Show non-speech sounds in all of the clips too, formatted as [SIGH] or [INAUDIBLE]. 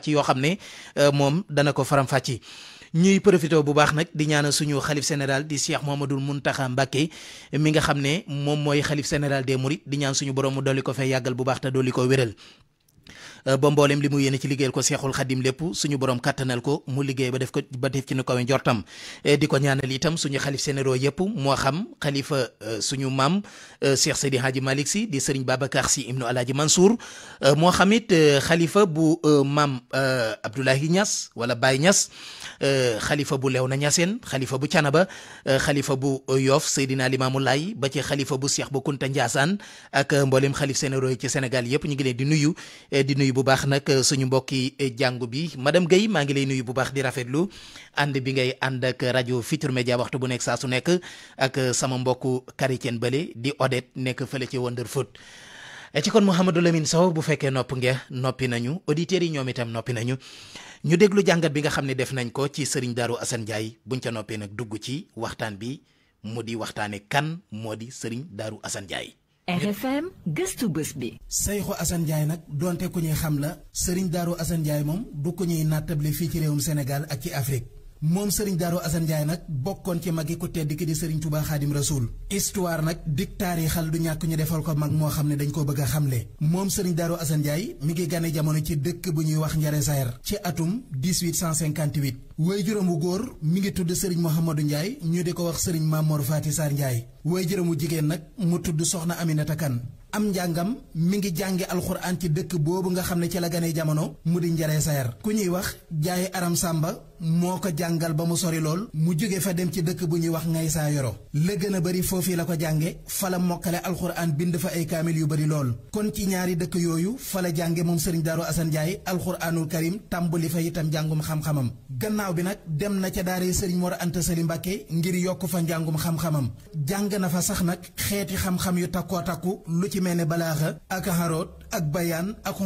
ci yoo xam ne euh, moom dana ko faram-fàcc ñuy profité bu baax nag di ñaanal suñu xalif général di Cheikh Mouhamadoul Mountakha Mbacké mi nga xam ne moom mooy xalif général des Mourides di ñaan suñu borom mu dolli ko fee yàggal bu baax te dolli ko wéral Euh, ba mboolem li mu yéene ci liggéeyal ko seexul xadim lépp suñu borom kattanal ko mu liggéey ba def ko ba def ci nu kawe njortam euh, di ko ñaanal itam suñu xalif sénéro yëpp moo xam xalifa euh, suñu maam Cheikh Seydi Hadji Malick Sy di Serigne Babacar Sy ibnu Alaaji Mansour moo xam it xalifa bu maam Abdoulahi ñas wala Baye ñas Euh, xalifa bu lew Léona ñaseen xalifa bu Canaba euh, xalifa bu Yoff Seydina Limaamu Laay ba ci xalifa bu Cheikh bu Kunta Ndiassane ak euh, mboolem xalif généraux yi ci Sénégal yëpp ñu ngi leen di nuyu di nuyu bu baax nag suñu mbokki jàngu bi madame gay maa ngi lay nuyu bu baax di rafetlu ànd bi ngay ànd ak rajo Futurs Médias waxtu bu nekk saa su nekk ak sama mbokku Karitien Bale di Odette nekk fële ci Wonderfoot eh, ci kon Mouhamadou Lamine Sow bu fekkee nopp nga noppi nañu auditeurs yi ñoom itam noppi nañu ñu déglu jàngat bi nga xam ne def nañ ko ci sëriñ daaru Assane buñ ca noppee nag dugg ci waxtaan bi mu di waxtaane kan moo di sëriñ daaru Assane Ndiaye. RFM gëstu bés bi. Sayxu Assane Ndiaye nag donte ku ñuy xam la sëriñ daaru Assane Ndiaye moom du ku ñuy nattable fii ci réewum Sénégal ak ci Afrique. moom sëriñ Darou Assane Ndiaye nag bokkoon ci mag yi ku tedd ki di sëriñ Touba Xaadim Rasuul histoire nag dig taarixal du ñàkk ñu defal ko mag moo xam ne dañ ko bëgg a xamle moom sëriñ Darou Assane Ndiaye mi ngi gane jamono ci dëkk bu ñuy wax Njare Sayer ci atum 1858 way juróom wu góor mi ngi tudd sëriñ Mouhamadou Ndiaye ñu di ko wax sëriñ Mamoor Faati Saar Ndiaye way juróom jigéen nag mu tudd Soxna Aminata Kan am njàngam mi ngi jàngi alxuraan ci dëkk boobu nga xam ne ci la gane jamono mu di njaree sayar ku ñuy wax jaay aram sàmba moo ko jàngal ba mu sori lool mu jóge fa dem ci dëkk bu ñuy wax ngay saa yoro la gën a bëri foofii la ko jànge fa la mokkale alxuraan bind fa ay kaamil yu bëri lool kon ci ñaari dëkk yooyu fa la jànge moom sëriñ Daaru Asan Njaay alxuraanul karim tàmbali fa itam njàngum xam-xamam gannaaw bi nag dem na ca daaree sëriñ Mor Anta Sali Mbàkke ngir yokk fa njàngum xam-xamam jàng na fa sax nag xeeti xam-xam yu takkoo takku lu ci mel ne balaaxa ak haroot ak bayaan ak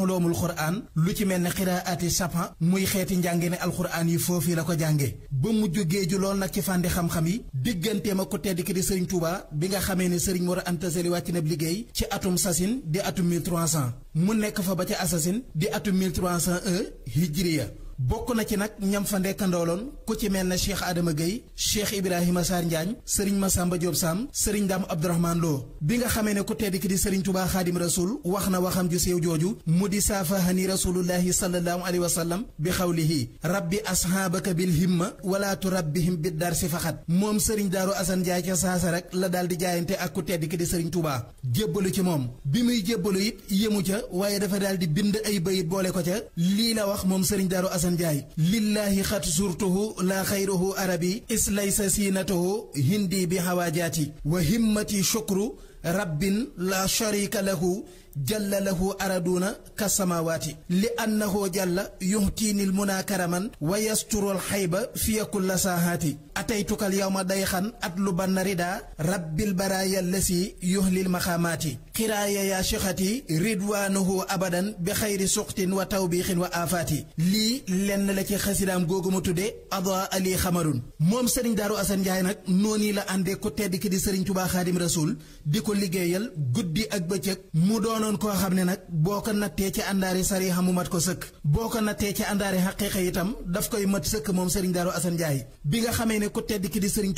lu ci mel ne xiraati sapan muy xeeti njàngene alxuraan yi fii la ko jànge ba mu jógee ju lool nag ci fànni xam-xam yi digganteem ak ku tedd ki di Serigne Touba bi nga xamee ne Serigne Mor Anta Sali wàcc na liggéey ci atum sasin di atum 1300 mu nekk fa ba ca assasine di atum 1301 hijriya bokk na ci nag ñam fa ndekkandooloon ku ci mel ne Cheikh Adama Gueye Cheikh Ibrahima Sarr Njaañ Serigne Massamba Diop Sam Serigne Dame Abdourahmane Lo bi nga xamee ne ku tedd ki di Serigne Touba Xaadim Rasul wax na waxam ju sew jooju mu di saafahani rasulullahi sallallahu alayhi wa sallam bi xawlihi rabbi ashaabaka bil himma wala turabbihim bid dar si faxat moom Serigne Daaru Asan Njaay ca saasa rek la daal di jaayante ak ku tedd ki di Serigne Touba jébbalu ci moom bi muy jébbalu it yemu ca waaye dafa daal di bind ay bayit boole ko ca lii la wax moom Serigne Ndiaye lillaahi xat surtuhu laa xayruhu arabi islaysa siinatuhu hindi bi hawaajaati wa himmati shukru rabbin la sharika lahu jalla lahu araduuna ka samaawaati li annahu jalla yuhtiinil munaa karaman wa yasturul xayba fiya kulla saahaati ataytukal yawma xan at lu banna ridaa rabbil baraaya lasi yuhlil maxaamaati xiraaya yaa chixati ridwaanuhu abadan bi xayri suqtin wa tawbiixin wa aafaati lii lenn la ci xasidaam googu mu tudde adaa ali xamarun moom sëriñ daaru asan njaay nag noonu la àndee ku tedd ki di sëriñ tubaa xaadim rasuul di ko liggéeyal guddi ak bëccëg mu doon doonoon koo xam ne nag boo ko nattee ci àndaari sariixa mu mat ko sëkk bi nga xamee ne ku tedd ki di sëriñ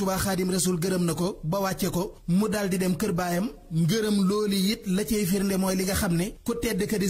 ko ba wàcce ko mu daal di dem kër baayam ngërëm loolu it la cay firnde mooy li nga xam ne ku tedd ka di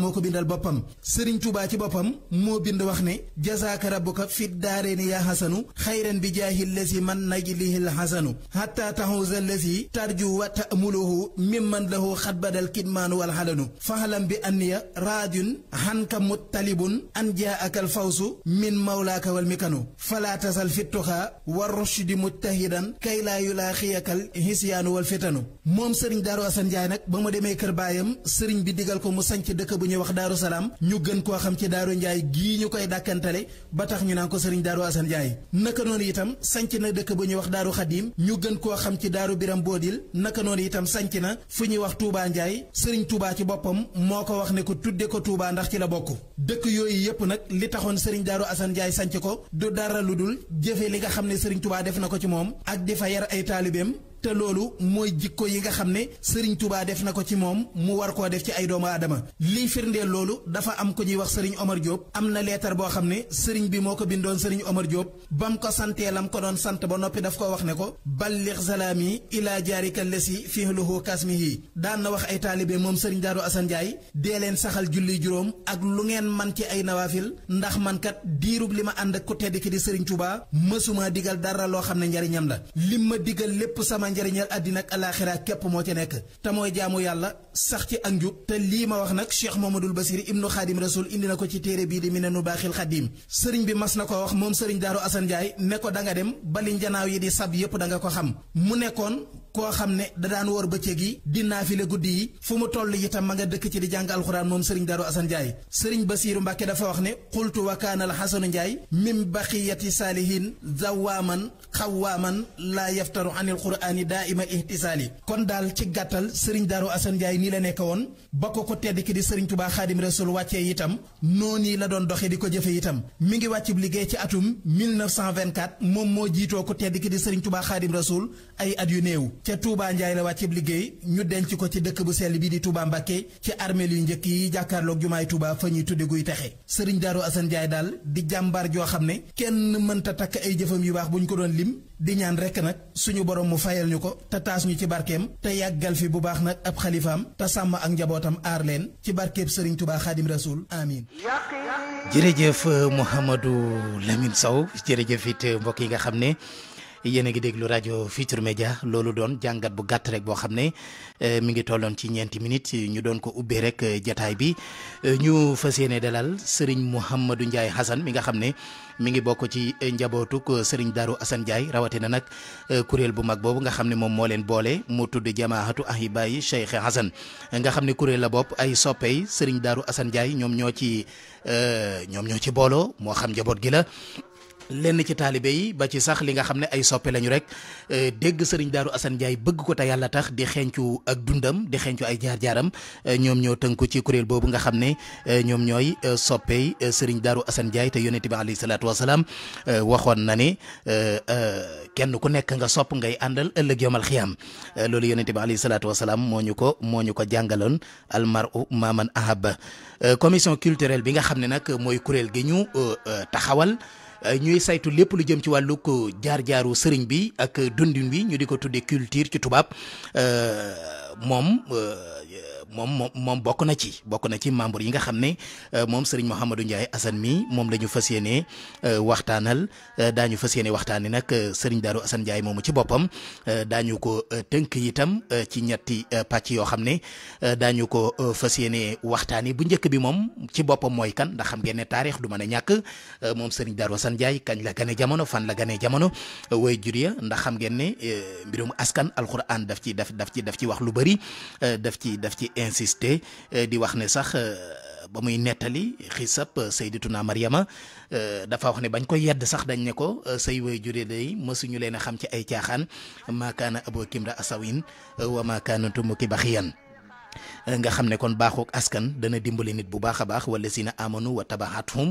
moo ko bindal boppam sëriñ Tubaa ci boppam moo bind wax ne jazaaka rabbuka fi daareeni yaa xasanu xayran bi jaahi lasi man najlihil xasanu a taxuusa lasi tarju wa ta'muluhu mimman lahu xat badal kidmaanu والهلن فاعلم بأني راد عنك مطلب أن جاءك الفوز من مولاك والمكن فلا تزل في التقى والرشد مجتهدا كي لا يلاقيك الهسيان والفتن moom sëriñ Daaru Asan Njaay nag ba ma demee kër baayam sëriñ bi digal ko mu sanc dëkk bu ñuy wax Daaru Salaam ñu gën koo xam ci Daaru Njaay gii ñu koy dàkkantale ba tax ñu naan ko sëriñ Daaru Asan Njaay naka noonu itam sanc na dëkk bu ñuy wax Daaru Xadim ñu gën koo xam ci Daaru Biram Boodil naka noonu itam sëriñ ci boppam moo ko wax ne ko tudde ko Touba ndax ci la bokk dëkk yooyu yépp nag li taxoon sëriñ Daaru Assane Ndiaye ko du dara lu dul jëfe li nga xam ne sëriñ Touba def na ko ci moom ak di fa yar ay taalibeem te loolu mooy jikko yi nga xam ne Serigne Touba def na ko ci moom mu war koo def ci ay doomu aadama liy firndeel loolu dafa am ko ñuy wax sëriñ Omar Diop am na leetar boo xam ne Serigne bi moo ko bindoon Serigne Omar Diop ba mu ko santee mu ko doon sant ba noppi daf ko wax ne ko balligh salaami ilaa jaarika lesi fihluhu kasmihi daan na wax ay taalibe moom Serigne Darou Assane Ndiaye dee leen saxal julli juróom ak lu ngeen man ci ay nawaafil ndax man kat li ma ànd ak ku tedd di Serigne mësuma digal dara loo xam ne njariñam la njëriñal àddina ak alaaxira képp moo ci nekk te mooy jaamu yàlla sax ci ak njub te lii ma wax nag Cheikh Mamadul Basir ibnu Xaadim Rasul indi na ko ci téere bii di Minanu Baaxil Xaadim sëriñ bi mas na koo wax moom sëriñ Daaru Asan Njaay ne ko da nga dem ba li njanaaw yi di sab yépp danga ko xam mu nekkoon koo xam ne da daan wor bëccëg yi dinaa fi la guddi yi fu mu toll itam ma nga dëkk ci di jàng alxuraan moom sëriñ Darou Assane Ndiaye sëriñ Basiiru Mbàkke dafa wax ne xultu wa kaanal xasanu Ndiaye mim baqiyati saalihin zawaaman xawaaman laa yaftaru anil quraani daa ima ihtisaali kon daal ci gàttal sëriñ Darou Assane nii la nekk woon ba ko ko tedd ki di sëriñ Tubaa Xaadim wàccee itam noonu la doon doxee di ko jëfe itam mi ngi wàccub liggéey ci atum 1924 moom moo jiitoo ko tedd ki di sëriñ Tubaa Xaadim Rasul ay at yu néew ca Touba Ndiaye la wàcceb liggéey ñu denc ko ci dëkk bu sell bi di Touba Mbakke ci armeel yu njëkk yi jàkkaarloog jumaay Touba fa ñuy tudde guy texe sëriñ Daaru Assane Ndiaye daal di jàmbaar joo xam ne kenn mënta takk ay jëfam yu baax bu ñu ko doon lim di ñaan rekk nag suñu borom mu fayal ñu ko te taas ñu ci barkeem te yàggal fi bu baax nag ab xalifaam te sàmm ak njabootam aar leen ci barkeeb sëriñ Touba Xaadim Rasuul amiin jërëjëf Mouhamadou Lamine Sow jërëjëf it mbokk yi nga xam ne yéen a ngi déglu rajo Futur média loolu doon jàngat bu gàtt rek boo xam ne eh, mi ngi tolloon ci ñeenti minutes ñu doon ko ubbee rek eh, jataay bi eh, ñu fas yéene dalal Serigne Mouhamadou Ndiaye Hassan mi nga xam ne mi ngi bokk ci njabootuk Serigne Darou Assane Ndiaye rawatina nag kuréel bu mag boobu nga xam ne moom moo leen boole mu tudd jamaahatu ahibaayi Cheikh Hassan nga xam ne kuréel la bopp ay soppey Serigne daaru Assane Ndiaye ñoom ñoo ci ñoom ñoo ci booloo moo xam njaboot gi la lenn ci taalibe yi ba ci sax li nga xam ne ay soppe lañu rek eh, dégg sëriñ Daaru Assane Ndiaye bëgg ko te yàlla tax di xencu ak dundam di xencu ay jaar-jaaram eh, ñoom ñoo tënku ci kuréel boobu nga xam ne eh, ñoom ñooy soppey sëriñ Daaru Assane Ndiaye te yonent bi alayhi salaatu wasalaam waxoon na ne kenn ku nekk nga sopp ngay àndal ëllëg yomal xiyaam loolu yonent bi alayhi salaatu wasalaam moo ñu ko moo ñu ko jàngaloon almaru maman ahaba commission culturelle bi nga xam ne nag mooy kuréel gi ñu taxawal Euh, ñuy saytu lépp lu jëm ci wàllu ko euh, jaar-jaaru sëriñ bi ak dundin wi ñu di ko tuddee culture ci tubaab euh, Euh, moom moom moom bokk na ci bokk na ci membre yi nga xam ne euh, moom sëriñ Mouhamadou njaay Assane mii moom lañu ñu fas yéene euh, waxtaanal daañu fas yéene waxtaanee nag sëriñ Darou Assane Ndiaye moomu ci boppam daañu ko tënk itam ci ñetti pàcc yoo xam ne daañu ko fas yéene waxtaanee bu njëkk bi moom ci boppam mooy kan ndax xam ngeen ne taarix du mën a ñàkk moom sëriñ Darou Assane Ndiaye kañ la gane jamono fan la gane jamono way jur ndax xam ngeen mbirum askan alxuraan daf daf ci daf ci wax lu bëri bëri euh, daf ci daf ci insister euh, di wax ne sax euh, ba muy nettali xisab sayyidatuna Maryama dafa wax ne bañ koy yedd sax dañ ne ko say way jure day mësuñu leen a xam ci ay caaxaan maakaana abo kimra asawin wa maakaana tumuki baxiyan nga xam ne kon baaxook askan dana dimbali nit bu baax a baax wala sina amanu wa tabaxathum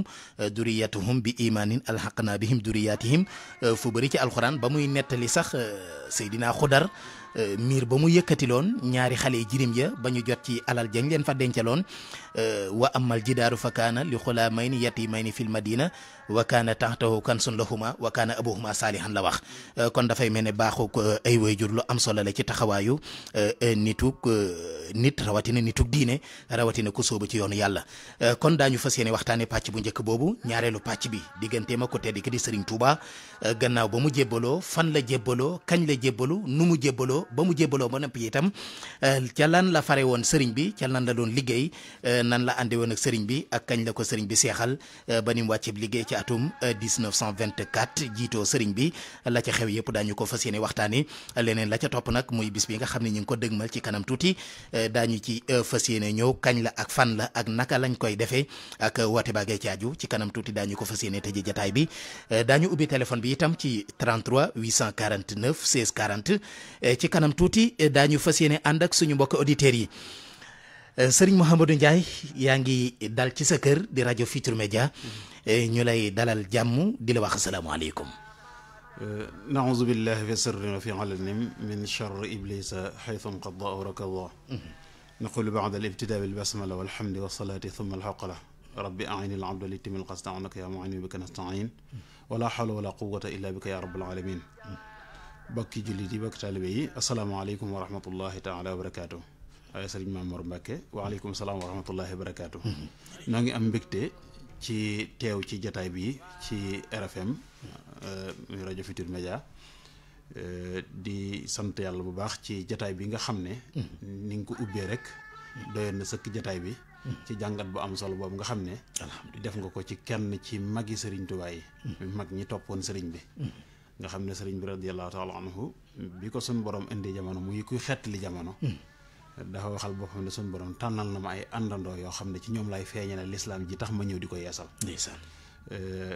duriyatuhum bi imanin alxaqna bihim duriyatihim fu bëri ci alxuraan ba muy nettali sax Seydina Xudar Euh, miir ba mu yëkkatiloon ñaari xale yi jirim ja ba ñu jot ci alal jëng leen fa dencaloon euh, wa amal jidaaru fa kaana li xulaa may ni may ni fil madina wa kaana taxtahu kansun lahuma wa kaana abuhuma saalihan la wax euh, kon dafay mel ne ko euh, ay jur lu am solo la ci taxawaayu euh, nituk nit rawatina nituk diine rawatina ku sóobu ci yoonu yàlla kon daañu fa yéene waxtaane pàcc bu njëkk boobu ñaareelu pàcc bi digganteem ak ko tedd ki di Serigne Touba gannaaw ba mu jébbaloo fan la jébbaloo kañ la jébbalu nu mu jébbaloo ba mu jébbaloo ba noppi itam ca lan la fare woon sëriñ bi ca lan la doon liggéey nan la ànde woon ak bi ak kañ la ko Serigne bi seexal ba ni mu wàcceb liggéey ci atum 1924 euh, jiitoo sëriñ bi la ca xew yëpp daañu ko fas yéene waxtaanee leneen la ca topp nag muy bis bi nga xam ne ñu ngi ko dëgmal ci kanam tuuti euh, daañu ci euh, fas yéene ñëw kañ la ak fan la ak naka lañ koy defee ak woote baagee ci aju ci kanam tuuti daañu ko fas yéene tëjee jataay bi daañu ubbi téléphone bi itam ci 33 849 16 40 ci kanam tuuti daañu fas yéene ànd ak suñu mbokk auditeurs yi. Sëriñ Mouhamadou Ndiaye yaa ngi dal ci sa kër di rajo Futurs Médias Eh, ñu lay dalal jàmm di la wax asalaamaaleykum eh, naouzu billahi fi sirrin wa fi alanin min charri iblisa xaytu nqada aw rakada naqulu bada al ibtidaa bil basmala walhamdi wasalaati thumma alxaqala rabbi aini al abda litimi al qasda anaka yaa muin bika nastain wala xawla wala quwata illa bika yaa rabbal alamin bokki jullit yi bokki taalibe yi asalaamaaleykum wa rahmatullahi taala wa barakaatu waaye sëriñ Mamour Mbacke waaleykum salaam wa rahmatullahi wa barakaatu mm-hmm. noo ngi am mbégte ci teew ci jataay bi ci RFM euh, rajo Futur Media euh, di sant yàlla bu baax ci jataay bi nga xam ne mm-hmm. ni nga ko ubbee rek doyoon na sëkk jataay bi mm-hmm. ci jàngat bu am solo boobu nga xam ne def nga ko ci kenn ci magi sëriñ Tuubaa yi mm-hmm. mag ñi toppoon sëriñ bi nga xam ne sëriñ bi radiyallahu taala anhu bi ko suñ borom indee jamono muy kuy xettali jamono dafa waxal boppam ne suñu borom tànnal na ma ay àndandoo yoo xam ne ci ñoom lay feeñale lislaam ji tax ma ñëw di ko yeesal ndeysaan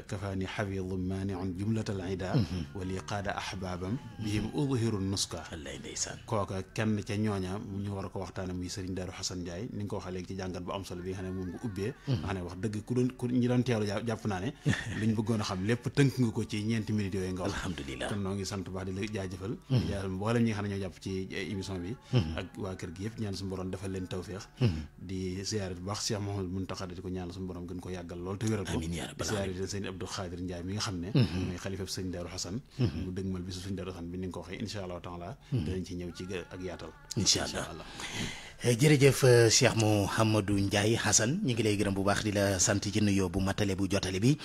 kafaani xafidun maaniun jumlatal ida wali qaada ahbaabam bihim udhiru nuska lay ndeysaan kooka kenn ca ñooña ñu war a ko waxtaane muy sëriñ Daaru Xasan Njaay ni nga ko waxee léegi ci jàngat bu am solo bi nga xam ne moom nga ubbee nga xam ne wax dëgg ku doon ku ñi doon teelu jàpp naa ne liñ bëggoon a xam lépp tënk nga ko ci ñeenti minutes yooyu nga wax alhamdulilah kon noo ngi sant baax di la jaajëfal di jaajëfal mboolem xam ne ñoo jàpp ci émission bi ak waa kër gi yëpp ñaan suñu borom defal leen tawféex di ziyaare baax Cheikh Mouhamadou Mountakha di ko ko jaare de sëñ Abdou Khadir mi nga xam ne mhm. mooy xalifa sëñ Daaru Xasan bu mhm. dëgmal bisu sëñ Daaru Xasan bi ni nga ko waxee insha allahu taala mhm. danañ ci allah eh, jërëjëf eh, Cheikh Mouhamadou Ndiaye Xasan ñu ngi lay gërëm bu baax di la sant ci nuyoo bu matale bu jotale bi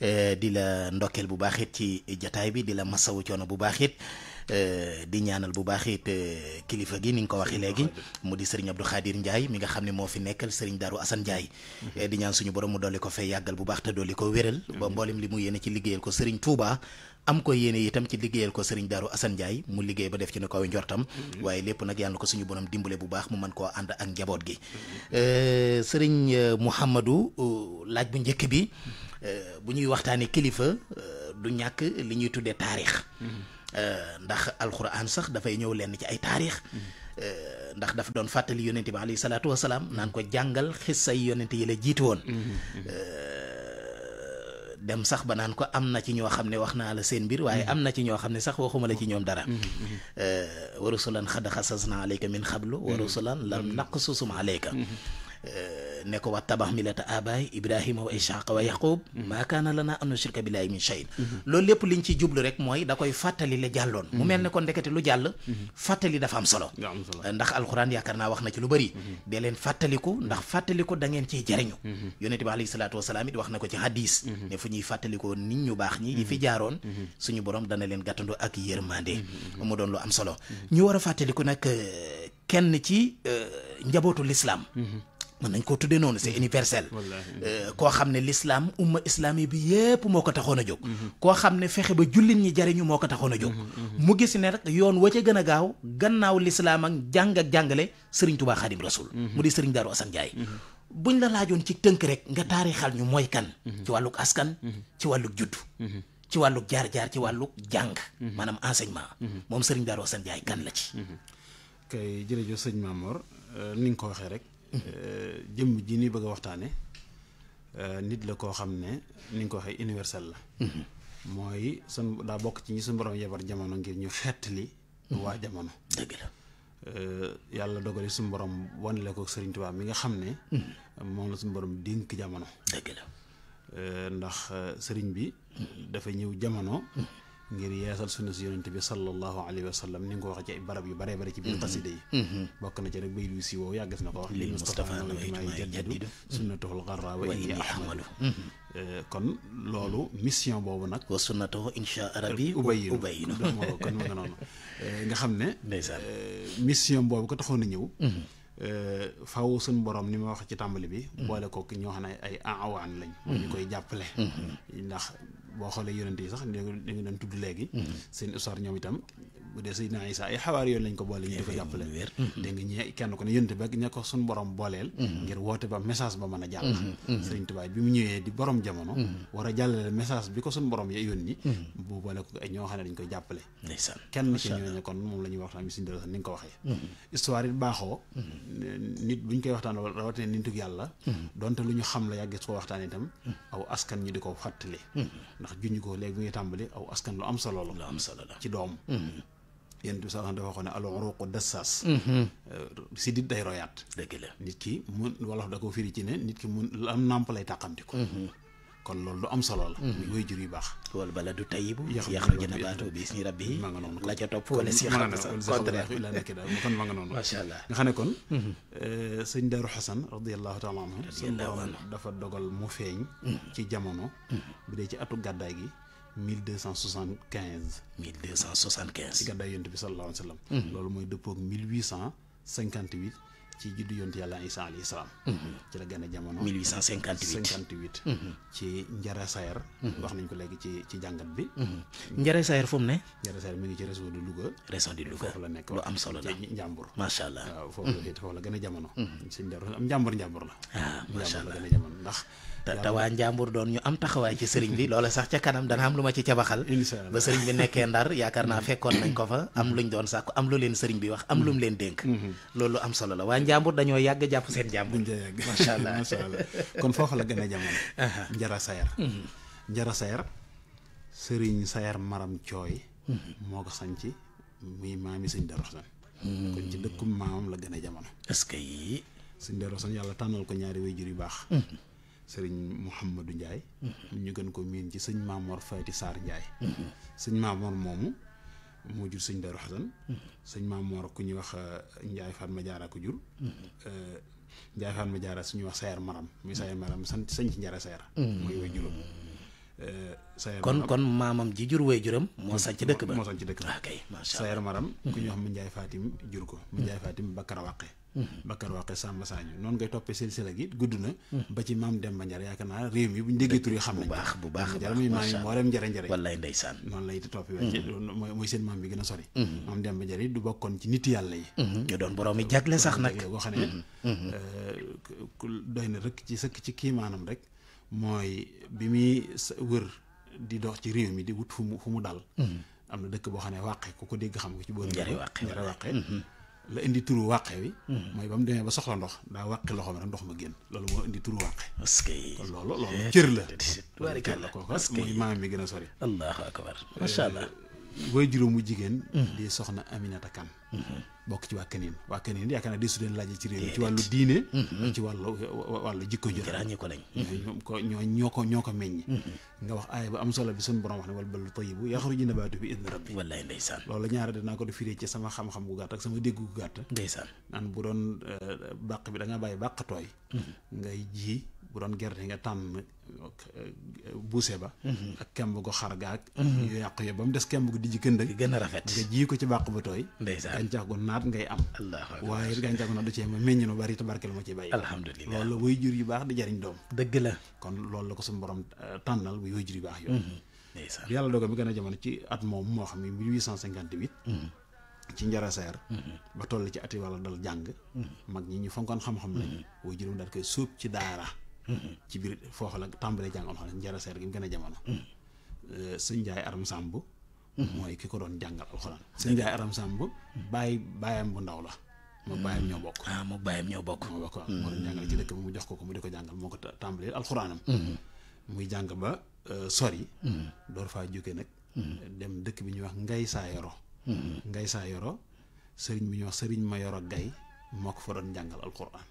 eh, di la ndokkeel bu baax it ci jataay bi di la masawu coono bu baax Euh, di ñaanal bu baax it euh, kilifa gi ni nga ko waxee léegi mu di sëriñ Abdou Khadir Ndiaye mi nga xam ne moo fi nekkal sëriñ Darou Assane Ndiaye mm-hmm. euh, di ñaan suñu borom mu dolli ko fee yàggal bu baax te dolli ko wéral ba mm-hmm. mboolem li mu yéene ci liggéeyal ko sëriñ Touba am ko yéene itam ci liggéeyal ko sëriñ Darou Assane mu liggéey ba def ci ne kaw njortam mm-hmm. waaye lépp nag yàlla ko suñu borom dimbale bu baax mu mën koo ànd ak njaboot gi sëriñ Mouhamadou laaj bu njëkk bi bu ñuy waxtaanee kilifa du ñàkk li ñuy tuddee taarix Euh, ndax alxuraan sax dafay ñëw lenn ci ay taarix mm-hmm. euh, ndax daf doon fàttali yonente bi alayhi salaatu wasalaam naan ko jàngal xissa yi yonente yi la jiitu woon mm-hmm. Mm-hmm. Euh, dem sax ba naan ko am na ci ñoo xam ne wax naa la seen mbir waaye am na ci ñoo xam ne sax waxuma la ci ñoom dara wa rusulan xad xasasna alayka min xablu wa rusulan lam naqsusum alayka Eh, ne ko wa tabax milata abaay ibrahima wa ishaq wa yaqub mhm. maa kaana lana an nushrika billahi min shay mhm. loolu lépp liñ ci jublu rek mooy da koy fàttali la jàlloon mu mel ne kon ndekete lu jàll mhm. fàttali dafa am solo eh, ndax alxuraan yaakaar naa wax na ci lu bëri dee leen fàttaliku ndax fàttaliku da ngeen ciy jariñu yonente bi alayhi salaatu wasalaam it wax na ko ci hadis ñuy fàttalikoo nit ñu baax ñi yi fi jaaroon suñu borom dana leen gàttandoo ak yërmande mu doon lu am solo ñu war a fàttaliku nag eh, kenn ci njabootu lislaam mën nañ koo tuddee noonu c'est universel euh, koo xam ne l'islam umma islami bi yépp moo ko taxoon a jóg koo xam ne fexe ba jullit ñi jariñu moo ko taxoon a jóg mm-hmm, mm-hmm. mu gis ne rek yoon wa ca gën a gaaw gannaaw l'islam ak jàng ak jàngale sëriñ Tuubaa Xaadim Rasul mm-hmm. mu di sëriñ Daaru Asan bu ñu la laajoon ci tënk rek nga taarixal ñu mooy kan ci wàlluk askan ci wàlluk judd ci wàlluk jaar-jaar ci wàlluk jàng maanaam enseignement moom sëriñ Daaru Asan Njaay kan la ci kay jërëjëf sëñ Mamor euh, ni nga ko waxee rek Euh, jëmm ji ni bëgg a waxtaane euh, nit la koo xam ne ni nga ko waxee universel la mhm. mooy sun daa bokk ci ñi suñu borom yebar jamono ngir ñu li mhm. waa jamono dëgg euh, yàlla dogale suñu borom wanale ko Sëriñ Tuubaa mi nga xam ne mhm. moom la suñu borom dink jamono ndax sëriñ bi dafa ñëw jamono ngir yeesal sunna si yonent bi sallallahu alayhi wa sallam nga ko waxee ci barab yu baree bare ci biir xasida yi mm-hmm. Mm-hmm. bokk na ci rek bay lu si woow yàggas na ko wax li Mustafa nawaytumaay jaddidu sunnatuhul garra wa inni ahmadu eh, kon loolu boobu nag wa sunnatahu insha arabi ubayinu ubayinu kon nga noonu eh, nga xam ne ndeysaan eh, mission boobu ko taxoon a ñëw mm-hmm. Euh, faw suñ borom ni ma wax ci tàmbali bi. Mm-hmm. boole kook ñoo xam ne ay aawaan lañ. Mm-hmm. ñu koy jàppale. Mm-hmm. ndax boo xoolee yonent yi sax dañu doon tudd léegi. seen histoire ñoom itam bu dee Seydina Isa ay xawaari yoon lañ ko boole ñu di ko eh, eh, jàppale mm-hmm. dégg nga ñee kenn ko ne yonent bi ak ña ko suñ borom booleel mm-hmm. ngir woote ba message ba mën a jàll mm-hmm. Sëriñ Tuubaa bi mu ñëwee di borom jamono war a jàllale message bi ko suñ borom ya yónni bu boole ko ay ñoo xam ne dañ koy jàppale kenn ci ñooñu kon moom la ñuy waxtaan doom yéen du sax dafa waxoon ne al uruqu dassaas mhm. euh, si day royaat la nit ki mun wolof da ko firi ci ne nit ki mu la am nàmp lay tàqamti ko mhm. kon loolu lu am solo la mhm. muy du tayibu yaxruju nabaatu bi isni rabbi ma nga noonu la ca topp wala si xam ma nga noonu macha allah nga xam ne kon euh, sëñ Daaru Xasan radiallahu taala anhu dafa dogal mu feeñ ci jamono bi dee ci atu gàddaay gi 1275. 1275. ci gàddaay yonent bi sallallahu alayhi wa sallam. Hmm. loolu mooy dëppoo ak 1858 ci juddu yonent yàlla Isa alayhi salaam. Hmm. ci la gën a jamono. 1858 58. Hmm. ci Njara nañ ko léegi ci ci jàngat bi. Njara Sayer fu mu ne. Njara Sayer mi ngi ci réseau de Louga. réseau de Louga foofu la nekk lu am solo la ci njàmbur. macha la foofu la gën a jamono. suñu njàmbur la. Ah, ndax. te waa Njàmbur doon ñu am taxawaay ci sëriñ bi loola sax ca kanam dana am lu ma ci cabaxal ba sëriñ bi nekkee ndar yaakaar naa mm. fekkoon nañ ko fa am luñ doon sàkku am lu leen sëriñ bi wax am lu mu mm. leen dénk mm-hmm. loolu am solo la waa Njàmbur dañoo yàgg jàpp seen Njàmbur [LAUGHS] macha allah macha allah kon foofu la gën a jamono [LAUGHS] njara sayar mm-hmm. njara sayar sëriñ sayar maram cooy mm-hmm. moo ko sañ ci muy maami sëñ Darou Assane kon ci dëkkum maamam la gën a jamono est-ce que yi sëñ Darou yàlla tànnal ko sëriñ mu xam Mouhamadou Ndiaye. Mm-hmm. ñu gën ko miin ci sëñ Mamor Fayti saar Ndiaye. Mm-hmm. sëñ Mamor moomu moo jur sëñ Darou Xasan. Mm-hmm. sëñ Mamor ku ñuy wax euh, Ndiaye Fatma Diarra ko jur. Euh, Ndiaye Fatma Diarra suñuy wax Sayar Maram muy Sayar Maram sant sëñ ci Ndiara Sayar. mooy way juróom. Euh, Sayar kon kon maamam ji jur way juram. moo sañ ci dëkk ba moo sañ ci dëkk ba. ok macha allah Sayar Maram. ku ñuy wax mu Ndiaye Fatim jur ko. mu Ndiaye Fatim Bakara Waqe. Bakar Waqe Samba Sañu noonu ngay toppee silsila gi gudd na ba ci maam Demba Ndiar yaakaar naa réew mi bu ñu déggee tur yi xam nañ bu baax bu baax jara muy maam yi moo dem njëre njëre wallaay ndeysaan noonu lay toppee wàcce mm-hmm. mooy mooy seen maam bi gën a sori mm-hmm. maam Demba Ndiar yi du bokkoon ci nit yàlla yi mm-hmm. ñu doon borom yi jagle sax nag boo xam ne euh, di dox ci réew mi di wut mu mu dal am na boo xam ne wàqe ko dégg xam ko ci boor njëre wàqe la indi turu wàqe wi mhm. mooy ba mu demee ba soxla ndox daa wàqi loxo rek ndox ma génn loolu moo indi turu wàqe kon loolu loolu eh, cër la cër la kooku mooy maam mi gën a sori allahu akbar eh, macha allah booy juróom mu jigéen mhm. di soxna Aminata Kan mhm. bokk ci waa Kaneen waa Kaneen yaakaar naa de su leen laajee ci réew mi ci wàllu diine ak mm-hmm. ci wàllu wàllu jikko ju ràññi ko lañ ko ñoo ñoo ko ñoo ko meññ mm-hmm. nga wax aaya ba am solo bi suñu borom wax ne wal baladu tayyibu yaxruju nabaatu bi idni rabbi wallaay ndeysaan loolu ñaara dinaa ko di firee ci sama xam-xam gu gàtt ak sama dégg gu gàtt ndeysaan naan bu doon eh, bàq bi da nga bàyyi bàq tooy mm-hmm. ngay ji bu doon gerte nga tàmm eh, buuse ba mhm. ak kemb gu xar gaag mhm. yu yàqu yo ba mu des kemb gu di ji kënd gën a rafet nga ji ko ci bàq ba tooy gàncax gu naat ngay am waaye gàncax gu naat du cee ma meññ nu bari te barkeel ma ci bàyyi alhamdulilah loolu la way jur yu baax di jariñ doom dëgg la kon loolu la ko suñu borom eh, tànnal bu way jur yu baax yooyu mhm. yàlla dogal bi gën a jamono ci at moom moo xam ne 1858 ci njaraseer ba toll ci ati wàlla dal jàng mag ñi ñu fonkoon xam-xam lañu way juróom daal ci daara ci biir foofu la tàmbalee jàng alxuraan njara seer gi mu gën a jamono euh, sëñ Njaay mooy ki ko doon jàngal alxuraan sëñ Njaay Aram Samb bàyyi bàyyam bu ndaw la moom bàyyam ñoo bokk ah moom bàyyam ñoo bokk moo bokk moo mu jox ko ko mu di ko moo ko tàmbalee alxuraanam muy jàng ba euh, sori door faa jóge nag dem dëkk bi ñuy wax Ngay Saa Yoro Ngay Saa Yoro sëriñ bi ñuy wax sëriñ ma Yoro Gay moo ko fa doon jàngal alxuraan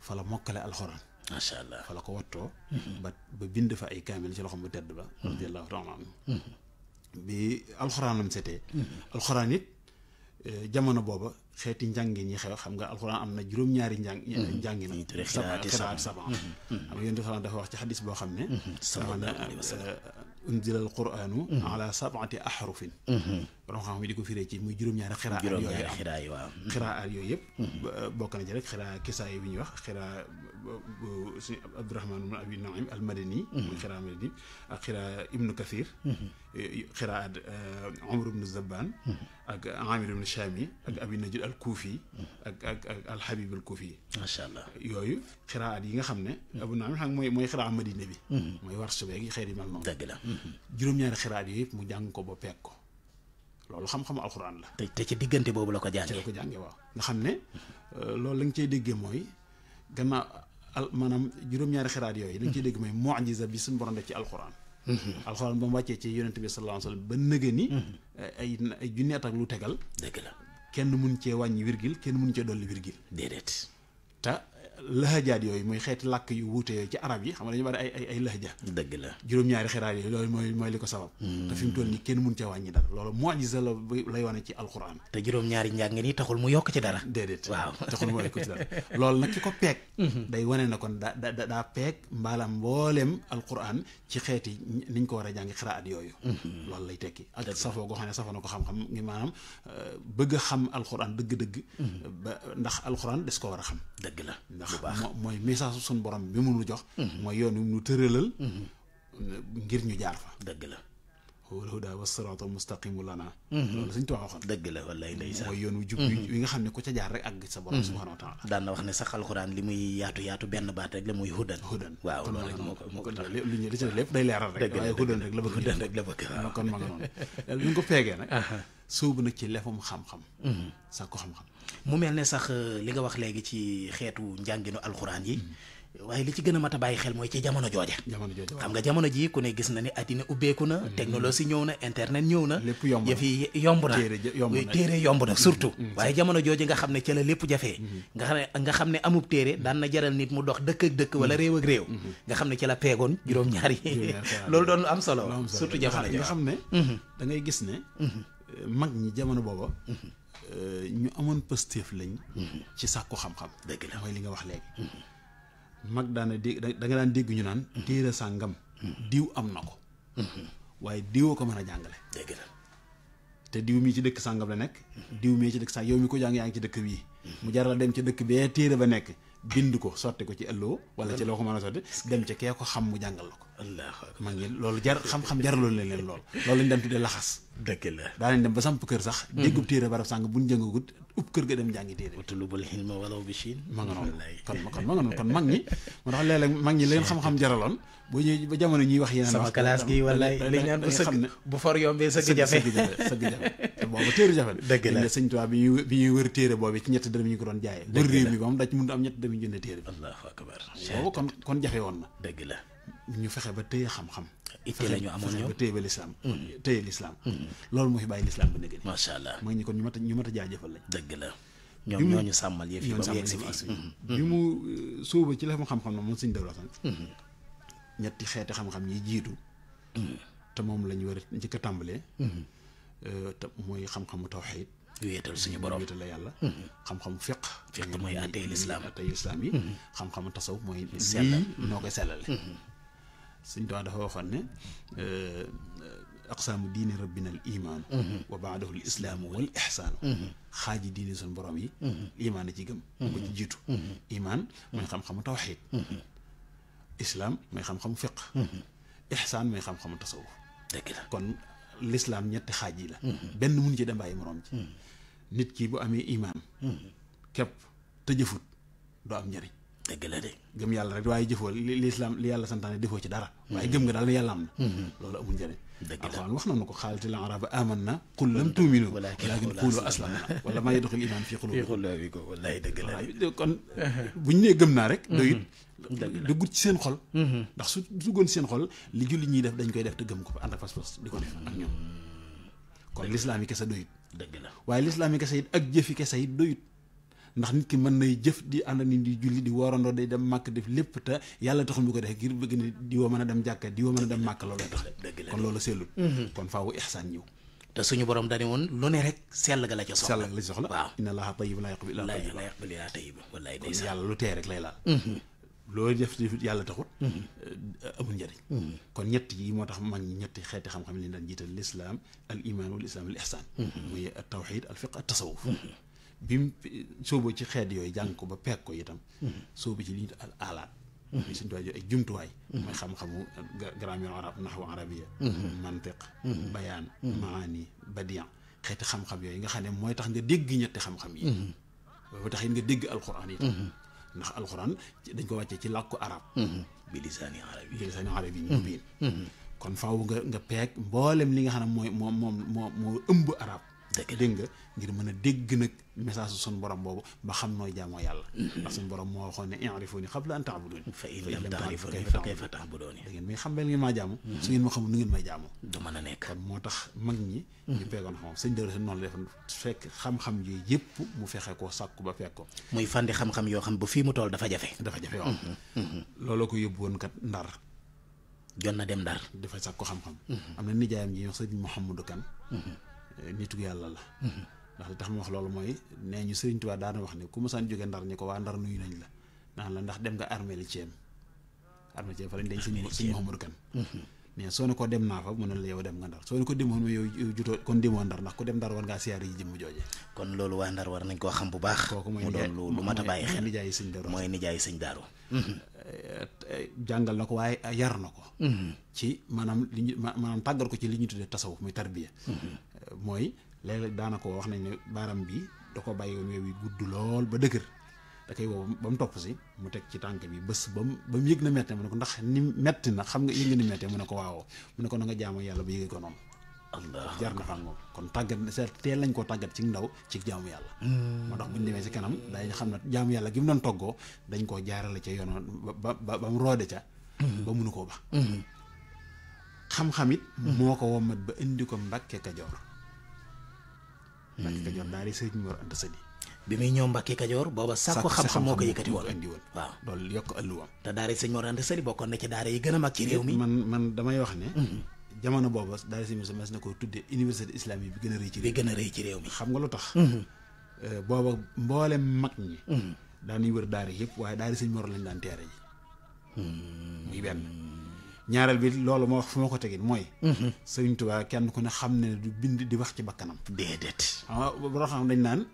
fa la mokkale alxuraan macha allah fa la ko wattoo. ba bind fa ay kaamil ci loxoom bu tedd ba. radiyallaahu taala anhu bi alxuraanam setee. alxuraan it eh, jamono booba xeeti njàngin ñi xew xam nga alxuraan am na juróom-ñaari njàng. njàngin xiraati saban saban. am na yeneen dafa wax ci xadis boo xam ne. Eh, unzila alquraanu ala sabati ahrufin borom xam yi di ko firee ci muy juróom-ñaari xiraa yooyu xiraa waaw [LAUGHS] xiraa at yooyu yëpp mm-hmm. eh, bokk na ci rek bi ñuy wax xiraa bu si Abdourahman ibn mm-hmm. ak Abi Najud al Kuufi mm-hmm. ak yooyu xiraa yi nga xam ne Abu Naim xam mooy mooy xiraa Madina bi mooy war subeeg xeet yi mel noonu dëgg la juróom-ñaari xiraa at yooyu mu jàng ko ba peeg ko loolu xam-xamu alxuraan la. te te ci diggante boobu la ko jàngee. la ko jàngee waaw nga xam ne euh, loolu la nga cay déggee mooy gannaaw al maanaam juróom-ñaari xiraat yooyu. la nga cay mm-hmm. dégg mooy mu'jiza bi suñu borom def ci alxuraan. Mm-hmm. alxuraan ba mu wàccee ci yonent bi sallallahu alayhi wasallam ba nëgë ni. Mm-hmm. ay ay junni at ak lu tegal. dëgg la kenn mun cee wàññi virgule kenn mun cee dolli virgule. déedéet te. lahajaat yooyu muy xeeti làkk yu wuute yooyu ci arab yi xam nga dañu bari ay ay ay lahaja dëgg la juróom-ñaari xiraat yi loolu mooy mooy li ko sabab hmm. te fi mu toll nii kenn mun ca wàññi dara loolu mu'jiza la lay wane ci alquran te juróom-ñaari njàng ngeen yi taxul mu yokk ci dara déedéet waaw [LAUGHS] taxul mu yokk ci dara loolu nag ki ko peeg hmm. day wane na kon daa da daa peeg mbaalam mbooleem alquran ci xeeti niñ ko war a jàng xiraat yooyu hmm. loolu lay tekki ak safoo goo xam ne safoo na ko xam-xam ngi maanaam euh, bëgg a xam alquran dëgg-dëgg ba ndax alquran des ko war a bu baax mooy message suñu borom bi mu nu jox. Mm-hmm. mooy yoon wi mu tëralal. Mm-hmm. ngir ñu jaar fa. dëgg la. wal hudaa wa siraatal mustaqimu lana mm-hmm. loolu suñ tuwaa waxoon dëgg la wallaay ndeysaan mooy yoon wu jub yu nga xam ne ku ca jaar rek àgg sa borom subhaanahu wa taala daan na wax ne sax alxuraan li muy yaatu yaatu benn baat rek la muy hudan hudan waaw loolu rek moo ko moo ko tax li ñu li ci lépp day la bëgg hudan la bëgg ko peegee nag sóobu nag ci lefum xam-xam sa ko xam-xam mu mel ne sax euh, li nga wax léegi ci xeetu njànginu alxuraan yi waaye li ci gën a mat a bàyyi xel mooy ci jamono jooja xam nga jamono ji ku ne gis na ni addina ubbeeku na mm-hmm. technologie ñëw na internet ñëw na yëf yi yomb na téere yomb na surtout mm-hmm. Mm-hmm. waaye jamono jooja nga xam ne ca la lépp jafee nga xam ne nga xam ne amub téere daan na jaral nit mu dox dëkk dëkk wala réew ak réew nga xam ne ci la peegoon juróom-ñaar [LAUGHS] loolu doon lu am solo surtout jamono jooja xam ne da ngay gis ne mag ñi jamono booba Euh, ñu amoon pëstéef lañ. Mhm. ci sàkku xam-xam. dëgg la li nga wax léegi. Mhm. mag daana dégg da nga daan dégg ñu naan. Mhm. téere sàngam. diw am na ko. waaye diwoo ko mën a jàngale. dëgg la te diw mii ci dëkk sàngam la nekk. diw mii ci dëkk sàngam yow mi ko jàng yaa ngi ci dëkk bii. mu jaral dem ci dëkk bee téere ba nekk bind ko sotti ko ci ëlloo. wala ci loo ko mën a sotti dem ca kee ko xam mu jàngal la ko. allah ma ngi loolu jar xam-xam jaraloon leen leen lool loolu lañ dem tuddee laxas dëgg la daa dem ba samp kër sax mm. déggub téere barab sàng buñ jëngagut ub kër ga dem jàngi téere bi Chine bu ñuy gi wallaay li ñu naan sëgg bu for yombee sëgg jafe sëgg jafe sëgg jafe boobu téere jafe dëgg la sëñ Tuubaa bi bi ñuy wër téere boobu ci ñett dërëm ñu ko doon jaayee wër réew mi ba moom daa ci mun am ñett dërëm ñu jënd téere bi boobu kon jafe woon na ñu fexe ba téye xam-xam. itte la ñu amoon ñoom fexe ba téye ba lislaam. Mm-hmm. téye lislaam. loolu moo fi bàyyi lislaam ba nëgëni. macha allah mooy ñi kon ñu mat a ñu mat a jaajëfal lañ. dëgg la ñoom ñoo ñu sàmmal yëf yi ba mu yegg fii mm-hmm. Mm-hmm. bi mu euh, suuba ci la mu xam-xam na moom suñ dawla sax. ñetti xeeti xam yi jiitu. te moom lañ war a njëkk a tàmbalee. Euh, te mooy xam-xamu tawxiid. wéetal suñu borom wéetal la yàlla xam-xam fiq fiq mooy atey lislaam atey lislaam yi xam-xamu tasaw mooy sellal noo koy sellale suñ Tuubaa dafa waxoon ne euh, aqsaamu diini rabbina al iman mhm. wa baadahu islaamu wal ixsaanu mhm. xaaji diini yi mhm. imaan ci gëm ba ci jiitu iman mooy xam-xamu tawxiid islaam mooy xam-xamu fiq ixsaan mooy xam-xamu tasawuf kon lislaam ñetti xaaj yi la benn mun ci dem bàyyi moroom ci nit kii bu amee imaan képp te jëfut am njëriñ dëgg la de. gëm yàlla rek waaye jëfoo li li islam li yàlla santaane defoo ci dara. Mm-hmm. waaye gëm nga daal yàlla am na. Mm-hmm. loolu amul njëriñ. dëgg la alxuraan wax nañu ko xaalatil araba amanna qul lam tuuminu walakin qulu aslamna wala maa yadxul iman fi mm-hmm. te gëm ko fa ànd ak fas waaye lislaam kese it ak jëfi kese it doyut ndax nit ki mën nay jëf di ànd ni di julli di woorandoo de dem màkk def lépp te yàlla taxul ñu ko def ngir bëgg ni di woo mën a dem jàkka a dem màkk loolu tax kon loolu sellul mhm. kon faawu ihsaan ñëw te suñu borom dani woon lu ne rek sell ga la ca soxla sell ga la mhm. taxut mhm. eh, amul njëriñ kon ñett yi moo tax mag ñi ñetti xeeti xam-xam li daan jiital lislaam al iman wal islaam al ihsaan muy at tawxid al bi mu ci xeet yooyu jàng ko ba peeg ko itam mm-hmm. sóobu ci li ñu al aalaat muy mm-hmm. suñu tuwaay ay jumtuwaay mm-hmm. mooy xam-xamu grammaire arab naxwu arabia mantiq bayaan maani badian xeeti xam-xam yooyu nga xam ne mooy tax nga dégg ñetti xam-xam yi boobu tax it nga dégg alquran itam ndax alquran dañ ko wàccee ci làkku arab bi lisaani arabi bi lisaani arabi ñu biin kon faaw nga nga mboolem li nga xam ne mooy moom moom moo moo ëmb arab dégg nga ngir mën a dégg nag message su borom boobu ba xam nooy jaamoo yàlla mm-hmm. ndax sunu borom moo waxoon ne i'rifuuni qabla an ta'buduun fa in lam ta'rifuuni fa kayfa ta'buduun da ngeen may xam bel ngeen maa jaamu mm-hmm. su ngeen ma xamul nu ngeen may jaamu du tax mag ñi mm-hmm. ñu fekk xam-xam yooyu yëpp mu fexe ko sàkku ba fekk ko muy fàndi xam-xam yoo xam ba fii mu tool dafa jafe dafa jafe waaw looloo ko yóbbu woon kat ndar jot na dem ndar dafa sàkku xam-xam am na nijaayam ji wax sëñ Mouhamadou Kan nitu yàlla la ndax li tax ma wax loolu mooy nee ñu Sëriñ Tuubaa daana wax ne ku masaan jóge ndar ñi ko waa ndar nuyu nañ la naan la ndax dem nga armée li Thiès armée Thiès fa lañ denc sëñ Mouhamadou Kane mais soo ne ko dem naa fa mu na la yow dem nga ndar soo ne ko demoon yow jutoo kon demoo ndar ndax ku dem ndar war ngaa siyaar yi jëmm jooje kon loolu waa ndar war nañ koo xam bu baax kooku ko mu doon a bàyyi xel nijaay sëñ mooy nijaay sëñ daaru eh, eh, jàngal na ko waaye yar na ko mm-hmm. ci maanaam li ñu maanaam tàggal ko ci li ñu tuddee tasawuf muy tarbiya mm-hmm. eh, mooy léeg-léeg wax nañ ne baaram bi da ko bàyyi woon yooyu gudd lool ba dëgër da koy woo ba mu topp si mu teg ci tànk bi bés ba mu ba mu yëg na metti mu ne ko ndax ni metti na xam nga yëg nga ni metti mu ne ko waawoo mu ne ko nanga nga yàlla ba yëgee ko noonu jar na xam nga kon tàggat sa tee lañ koo tàggat ci ndaw ci jaamu yàlla hmm. moo tax buñ demee si kanam dañ xam na jaamu yàlla gi mu doon toggoo dañ koo jaarale ca yoonoon ba ba ba mu roode ca hmm. ba munu koo ba hmm. xam-xam it moo ko wommat ba indi ko Mbàkke Kajoor Mbàkke Kajoor daal di sëriñ Mor Anta bi muy ñëw Mbàkke Kajoor booba sàkku xam-xam moo ko yëkkati woon indi woon waaw loolu yokk ëlluwam te daara sëñ Mor Anta Sali bokkoon na ci daara yi gën a mag ci réew mi man damay wax ne mhm. jamono booba daara sëñ Moussa Mbass bi gën a rëy ci réew bi a rëy ci réew mi xam nga lu tax mhm. euh, booba mboolem mag ñi mhm. daanuy wër daara yëpp waaye daara sëñ Mor lañ daan teere ji muy benn ñaareel bi loolu ma wax fu ma ko tegin mooy mhm. sëriñ Tuubaa kenn ku ne xam ne du bind di wax ci bakkanam déedéet a boo xam mhm.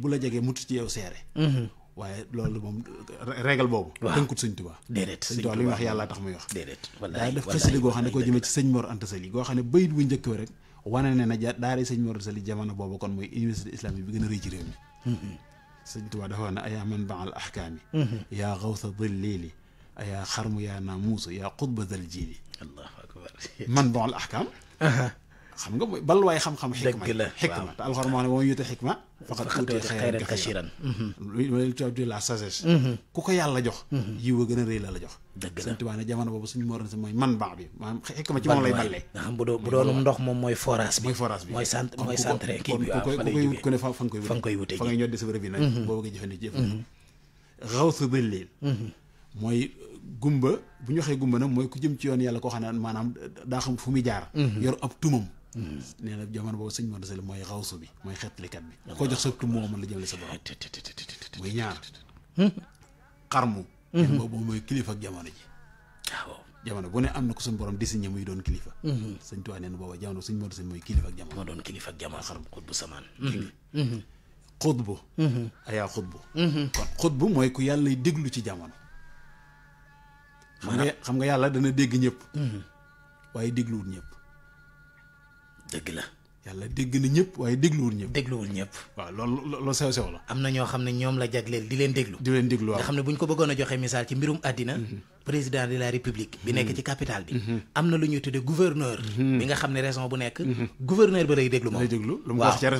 bu la jegee mutu ci yow seere mhm. waaye loolu moom régal boobu tënkut sëñ Tuubaa déedéet sëñ Tuubaa li muy wax yàllaa tax muy wax déedéet daa def xasida goo xam ne koo jëmee ci sëñ Mor Anta Sali goo xam ne bayit bu njëkk rek wane ne na daara a ahkaami yaa xawsa dillili yaa xarmu yaa naamuusa yaa xutba dal jiili allahu akbar man bon al ahkaam xam nga mooy bal waaye xam-xam xikma dëgg la xikma te alxuraan moo ne woon yute xikma la sagesse ku ko yàlla jox yiw a gën a rëy la la jox dëgg la suñ tubaab ne jamono boobu suñu mooroon si mooy man baax bi maanaam xikma ci moom lay ballee nga xam bu doonum ndox moom mooy forage bi mooy sant mooy centre kii bi ku koy wut ku ne fa fa nga koy wut fa nga koy wute fa ngay ñoddi sa bërëb bi nag boobu nga jëfandi jëf xaw sa bëlleen mooy gumba bu ñu waxee gumba nag mooy ku jëm ci yoon yàlla koo xam ne maanaam daa xam fu muy jaar mhm. yor ab tumam mhm. nee na jamono boobu sëñ Mor Sall mooy xawsu bi mooy xettalikat bi koo jox sa tum moo mën la sa borom muy ñaar xarmu nen boobu mooy kilifa ak jamono ji waaw jamono bu ne am na ko suñu borom désigné muy doon kilifa sëñ Tuubaa nee na mooy ku yàlla déglu ci jamono xam nga xam nga yàlla dana dégg ñëpp waaye dégluwul ñëpp dëgg la yàlla dégg na ñëpp waaye dégluwul ñëpp dégluwul ñëpp waa loolu loolu sew sew la am na ñoo xam ne ñoom la jagleel di leen déglu di leen déglu waaw nga xam ne bu ñu ko bëggoon a joxe misaal ci mbirum àddina mm-hmm. président de la république bi nekk ci capitale bi mhm. am na lu ñuy tudde gouverneur mhm. bi nga xam ne raison bu nekk mhm. gouverneur ba lay déglu moom lay déglu waaw nga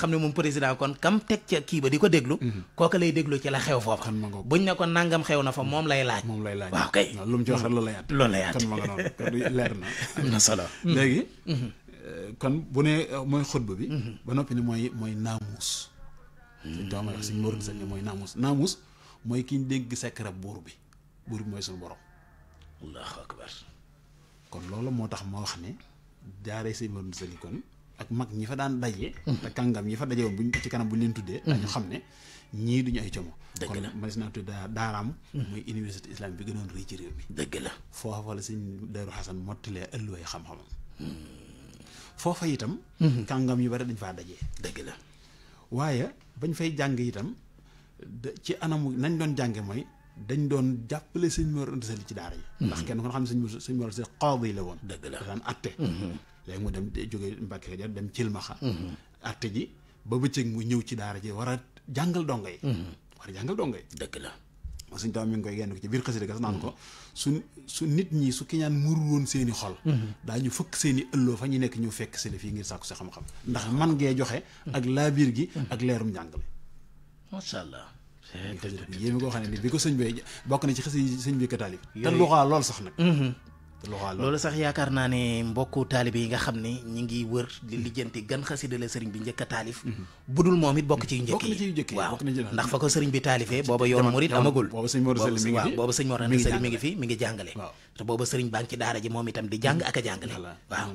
xam ne moom président kon kam teg ca kii ba di ko déglu kooka lay déglu ci la xew foofa buñ ne ko nangam xew na fa moom lay laaj waaw kay lu mu ci wax rek loolu lay at loolu lay at [LAUGHS] na solo euh, sëñ Tuubaa may wax sëñ Mor Sane mooy naamus naamus mooy ki ñu dénk secret buur bi buur bi mooy suñu borom. allahu kon loolu moo tax ma wax ne jaaree sëñ Mor Sane kon ak mag ñi fa daan daje. te [LAUGHS] kàngam ñi fa daje woon buñ ci kanam bu ñu leen tuddee. Mm-hmm. dañu xam ne ñii duñu ay como. dëgg la kon ma des naa tudd daaraam. muy mm-hmm. université islamique bi gënoon rëy ci réew mi. dëgg la foofa la sëñ Daaru Xasan mottilee ëlluway xam-xamam. Mm-hmm. foofa itam. kàngam yu bari dañ faa dajee. dëgg la bañ fay jàng itam ci anamu nañ doon jànge mooy dañ doon jàppale sëñ Mor Anta Sali ci daara yi mm-hmm. ndax kenn ko xam sañ sëñ sëñ Mor Anta Sali xaadi la woon dëgg la daan atte mm-hmm. léegi mu dem jóge Mbàkke Kajoor dem Cilmaxa mm-hmm. atte ji ba bëccëg mu ñëw ci daara ji war a jàngal donga yi war a jàngal donga yi dëgg la suñ tam mi ngi koy genn ko ci biir xasida gas naan ko mm-hmm. su su nit ñi su kiñaan mur woon seen xol mm-hmm. daa ñu fëkk seen i ëlloo fa ñu nekk ñu fekk seli fii ngir sàkku si xam-xam ndax man ngee joxe ak laabiir gi mm-hmm. ak leerum njàngale macha allah yéen mi koo xam ne ni bi ko sëñ bi bokk na ci xasida yi sëñ bi ka taalif te luxaa lool sax nag loolu sax yaakaar naa ne mbokku taalibe yi nga xam ne ñi ngi wër di lijjanti gan xasida la sëriñ bi njëkk a taalif mhm. budul moom it bokk ciy njëkk yi waaw ndax fa ko sëriñ bi taalifee booba yoonu murit amagul waaw booba sëñ Mor Anta Sali mi ngi fi mi ngi jàngale te booba sëriñ baa ngi ci daara ji moom itam di jàng ak a jàngale waaw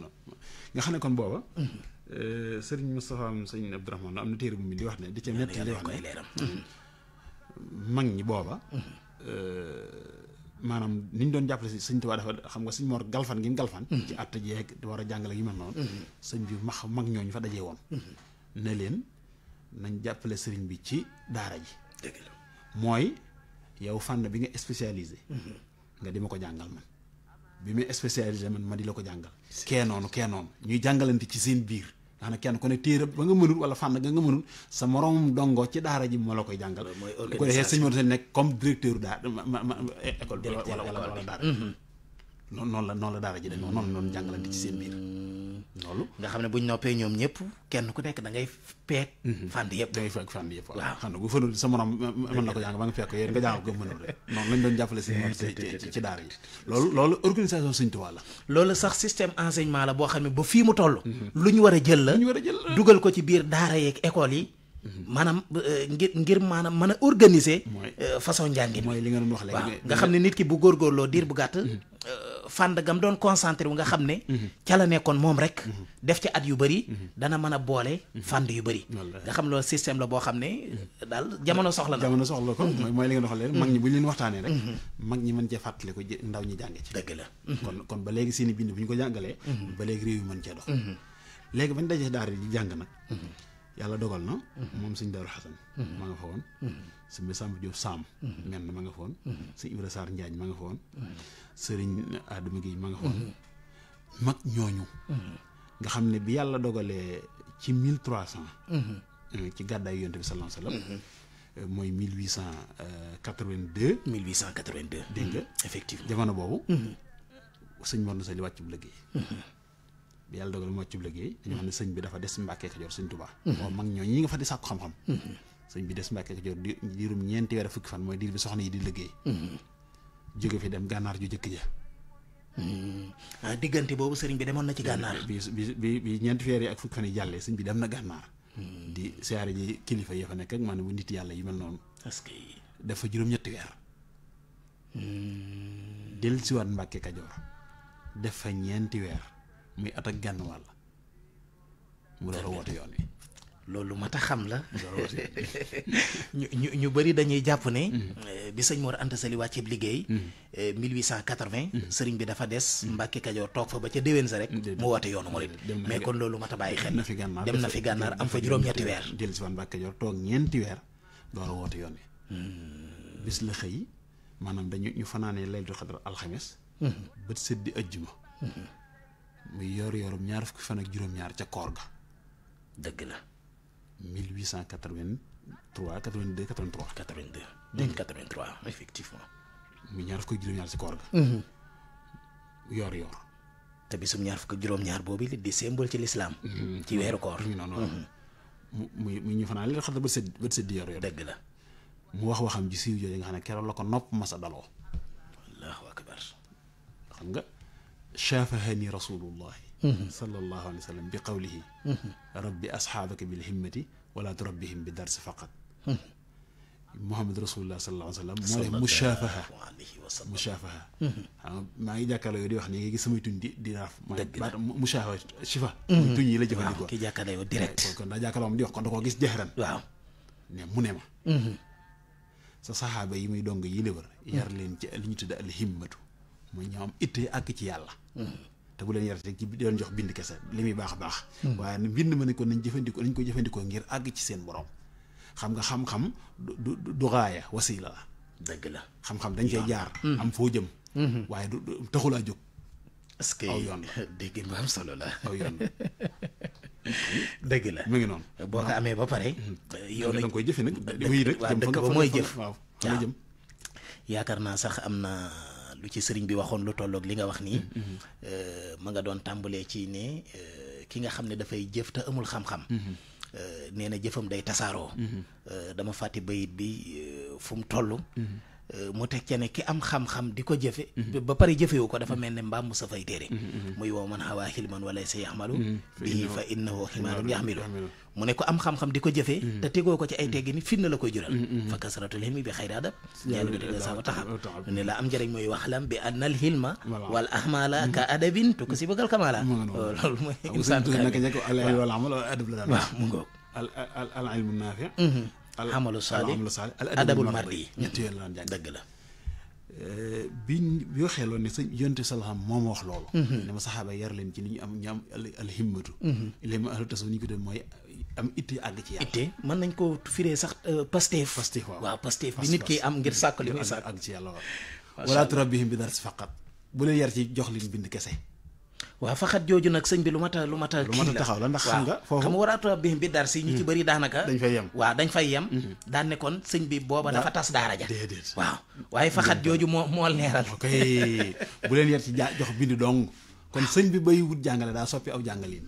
nga mhm. euh, sëriñ Moustapha sëriñ Abdourahmane am na téere bu mi di wax ne di ca nettali wax ne mhm. mag ñi booba euh, maanaam ni ñu doon jàppale si sëñ Tuubaa dafa xam nga sëñ Mor galfan gi mu galfan mm-hmm. ci àtt ek war a jàngale yu ma noonu mm-hmm. sëñ bi max mag ñooñu fa dajee woon mm-hmm. ne leen nañ jàppale sëriñ bi ci daara ji mooy yow fànn bi nga spécialisé nga di ma ko jàngal man bi ma spécialisé man ma di la ko jàngal kee noonu kee noonu ñuy jàngalante ci seen biir nga xam ne kenn ku ne téere ba nga mënul wala fànn ga nga mënul sa moroomum dongo ci daara ji moo la koy jàngal bu ko defee sëñ Modou Sène nekk comme directeur daa ma ma école bi wala wala daara mm-hmm. noonu noonu la noonu la daara ji de noonu noonu jàngalante ci seen biir loolu. nga xam bu ñu noppee ñoom ñëpp kenn ku nekk da ngay peeg. Mhm. fànn yëpp da ngay xam nga bu fënul sa morom na ko jàng ba nga fekk ko yéen nga jàng ko mënul rek noonu lañ doon jàppale si ci daara la. loolu sax système enseignement la boo xam ne ba fii mu toll. lu ñu war a jël la. la dugal ko ci biir daara yeek école yi. Mhm. maanaam euh, ngir ngir maanaam mën a organiser. Euh, façon njàngin mooy li nga doon wax léegi. nga xam ne nit ki bu góorgóorloo diir bu gàtt mhm. euh, fànn gam doon concentré wu nga xam ne mhm. ca la nekkoon moom rek mhm. def ci at yu bëri mhm. dana mën a boole fànn yu bëri nga xam loolu système la boo xam ne daal jamono soxla na jamono soxla ko mooy li nga doxalee mag ñi bu ñu leen waxtaanee rek mag ñi mën ko ndaw ñi jànge ci ba léegi seeni bind bu ñu ko jàngalee ba léegi réew yi mën cee dox léegi bañ dajee daara yi jàng nag yàlla dogal na moom sëñ Daaru Xasan ma nga fa woon sëñ Samba Diop Sam men ma nga fa woon sëñ Ibra Sarr Njaañ ma nga fa woon sëriñ Adama Guèye ma nga mm-hmm. mag ñooñu mm-hmm. nga xam ne bi yàlla dogalee ci mille trois cent mm-hmm. euh, ci gàddaay yonte bi sallallahu alayhi euh, mooy mille huit cent quatre-vingt-deux mille huit cent quatre dégg nga effectivement jamono boobu sëñ Mor Ndoussa Ly wàccub liggéey bi yàlla dogal mu wàccub liggéey dañoo xam ne sëñ bi dafa des Mbàkke Kajoor sëñ Tuubaa moo mag ñooñu ñi nga fa di sàkku xam-xam sëñ bi des Mbàkke Kajoor di diirum ñeenti weer fukki fan mooy diir bi soxna yi di liggéey jóge fi dem gànnaar ju jëkk ja hmm. ah diggante boobu sëriñ bi demoon na ci gànnaar. bi bi bi ñeenti feer yi ak fukki fan yi jàllee sëriñ bi dem na gànnaar. Hmm. di siyaare ji kilifa yi fa nekk ak maanaam bu nit yàlla yi mel noonu. parce que dafa juróom-ñetti weer. Hmm. dellusiwaat Mbàkke Kajoor. def fa ñeenti weer muy at ak gànn wàll. mu door a woote yoon wi. loolu mat tax xam la [LAUGHS] ñu ñu ñu bëri dañuy jàpp ne mm-hmm. eh, bi sëñ Mor Anta Sali wàcceeb liggéey 1880 mm-hmm. eh, mm-hmm. sëriñ bi dafa des Mbàkke Kajoor toog fa ba ca déwén sa rek mu woote yoonu murit mais kon loolu mat a bàyyi xel dem na fi gànnaar am fa juróom-ñetti weer dellu si waan Mbàkke Kajoor toog ñeenti weer door a woote yoon wi mm. bis la xëy maanaam dañu ñu fanaanee laylatul xadar alxames bët sëddi ajjuma muy yor yorum ñaar fukki fan ak juróom-ñaar ca koor ga dëgg na mu ñaar fukk ak juróom-ñaar si koor ga. Mhm. yor-yor. te bisum ñaar fukk ak juróom-ñaar boobu li di symbole ci lislaam mhm. ci weeru koor. Mhm. mu mu mu ñu fanaan li xam ne la. mu wax waxam ji siiw jooju nga xam ne la ko nopp masa daloo. allahu akbar. xam nga. shaafahani rasulullahi Mm-hmm. sallallahu alayhi wa sallam bi qawlihi mm-hmm. rabbi asxaabaka bil himmati wala turabbihim bi darsi faqat mm-hmm. Muhammad rasulullah sallallahu alayhi wa sallam moo def mushaafaha mushaafaha xam ah, maa ngi jàkkaarloo yow di wax nii nga gis samay tuñ di di raaf baat mushaafaha shifa tuñ yi la eh, da koo gis jeexeran waaw ne mu ne ma sa saxaaba yi muy dong yi li wër yar leen ci li ñu tudde al himmatu mooy ñoo am ittee àkk ci yàlla te bu leen yar rek ci di leen jox bind kese li muy baax a baax. Hmm. waaye bind ma ne ko nañ jëfandikoo nañ ko jëfandikoo ngir àgg ci seen borom. xam nga xam-xam du du du raaya wasiila la. dëgg la xam-xam dañ koy hmm. hmm. la dégg nga am solo la la. [LAUGHS] dëgg la mu ngi noonu. boo ko amee ba pare. yow nag da nga koy jëfee nag. dëgg waaw dëgg ba mooy jëf waaw naa sax am na. lu ci sëriñ bi waxoon lu tolloog li nga wax nii mm-hmm. euh, ma nga doon tàmbalee ci ne euh, ki nga xam ne dafay jëf te amul xam-xam mm-hmm. euh, nee na jëfam day tasaaroo mm-hmm. dama fàtte bayit bi fu mu toll mu teg ca ne am xam-xam di ko jëfe mhm. ba pare jëfewu ko dafa mhm. mel ne mbaam mu safay téere mhm, muy wow man xawaa xilman wala sa yaxmalu bii fa innahu ximaarun yaxmilu mu ne am xam-xam di ko jëfee te tegoo ko ci ay teggi ni fitna la koy jural fa kasratul hilmi bi xayraadab ñaani bi dëgg sama taxam ne la am njëriñ mooy waxlam bi annal hilma wal ahmala ka adabin tu ko si bëggal kamala loolu mooy insan naka njëkk al ilm wal amal adab la daal waaw mu ngoog amalu saali adabul mardi ñett yoon la daan jàng dëgg la eh, bi bi waxee loolu ne sëñ yonte moo moom wax loolu mhm. ne ma saxaaba yar leen ci li ñu am ñu am alhimmatu ilm mhm. ahlu tasawuf ni ñu ko doon mooy am itte àgg ci yàlla nañ ko firee sax euh, pasteef pasteef waaw waaw pasteef bi nit ki am ngir sàkk li muy sàkk àgg ci yàlla waaw wala turabbihim bi dars faqat bu leen yar ci jox leen bind kese waaw faxat jooju nag sëñ bi lu mat a lu mat a kii la taxaw la ndax xam nga foofu xam waraatu bi bi ñu ci mm. bëri daanaka dañ fay yem waaw dañ fay yem mm-hmm. daa ne kon sëñ bi booba dafa tas daara ja déedéet waaw waaye faxat jooju moo moo leeral ok bu leen yar ci jox bind dong kon sëñ bi bay wut jàngale daa soppi aw jàngalin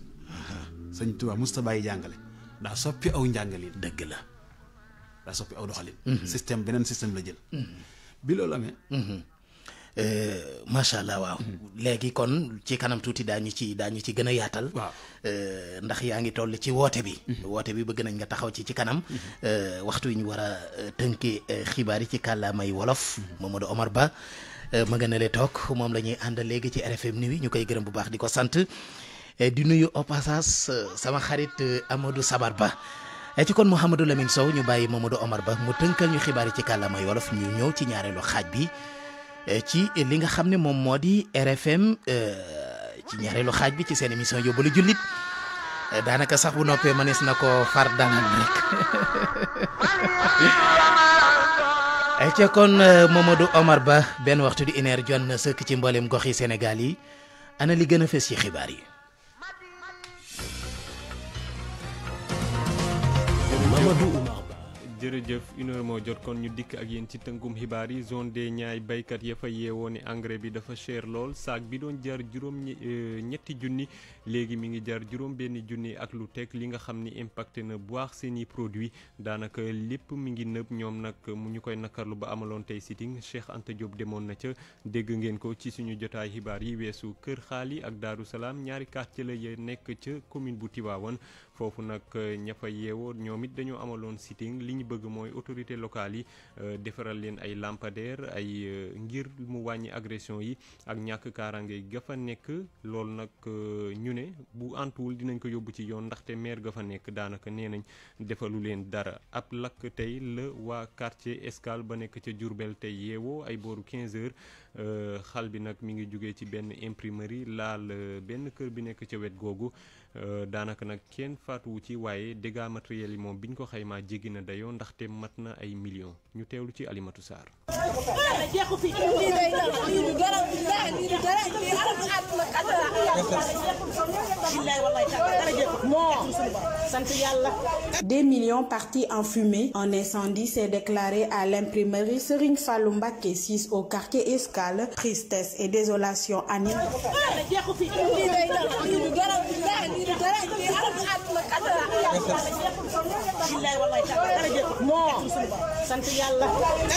sëñ Tuubaa musta bàyyi jàngale daa soppi aw njàngalin dëgg la daa soppi aw doxalin mm-hmm. système beneen système la jël mm-hmm. bi loolu amee Eh, macha allah waaw. Hmm. léegi kon ci kanam tuuti daañu ci daañu ci gën a yaatal. waaw eh, ndax yaa ngi toll ci woote bi. Hmm. woote bi bëgg nañ nga taxaw ci ci kanam. Hmm. Eh, waxtu yi ñu war a tënkee xibaar yi ci kàllaamay wolof. Mamadou Omar Ba ma nga ne toog moom la ñuy àndal léegi ci RFM Nuit ñu koy gërëm bu baax di ko sant di nuyu au sama xarit Amadou Sabar Ba. ci kon Mouhamadou ñu bàyyi Mamadou Omar Ba mu tënkal ñu xibaar yi ci kàllaamay wolof ñu ñëw ci ñaareelu xaaj bi. Eh, ci li nga xam ne moom moo di RFM eh, ci ñaareelu xaaj bi ci seen émission yóbbalu jullit eh, daanaka sax bu noppee mënees na ko far daanal rek [LAUGHS] ca kon Mamadou Omar Ba benn waxtu di une heure jot na sëkk ci mboolem gox yi Sénégal yi ana li gën a fës ci xibaar yi. jërëjëf une heure moo jot kon ñu dikk ak yéen ci tëngum xibaar yi zone des Niayes béykat yafa fa yeewoo ne engrais bi dafa cher lool saak bi doon jar juróom euh, ñetti junni léegi mi ngi jar juróom benn junni ak lu teg li nga xam ni impacté na bu baax seen produit daanaka lépp mi ngi nëb ñoom nag mu ñu koy nakkarlu ba amaloon tey sitting Cheikh Anta demoon na ca dégg ngeen ko ci suñu jotaay xibaar yi weesu Kër Xaali ak Daaru Salaam ñaari quartier la ya nekk ca commune bu Tivaouane foofu nag euh, ña fa yeewoo ñoom it dañoo amaloon sitting li ñu bëgg mooy autorité locale yi euh, defaral leen ay lampadaire ay euh, ngir mu wàññi agression yi ak ñàkk kaaraange ga nekk loolu nag ne bu antuwul dinañ ko yóbbu ci yoon ndaxte maire ga fa nekk daanaka nee nañ defalu leen dara ab lakk tey la waa quartier Escale ba nekk ca jurbeel tey yeewoo ay booru 15 heures euh, xal bi nag mi ngi jugee ci benn imprimerie laal euh, benn kër bi nekk ca wet googu Euh, daanaka nag kenn faatuwu ci waaye dégâts yi moom bi ñu xaymaa jéggi na dayoo ndaxte mat na ay millions ñu teewlu ci Alimatu Sarr. Des millions partis en fumée. Un incendie s'est déclaré à l'imprimerie Serigne Fallou Mbacké 6 au quartier Escale. Tristesse et désolation anime.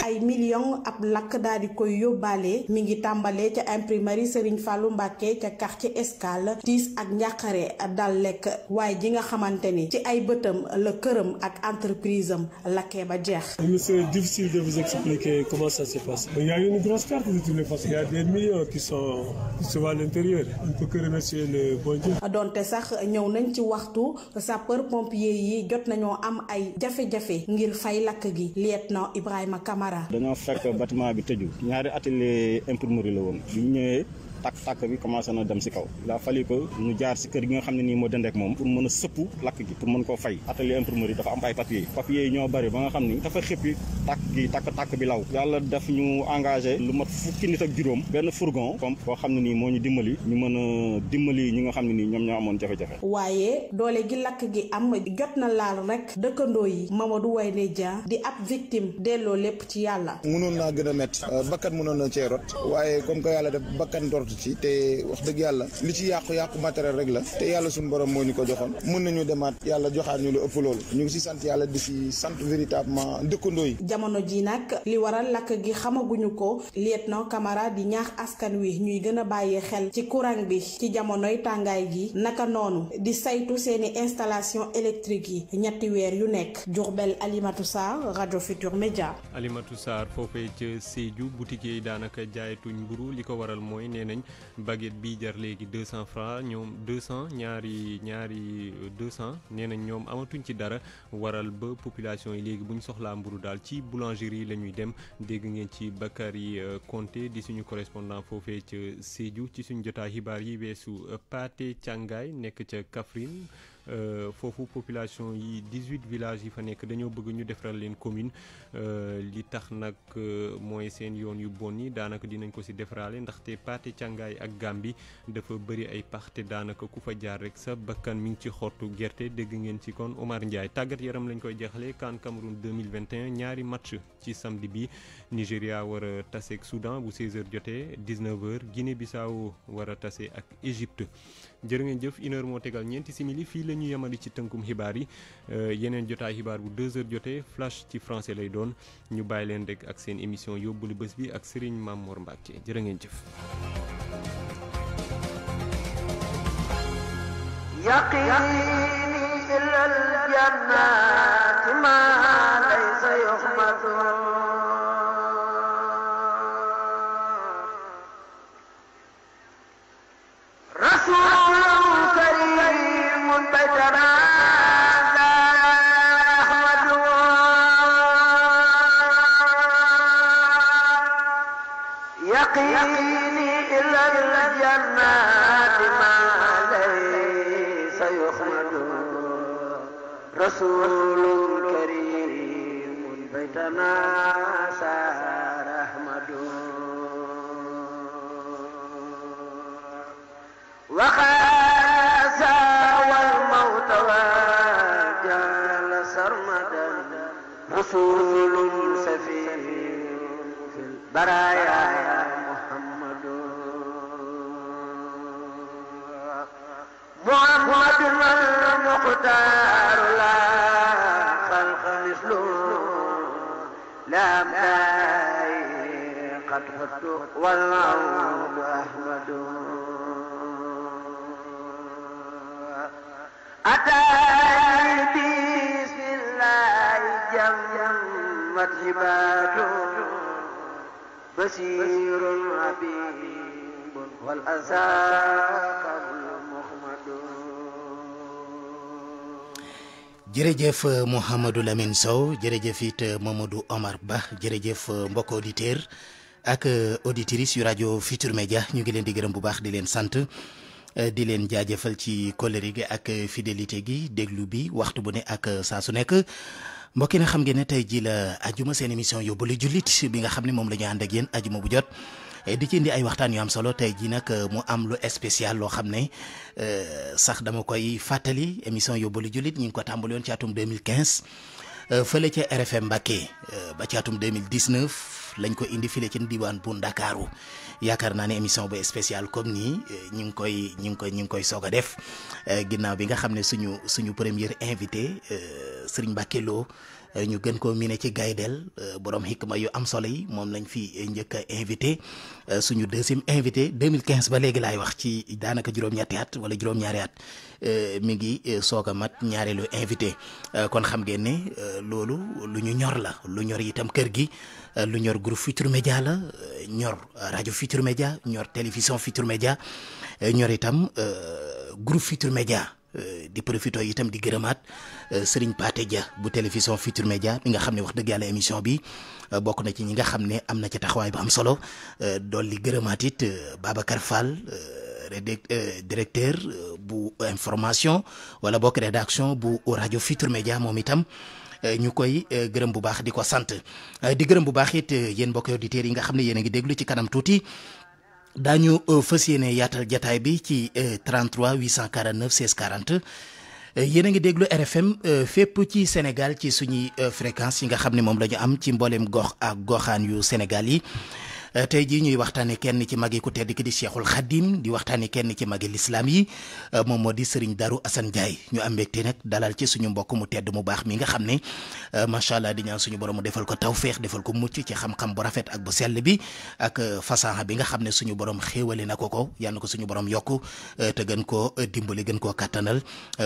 ay millions ab lakk daal di koy yóbbaale mi ngi tàmbalee ca imprimerie Serigne Fallou Mbacké ca quartier Escale tiis ak njàqare dal lekk waaye ji nga xamante ni ci ay bëtam la këram ak entreprise am lakkee ba jeex. c'est difficile de vous expliquer comment ça s'est passé. Il y a une grosse perte de toutes les façons. Il y a des millions qui donte sax ñëw nañ ci waxtu sapeur pompier yi jot nañoo am ay jafe-jafe ngir fay lakk gi na Ibrahima kamara dañoo fekk bâtiment bi tëju ñaari atelier imprimerie la woon bi ñëwee tàkk-tàkk bi commencé na dem si kaw il a fallu que ñu jaar si kër gi nga xam ne nii moo dënd moom pour mën a sëpp lakk gi pour mën koo fay atelier imprimerie dafa am ay papier papier yi ñoo bëri ba nga xam ni dafa xëppi tàkk gi tàkk-tàkk bi law yàlla daf ñu engagé lu mat fukki nit ak juróom benn fourgon comme koo xam ne nii moo ñu dimbali ñu mën a dimbali ñi nga xam ne nii ñoom ñoo amoon jafe-jafe waaye doole gi lakk gi am jot na laal rek dëkkandoo a metti bakkan jotu ci te wax dëgg yàlla li ci yàqu-yàqu matériel rek la te yàlla suñu borom moo ñu ko joxoon mën nañu demaat yàlla joxaat ñu lu ëpp loolu ñu ngi si sant yàlla di si sant véritablement dëkkandoo yi jamono ji nag li waral lakk gi xamaguñu ko lieutenant Camara di ñaax askan wi ñuy gën a bàyyi xel ci courant bi ci jamonoy tàngaay gi naka noonu di saytu seeni installation électrique yi ñetti weer yu nekk Diourbel Alimatou Sarr rajo Futur Média Alimatou Sarr foofee ca Sédhiou boutique yi daanaka lañ baguette bi jar léegi deux 200 francs ñoom deux 200 ñaari ñaari 200 euh, nee nañ ñoom amatuñ ci dara waral ba population yi léegi bu ñu soxlaa mburu daal ci boulangerie la ñuy dem dégg ngeen ci Bakary euh, Konté di suñu correspondant foofee ca Sédhiou ci suñu jotaay xibaar yi weesu euh, Pathé Thiangaye nekk ca Kaffrine Euh, foofu population yi 18 villages yi fa nekk dañoo bëgg ñu defaral leen commune euh, li tax nag euh, mooy seen yoon yu bon yi daanaka dinañ ko si defaraale ndaxte Pathé càngaay ak Gambi dafa bëri ay pax daanaka ku fa jaar rek sa bakkan mi ngi ci xottu gerte dégg ngeen ci kon Omar Ndiaye tàggat yaram lañ koy jeexalee CAN Cameroun 2021 ñaari match ci samedi bi Nigéria war a tase ak Soudan bu 16h jotee 19h Guinée Bissau war a tase ak Égypte. jërë jëf une heure moo tegal ñeenti simili fii la ñu yemali ci tënkum xibaar yi euh, yeneen jotaay xibaar bu 2 heures jotee flash ci français lay doon ñu bàyyi leen rek ak seen émission yóbbalu bés bi ak Serigne Mame Mor Mbacke jërë ngeen jëf. يقيني إلى الجنات ما ليس يخمد يقيني إلى الجنات ما ليس يخمد رسول كريم بيتنا سار أحمد وخاسى والموت وجعل سرمدا رسول سفير في البرايا محمد المختار لا خلق مثله لا مدعي قد خدت والعود أحمد أتاني بسم الله جمت هبات بصير عبيد والأنساب jërëjëf euh, Mouhamadou Lamine Sow jërëjëf it euh, Mamadou Omar Ba jërëjëf euh, mbokk auditeur ak auditrice yu rajo Futur Media ñu ngi leen di gërëm bu baax di leen sant di leen jaajëfal ci kóllëre gi ak fidélité gi déglu bi waxtu bu ne ak saa su nekk mbokki na xam ngeen ne tey jii la ajuma seen émission yóbbalu jullit bi nga xam ne moom la ñu ànd ak yéen ajuma bu jot. Eh, di ci indi ay waxtaan yu am solo tey jii nag eh, mu am lu spécial loo xam ne eh, sax dama koy fàttali émission yóbbalu jullit ñu ngi ko tàmbali woon ci atum 2015 fële ca RFM Mbacké ba ci atum 2019 lañ ko indi file ci diwaan bu Ndakaaru yaakaar naa ne émission bu spécial comme nii ñu ngi koy ñu ngi koy ñu ngi koy soog a def ginnaaw bi nga xam ne suñu suñu premier invité Serigne Mbacké loo ñu gën koo miné ci gaydel euh, borom ma yu am solo yi moom lañ fi euh, njëkk a invité euh, suñu deuxième invité 2015 ba léegi laay wax ci daanaka juróom-ñetti at wala juróom-ñaari at mi ngi soog a mat ñaareelu invité kon xam ngeen ne loolu lu ñu ñor la lu ñor itam kër gi lu ñor groupe Futur Média la ñor rajo Futur Média ñor télévision Futur Média ñor itam groupe Futur Média di profito itam di gërëmaat. Euh, Serigne Pathé Dia bu télévision Futur Média mi nga xam ne wax dëgg yàlla émission bi euh, bokk na ci ñi nga xam ne am na ci taxawaay bu am solo euh, dool li gërëmaat it Babacar Fall directeur bu information wala bokk rédaction bu rajo Futur Média moom itam. ñu koy gërëm bu baax di ko sant di gërëm bu baax it yéen mbokki auditeurs yi nga xam ne yéen a ngi déglu ci kanam tuuti daañu fas yéene yaatal jataay bi ci 33 849 16 40. Euh, yéen a ngi déglu RFM euh, fépp ci Sénégal ci suñuy euh, fréquence yi nga xam ni moom la ñu am ci mbooleem gox ak goxaan yu Sénégal yi Euh, tey jii ñuy waxtaane kenn ci magi ku tedd ki di Cheikhul Khadim di waxtaane kenn ci magi lislaam yi euh, moom moo di sëriñ Darou Assane Ndiaye ñu am nag dalal ci suñu mbokk mu tedd mu baax mi nga xam ne euh, macha allah di ñaan suñu borom defal ko tawféex defal ko mucc ci xam-xam bu rafet ak bu sell bi ak fasaha bi nga xam ne suñu borom xéewale na ko ko yal ko suñu borom yokk te gën koo dimbali gën koo kattanal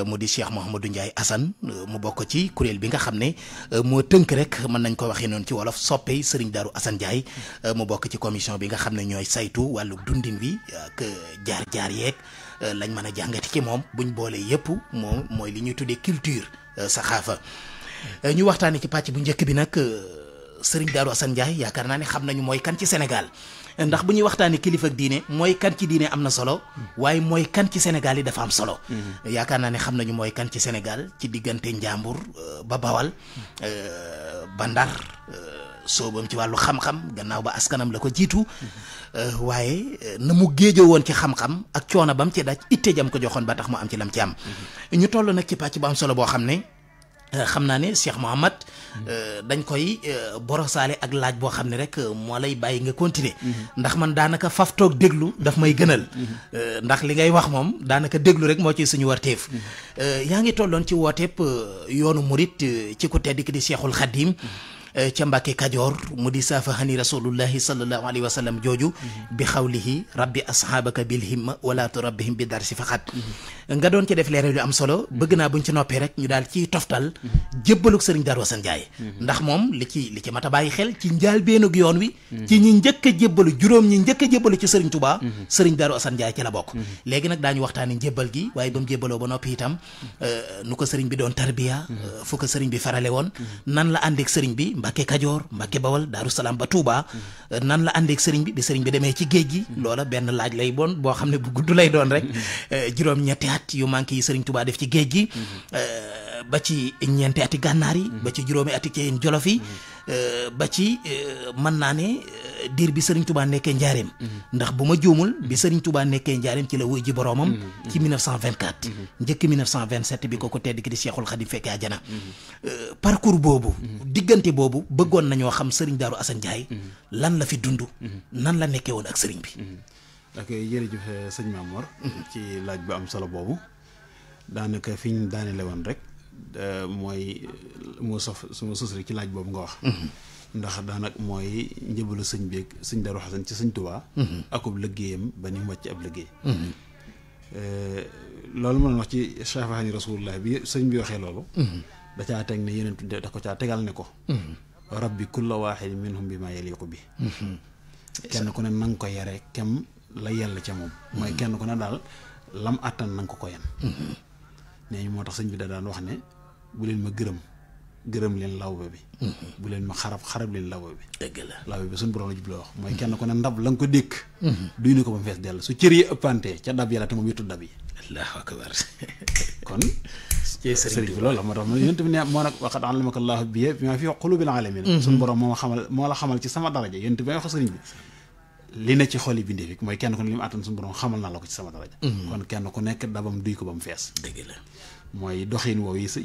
mu di Cheikh Mouhamadou Ndiaye Assane mu bokk ci kuréel bi nga xam ne moo tënk rek mën nañ ko waxee noonu ci wolof soppee Serigne Darou Assane Ndiaye mu bokk ci commission bi nga xam ne ñooy saytu wàllu dundin wi ak euh, jaar-jaar yeeg euh, lañ mën a jàngati ci moom buñ boolee yëpp moom mooy li ñuy tuddee culture euh, saxaafa ñu waxtaanee ci pàcc bu njëkk bi nag sëriñ Darou Assane Ndiaye yaakaar naa ne xam nañu mooy kan ci Sénégal ndax bu ñuy waxtaanee kilifa ak diine mooy kan ci diine am na solo waaye mooy kan ci Sénégal yi dafa am solo. Mm-hmm. yaakaar naa ne xam nañu mooy kan ci Sénégal ci diggante Njàmbur ba Bawal ba Ndar. sóobam ci wàllu xam-xam gannaaw ba askanam la ko jiitu euh, waaye na mu géejoo woon ci xam-xam ak coono bam ci daj itte jam ko joxoon ba tax mu am ci lam ci am ñu toll nag ci pàcc bu am solo boo xam ne euh, xam naa ne Cheikh Mouhamad euh, dañ koy borosaale ak laaj boo xam ne rek moo lay bàyyi nga continuer ndax man daanaka faf toog déglu daf may gënal ndax li ngay wax moom daanaka déglu rek moo ci suñu warteef yaa ngi tolloon ci wooteeb yoonu murit ci ku tedd di Cheikhul Khadim Eh, ca Mbàkke Kajoor mu di saafahani rasulullahi sallallahu alayhi wa sallam jooju mhm. bi xawlihi rabbi asxaabaka bil himma wala turabbihim bi darsi faqat mhm. nga doon ci def leeral yu am solo mhm. bëgg naa buñ ci noppee rek ñu daal ciy toftal jébbalug sëriñ Darou Assane Ndiaye ndax moom li ci li ci mat a bàyyi xel ci njaal nag yoon wi ci ñi njëkk a jébbalu juróom ñi njëkk a jébbalu ci sëriñ tubaa sëriñ Darou Assane ci la bokk léegi nag daañu waxtaani njébbal gi waaye ba mu jébbaloo ba noppi itam eh, nu ko sëriñ bi doon tarbiya eh, fu ko sëriñ bi farale woon nan la àndeek sëriñ bi Mbacke Kajoor Mbacke Bawal Daaru Salaam ba Touba nan la àndeek sëriñ bi bi sëriñ bi demee ci géej gi loola benn laaj lay bon boo xam ne bu gudd lay doon rek mm-hmm. eh, juróom-ñetti at yu manqué yi sëriñ Touba def ci géej gi mm-hmm. eh, ba ci ñeenti ati gànnaar yi ba ci juróomi ati ceyin jolof yi mm-hmm. ba ci eh, mën naa ne eh, diir bi sëriñ tubaa nekkee njaareem mm-hmm. ndax bu ma juumul bi sëriñ tubaa nekkee njaareem ci la wuy ji boroomam mm-hmm. ci 1924 njëkk 1927 bi ko ko tedd ki di Seexul Xadim fekkee ajana eh, parcours boobu diggante boobu bëggoon nañoo xam sëriñ Daaru Asan lan la fi dund nan la nekkee ak sëriñ bi jërëjëf sëñ Mamor ci laaj bu am solo boobu daanaka fi ñu daanele woon rek Euh, mooy euh, moo sof suma sos rek ci laaj boobu nga wax mm-hmm. ndax daanak mooy njëbalu sëñ beeg sëñ Darou Xasan ci sëñ Touba. Mm-hmm. akub liggéeyam ba ni mu wàcc ab liggéey mm-hmm. euh, loolu ma wax ci Shaafaani Rasulullah bi sëñ bi waxee loolu da caa teg ne yeneen tudde da ko caa tegal ne ko rabbi kulla waaxidin minhum bi maa yaliqu bi kenn ku ne na ko yare kem la yell ca moom mooy kenn ku ne daal lam àttan na ko ko yan nee moo tax sëñ bi da daan wax ne bu leen ma gërëm gërëm leen lawbe bi mhm. bu leen ma xarab xarab leen lawbe bi dëgg la lawbe bi suñu borom la jubloo wax mooy kenn la nga mhm. ko ba mu fees dell su cër yi ëppantee ca dab yàlla te moom yëttu dab yi allahu akbar [LAUGHS] kon la moo tax yonent bi ne moo nag waxat alamaka allahu bi bi ma fi qulubil alamin mhm. suñu borom moo ma bi may wax sëriñ bi li ne ci xol yi bindee fi mu àttan suñu borom xamal naa la ko ci sama daraja kon kenn ku nekk dabam duy ko ba mu fees dëgg la mooy doxin woow yi sa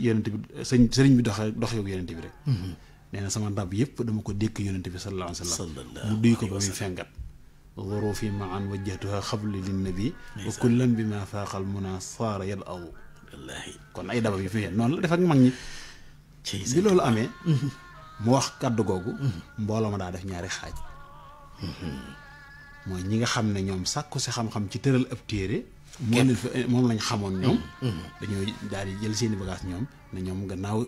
sëñ sëriñ bi dox dox yow yonent bi rek mhm. nee na sama ndab yëpp dama ko dékk yonent bi sallallahu alayhi wa sallam mu duy ko ba muy fengat waroo fi ma an wajjatuha xabli linnabi wa kullan ma faaqal muna saara yad aw kon ay dabam yi fi noonu la def ak mag ñi bi loolu amee mhm. mu wax kàddu googu mhm. mbooloo ma daa def ñaari xaaj mooy ñi nga xam ne ñoom sàkku si xam-xam ci tëral ab téere moom lañ moom lañ xamoon ñoom mm-hmm. Mm-hmm. dañoo daal di jël seeni bagage ñoom ne ñoom gannaaw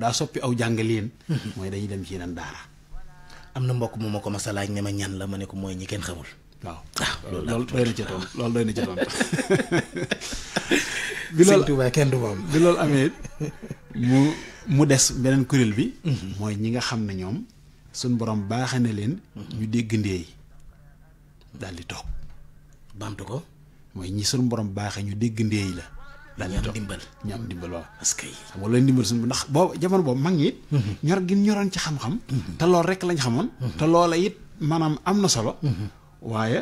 daa soppi aw jàngaliin mm-hmm. mooy dañuy dem ci yeneen daara am na mbokk mu ma ko mas ne ma ñan la ma ne ko mooy ñi kenn xamul waaw ah, loolu doy na ci [LAUGHS] loolu doy na ci toon bi loolu amee mu mu des beneen kuréel bi mooy ñi nga xam ne ñoom suñ borom baaxe na leen ñu dégg ndee yi daal di toog baamtu ko mooy ñi suñu borom baaxee ñu dégg ndeey la. daal ñu am ndimbal ñu am ndimbal waaw. parce que xam nga loolu ndimbal suñu ndax boobu jamono boobu mag ñi mhm. ñor gi ñoroon ci xam-xam. Mhm. te loolu rek lañ xamoon. Mhm. te loola it maanaam am na solo. waaye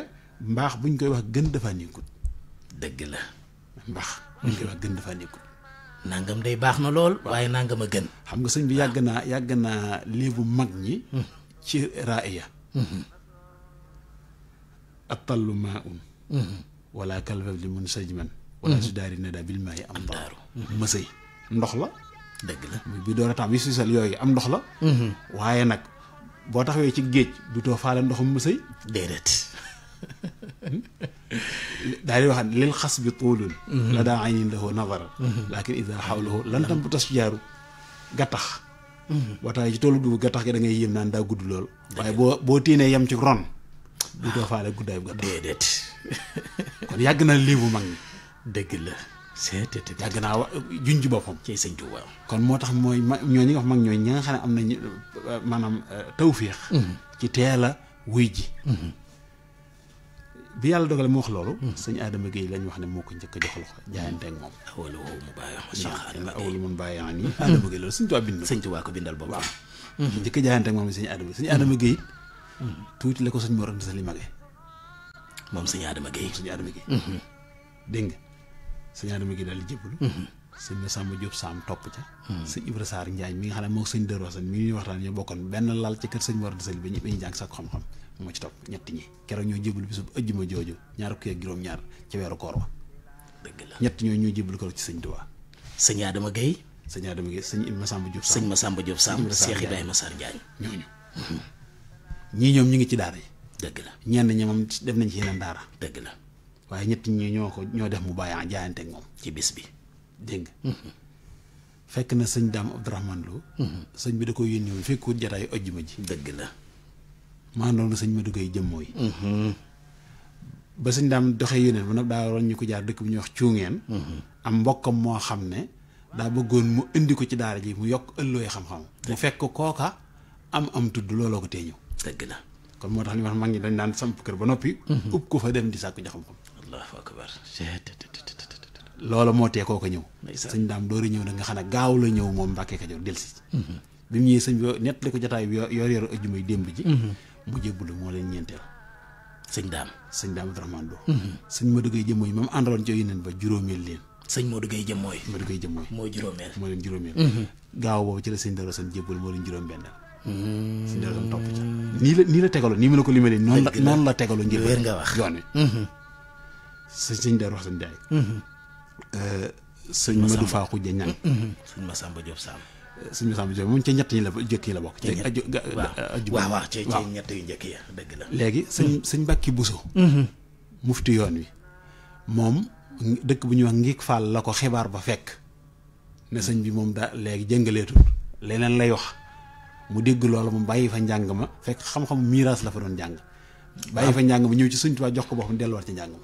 mbaax buñ koy wax gën dafa nekkut. dëgg la. mbaax buñ koy gën dafa nangam day baax na lool. waaye nangam a gën. xam nga sëñ bi yàgg naa yàgg naa léebu mag ñi. ci raaya. atallu maa un. wala kalbab li mun sajman wala mhm. su daari ne daa bil maayi am daaru mhm. mësëy ndox la dëgg la bi door a temps bi sisal yooyu am ndox la mhm. waaye nag boo taxawee ci géej du too faale ndoxum mësëy déedéet [LAUGHS] daal di wax lil xas bi tuulul la daa aynin lahu nazara lakin ida gattax ci toolu dugub gattax gi da ngay naan daa gudd lool waaye boo boo tiinee yam ci ron ah. du faale guddaayu gattax kon yàgg na lii mag ñi dëgg la seet yàgg naa wa junj boppam ci sëñ Tuuba kon moo tax mooy mag ñoo ñi wax mag ñoo ñi nga xam ne am nañu tew euh, euh, tawféex mm-hmm. ci teel a wuy ji mm-hmm. bi yàlla dogale mu wax loolu mm-hmm. sëñ Adama Gueye wax ne moo ko njëkk a jox loxo jaayante ak moom awalu woowu mu bàyyi awalu mun bàyyi nii Adama Gueye loolu sëñ Tuuba bind sëñ Tuuba ko bindal boppam njëkk a jaayante ak moom sëñ Adama sëñ tuuti la ko sëñ Mor Anta Sali magee moom sëñ Adama Guèye moom sëñ Adama Guèye. Mm-hmm. dégg nga sëñ Adama Guèye daal di jébbalu. Mm-hmm. sëñ Massamba Diop Sam topp ca. Mm-hmm. sëñ Ibra Sarr Njaañ mi nga xam ne moom sëñ Dero Sane mi ngi ñuy waxtaan ñoo bokkoon benn lal ci kër sëñ Mor Sëñ bi ñëpp dañuy jàng sax xam-xam moo ci topp ñetti ñi keroog ñoo jébbalu bisub ëjjuma jooju ñaar kii ak juróom-ñaar ci weeru koor wa. dëgg la ñoo ñoo jébbalu keroog ci sëñ Tuubaa. sëñ Adama Guèye. sëñ Adama Guèye sëñ Massamba Diop Sam sëñ Massamba Diop Sam Cheikh Ibrahima Sarr Njaañ ñooñu ñii ñoom ñu ngi ci daara yi dëgg la ñenn ñi def nañ ci yeneen daara. dëgg la waaye ñetti ñi ñoo ko ñoo def mu bàyyi jaayante moom. ci bis bi dégg nga mhm. fekk na sëñ daam Abdourahmane Lo. Mhm. sëñ bi da ko yónni woon fekkut jataayu ojj ma la. maa doon sëñ ma duggee jëmmoo yi. Mhm. ba sëñ daam doxee yónneen ba nag daa waroon ñu ko jaar dëkk bu ñuy wax cuungeen. am mbokkam moo xam ne. daa bëggoon mu indi ko ci daara ji mu yokk ëllooy xam-xam. mu fekk kooka am am tudd looloo ko tee ñëw. dëgg la. kon moo tax li wax mag ñi dañ naan samp kër ba noppi. Mhm. ub ko fa dem di sàkku jox xam-xam. moo tee koo ko ñëw. sëñ daam doori ñëw na nga gaaw la ñëw moom Mbàkke Kajoor delsi mhm. bi mu ñëwee sëñ bi nettali ko jotaay bi yor yor ajjuma yi démb ji. Mhm. mu moo leen ñeenteel. sëñ daam sëñ daam Abdourahmane Lo. sëñ Modou Gueye jëm mooy moom àndaloon ci yeneen ba juróomeel leen. sëñ Modou Gueye jëm mooy. moo juróomeel moo leen juróomeel. gaaw boobu ci la sëñ Daro sëñ jébbal moo leen juróom-benneel si ne doon topp ca nii la nii nii mu la ko limalee noonu la noonu la tegaloo njël wér nga wax yoon wi mm-hmm. mm-hmm. euh, sëñ sëñ Daaru wax mm-hmm. sëñ Jaay euh, sëñ Madou Faa Xujja Ñang sëñ Masamba Diop Samb sëñ Masamba Diop moom ñett ñi la jëkk la bokk aju euh, waaw waaw ci ci ñett yu njëkk ya dëgg la léegi sëñ sëñ Mbàkke Buso mufti yoon wi moom dëkk bu ñu wax Ngik Fall la ko xibaar ba fekk ne sëñ bi moom daa léegi jëngaleetul leneen lay wax mu dégg loolu mu bàyyi fa njàng ma fekk xam-xamu miiras doon jàng bàyyi fa njàng ñëw ci Sëñ Tuubaa jox ko boo xam delluwaat ci njàng ma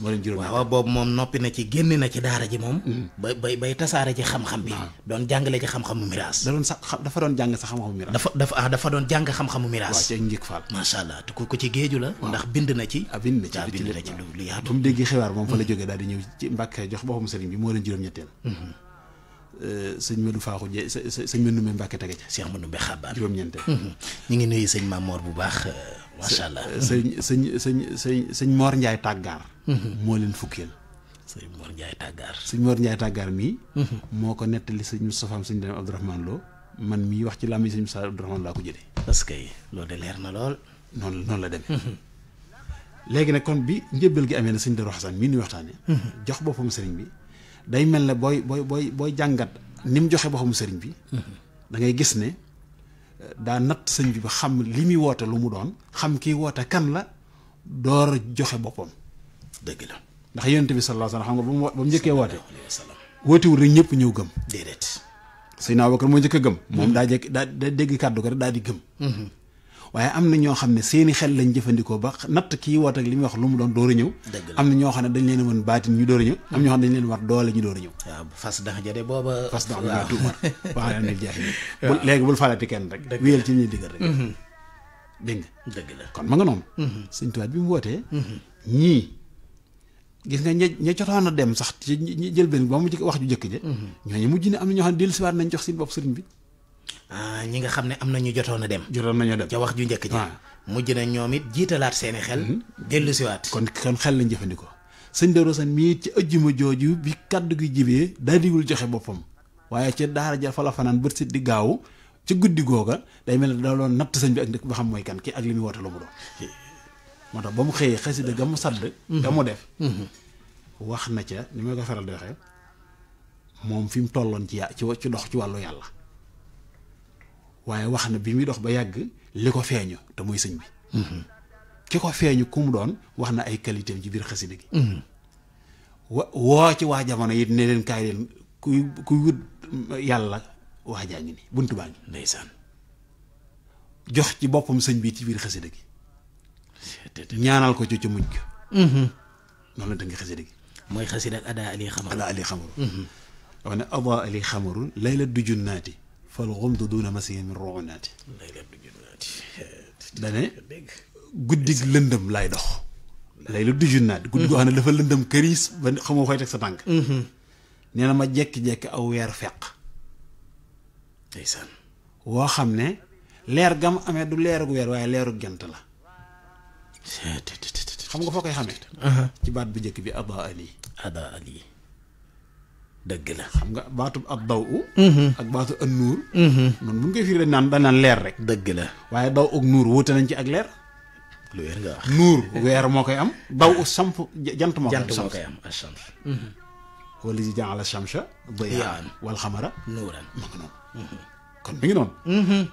moo leen na ci génn na ci daara ji moom mm-hmm. bay bay bay tasaare ci xam-xam bi doon jàngale ci xam-xamu miraas dafa doon jàng sa xam-xamu miraas dafa dafa ah doon jàng xam-xamu miraas waaw ci ak njëkk faal macha allah na ci ah, bind na mu déggee xibaar moom fa la mm-hmm. jógee daal di ñëw ci Mbàkke jox boppam sëriñ bi moo leen juróom ñetteel mm-hmm. ma euh, Madou Faaxu Dieng sa sa sëñ Madou Mbembe Mbacke tege ca. Cheikh Madou Mbembe Xabaan juróom-ñeente. Mm-hmm. ñu ngi nuyu sëñ Mamor bu baax euh, macha allah. sëñ sëñ sëñ sëñ sëñ Mor Ndiaye Tàggaar. Mm-hmm. moo leen fukkeel. sëñ Mor Ndiaye Tàggaar. sëñ Mor Ndiaye Tàggaar mii. Mm-hmm. moo ko nettali sëñ Moustapha am sëñ Dame Abdourahmane Lo man mii wax ci làmb yi sëñ Moustapha Abdourahmane laa ko jëlee. parce que loolu de leer na lool. noonu noonu la demee. léegi nag kon bi njëbbal gi amee na sëñ Darou Xasan mii nuy waxtaanee. jox boppam sëriñ bi day mel ne booy booy booy booy jàngat ni mu joxe boppam sëriñ bi dangay gis ne eh, daa natt sëñ bi ba xam li muy woote lu mu doon xam kii woote kan la door a joxe boppam dëgg la ndax yonent bi sallallahu alayhi xam nga ba mu njëkkee woote wootewul rek ñëpp ñëw gëm déedéet Seydina Abubakar moo njëkk a gëm moom hmm. daa dégg kàddu ko rek daal di gëm hmm. waaye am na ñoo xam ne seeni xel lañ jëfandikoo ba natt kii woot ak li muy wax lu mu doon door a ñëw am na ñoo xam ne dañ leen woon baatin ñu door a ñëw am ñoo xam ne a ñëw waaw fas dax jade booba fas dax booba [LAUGHS] mm-hmm. ma nga noonu mm-hmm. sëñ bi mu wootee mm-hmm. ñii gis nga ña ña cotoon a dem sax ci jël benn ba mu jëkk wax ju jëkk ja ñooñu mujj ne am na ñoo xam ne dellusiwaat nañ jox seen bopp sëriñ bi Ah, ñi nga xam ne am na ñu jotoon a dem. jotoon nañoo dem ca wax ju njëkk ji. mujj na ñoom it jiitalaat seeni xel. Mm-hmm. dellu siwaat kon kon xel lañ jëfandikoo. sëñ Darou Assane mii ci ëjjuma jooju bi kaddu gi jibee daa digul joxe boppam waaye ca daara ja fa la fanaan bët si di gaaw ca guddi googa day mel ne da doon natt sëñ bi ak nit ba xam mooy kan ki ak li muy woote lu mu doon. moo tax ba mu xëyee xasida ga mu sadd. ga mu def. Mm-hmm. wax na ca ni ma ko faral di moom fi mu tolloon ci ya ci dox ci wàllu yàlla. waaye wax na bi muy dox ba yàgg li ko feeñu te muy sëñ bi ki ko feeñu ku mu doon wax na ay qualité ci biir xasida gi wa woo ci waa jamono it ne leen kaay leen kuy kuy wut yàlla waa ngi ni buntu baa ngi jox ci boppam sëñ bi ci biir xasida gi ñaanal ko ci ci mujj mm-hmm. noonu la dënk xasida gi mooy xasida ak ali xamaru adaa ali xamaru wax ne adaa ali xamaru layla fal xumtu duuna masihin min ruunaati dane guddig laay dox lay lu dujun guddi goo xam ne dafa lëndëm këriis ba xamoo fay teg sa tànk mhm. nee na ma jekki-jekki aw weer feq ndeysaan woo xam ne leer gam amee du leerug weer waaye leerug jant la xam nga foo koy xamee uh-huh. ci baat bu njëkk bi ada ali ada ali dëgg la xam nga baatub ab daw u mhm. ak baatu ak nuur mhm. noonu bu ñu koy firi dañ naan dañ naan leer rek dëgg la waaye daw ak nuur wuute nañ ci ak leer lu wér nga wax nuur weer moo koy am daw u samp jant moo koy am ashams wala si jàngal shamsha bayaan wal xamara nuuran ma ko noonu mhm. kon mi ngi noonu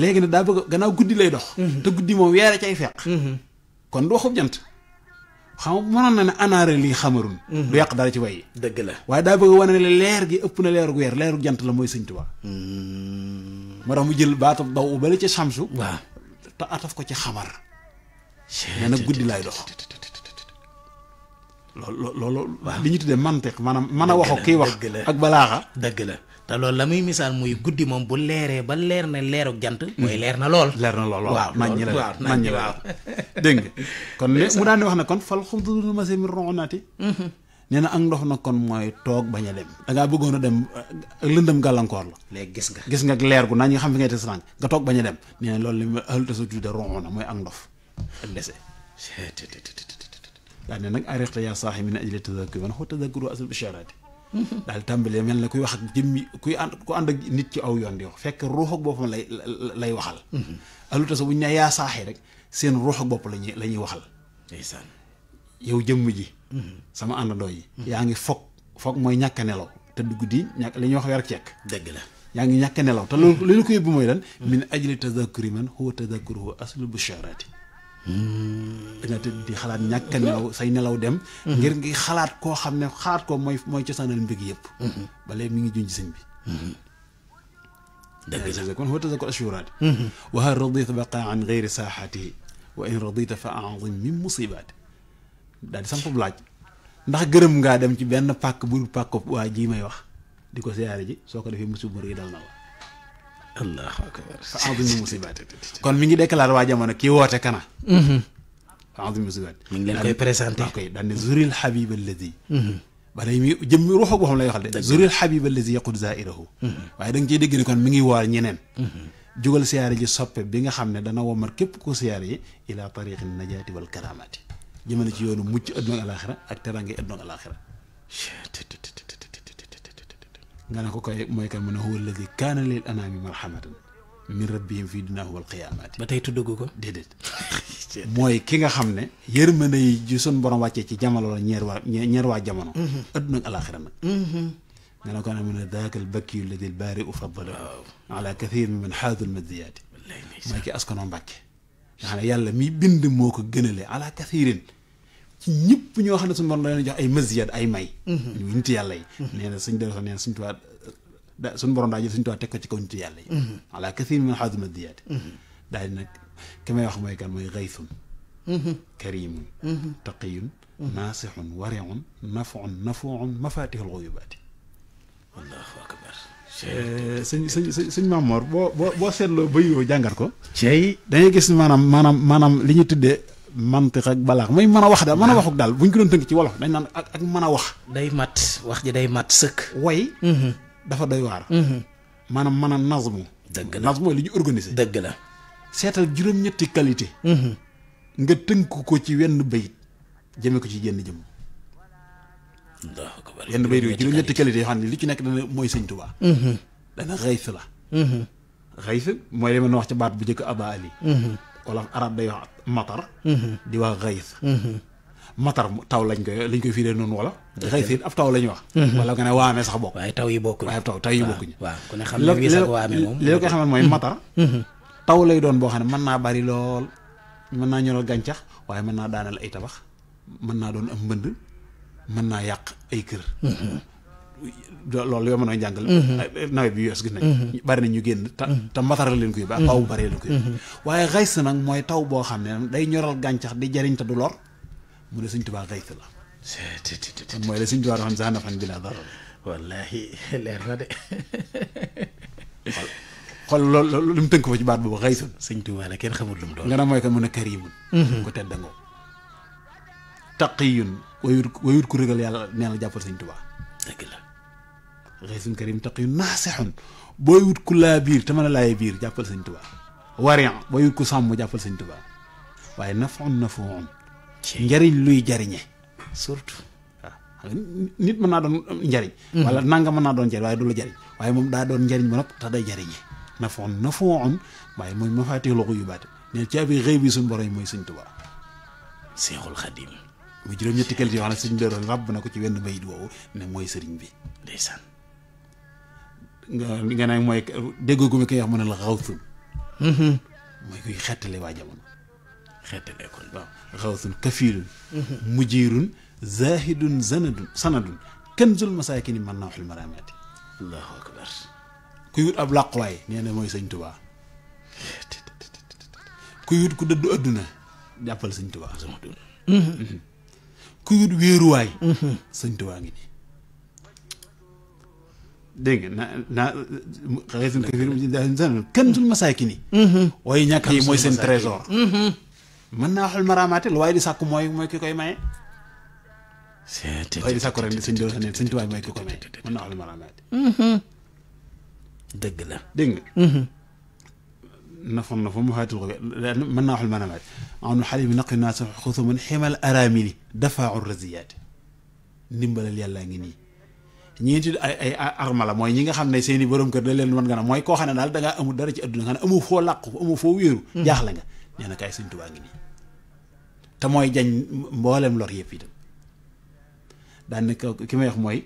léegi nag daa bëgg gannaaw guddi lay dox te guddi moom weere cay feq kon du waxub jant xam nga mënoon na ne anaare lii xamarun mhm. du yàq dara ci way yi dëgg la waaye daa bëgg wane ne leer gi ëpp na leeru weer leeru jant la mooy sëñ Tuubaa mhm. moo tax mu jël baatu daw bale ci samsu waaw te ataf ko ci xamar nee na guddi laay dox loolu loolu li ñu tuddee mantiq maanaam man a waxo kii wax ak balaaxa dëgg la te loolu la muy misaal muy guddi moom bu leeree ba leer na leeruk jant. mooy leer na lool. leer na lool waaw man ñi la waaw man ñi waaw dégg nga kon mu daan di wax ne kon fal xaw ma mase mi roxonaati. Mm-hmm. nee na ak ndox na kon mooy toog bañ a dem. da ngaa bëggoon a dem eh, lëndëm gàllankoor la. léegi gis nga gis nga leer gu naan ñu nga xam fi ngay des rànc nga toog bañ a dem nee na li muy ëllëg sa tuddee roxona mooy ak ndof ak ndese. daa ne nag arrêté yaa saaxi min ajli tadakkur wa xuwa tadakkur asl bisharaati daal tàmbalee mel na kuy wax ak jëmmi kuy ànd ku ànd ak nit ci aw yoon di wax fekk ruux ak boppam lay lay waxal mhm. aluta sa bu ñu ne yaa saaxee rek seen ruux ak bopp lañuy la ñuy waxal yow jëmm ji mhm. sama àndandoo yi mhm. yaa ngi foog foog mooy ñàkk a nelaw te dugg di ñàkk li ñuy wax weer ceek dëgg la yaa ngi ñàkk a nelaw te loolu li ñu ko yóbbu mooy lan min ajli tazakuri man huwa tazakuru huwa aslu busharaati danga tëdd di xalaat ñàkk nelaw say nelaw dem mhm. ngir ngi xalaat koo xam ne xalaat ko mooy mooy cosaanal mbég yépp mhm. ba léegi mi ngi junj sëñ bi mhm. dëgg sa kon xóotasa ko asuraat waxal radita baqa an geyri saaxaati wa in ndax gërëm ngaa dem ci benn pàkk bu dul pàkk waa ji may wax di ko siyaare ji soo ko defee musiba mu rëy dal na la allahu akbar fa azimi musibaati kon mi ngi déclaré waa jamono kii woote kana mhm. fa azimi musibaati mi ngi leen koy présenté koy daan ne zuril xabib alladi mhm. balay mi jëm ruuxu boo xam lay waxal de zuril xabib alladi yaqud zairahu mhm. waaye da nga dégg ne kon mi ngi woor ñeneen jugal siyaare ji soppe bi nga xam ne dana womat képp ku siyaare yi ila tariqi najaati wal karaamaati jëmale ci yoonu mucc adduna alaxira ak teraange adduna alaxira nga ne ko koy mooy kan mu ne huwa alladi kaana lil anaami marhamatan min rabbihim fii dunyaa wal qiyaamaati ba tey tuddagu ko déedéet [LAUGHS] mooy ki nga xam ne yërmande yi ju sun borom wàccee ci jamono la ñeer waa ñeer waa jamono mm-hmm. adduna ak alaaxira nag mm-hmm. nga ne ko ne mu ne daaka al bakkiyu alladi al baari u faddalahu ala kathir min man xaadul madiyaati mooy ki askano mbàcke nga xam ne yàlla mi bind moo ko gënale ala ci ñëpp ñoo xam ne suñu borom da leen jox ay masiyat ay may ñu mhm. nit yàlla yi mhm. nee suñ delloo suñ tuwaa da suñu borom daa jël suñ tuwaa teg ko ci kaw nit yàlla yi mhm. ala kathir min xaadu madiyaat daal di nag ki may wax mooy kan mooy gaythun karimun taqiyun naasixun wariun nafuun nafuun mafatihul xuyubaati allahu akbar eh, sëñ boo seetloo ba yoo jàngat ko cey dangay gis maanaam maanaam maanaam li ñu tuddee mantiq ak balaax muy mën a wax daal mën a waxuk daal bu ñu ko doon tënk ci wolof dañ naan ak ak mën a wax. day mat wax ji day mat sëkk. way mhm. dafa doy waar. Mhm. maanaam mën a nazmu. dëgg la nazmu mooy li ñu organiser. dëgg la mhm. ko ci wenn bayit jëme ko ci jenn jëm. yenn bayit yooyu juróom-ñetti qualité yoo li ci nekk dana mooy sëñ Tuubaa. dana xëys la. xëys mooy li ma wax ci baat bu njëkk Aba Ali. wala arab day wax matar mhm. di wax xays mhm. matar taw lañ koy lañ koy firee noonu wala xëy si ab taw lañ wax mhm. wala nga ne waame sax bokk waaye taw yi bokkuñ waaye taw taw yi bokkuñ waaw ku ne xam ne wii sax waame la xamal mooy matar taw lay doon boo xam ne naa bari lool mën naa ñoral gàncax waaye mën naa daanal ay tabax mën naa doon am mbënd mën naa yàq ay kër loolu yoo mën a jàngal mhm. nawet bi yoos gis nañ mhm. bari nañ ñu génn te mhm. te mataral leen koy baax taw bu baree leen koy waaye xays nag mooy taw boo xam ne day ñoral gàncax di jariñ te du lor mu ne Sëñ Tuubaa xays la kon mooy la Sëñ Tuubaa xam sax na fan bi laa dara wallaahi leer na de xool loolu lu mu tënk fa ci baat boobu xaysun Sëñ la kenn xamul lu mu doon nga ne mooy kan mu ne karimun ko tedd ngoo taqiyun wayut wayut ku régal yàlla nee na jàppal Sëñ Tuubaa xeesun yu taqiyun naasixun booy wut ku laa biir te mën a laay biir jàppal sëñ tubaa warian booy wut ku sàmm jàppal sëñ tubaa waaye nafoon nafoon ci njariñ luy jariñe surtout nit mën naa doon njariñ mm-hmm. wala nanga mën naa doon njariñ waaye du la jariñ waaye moom daa doon njariñ ba nopp tax day jariñe nafoon nafoon waaye mooy ma faatix loxo yu baate ne caabi xëy bi suñ borom mooy sëñ tubaa mu juróom-ñetti qualité yoo xam ne sëñ bi ràbb na ko ci wenn bayit woowu ne mooy sëriñ bi ndeysaan li nga ne mooy déggoo gu ma wax mu ne la xawsun mm-hmm. mooy kuy xettale waa jamono xettale kon waaw xawsun kafiilun mm-hmm. mujiirun zaahidun zanadun sanadun kanzul masaakini man nawxul maraamaati allahu akbar kuy wut ab làquwaay nee na mooy sëñ tubaa kuy wut ku dëddu adduna jàppal sëñ tubaa mm-hmm. kuy wut wéeruwaay sëñ tubaa ngi nii dégg nga na na raisine masaakini mm-hmm. waaye ñàkk yi mooy seen trésor mm-hmm. Mm-hmm. naa waxal maraamaate lu waaye di sàkku mooy mooy ki dëgg la dégg nga nafon mu xaatul ko mën naa waxal maraamaate am na xale bi naqi naa sa xusuman ximal araamili dafaa ur raziyaati ndimbalal yàllaa ngi nii ñi tudd ay ay armala mooy ñi nga xam ne seen i borom kër da leen mën nga na mooy koo xam ne daal da ngaa amul dara ci adduna nga xam ne amul foo làqu foo wéeru hmm. jaaxle nga nee na kaay sëñ tubaa ngi nii te mooy jañ mboolem lor yëpp itam daanaka ki may wax mooy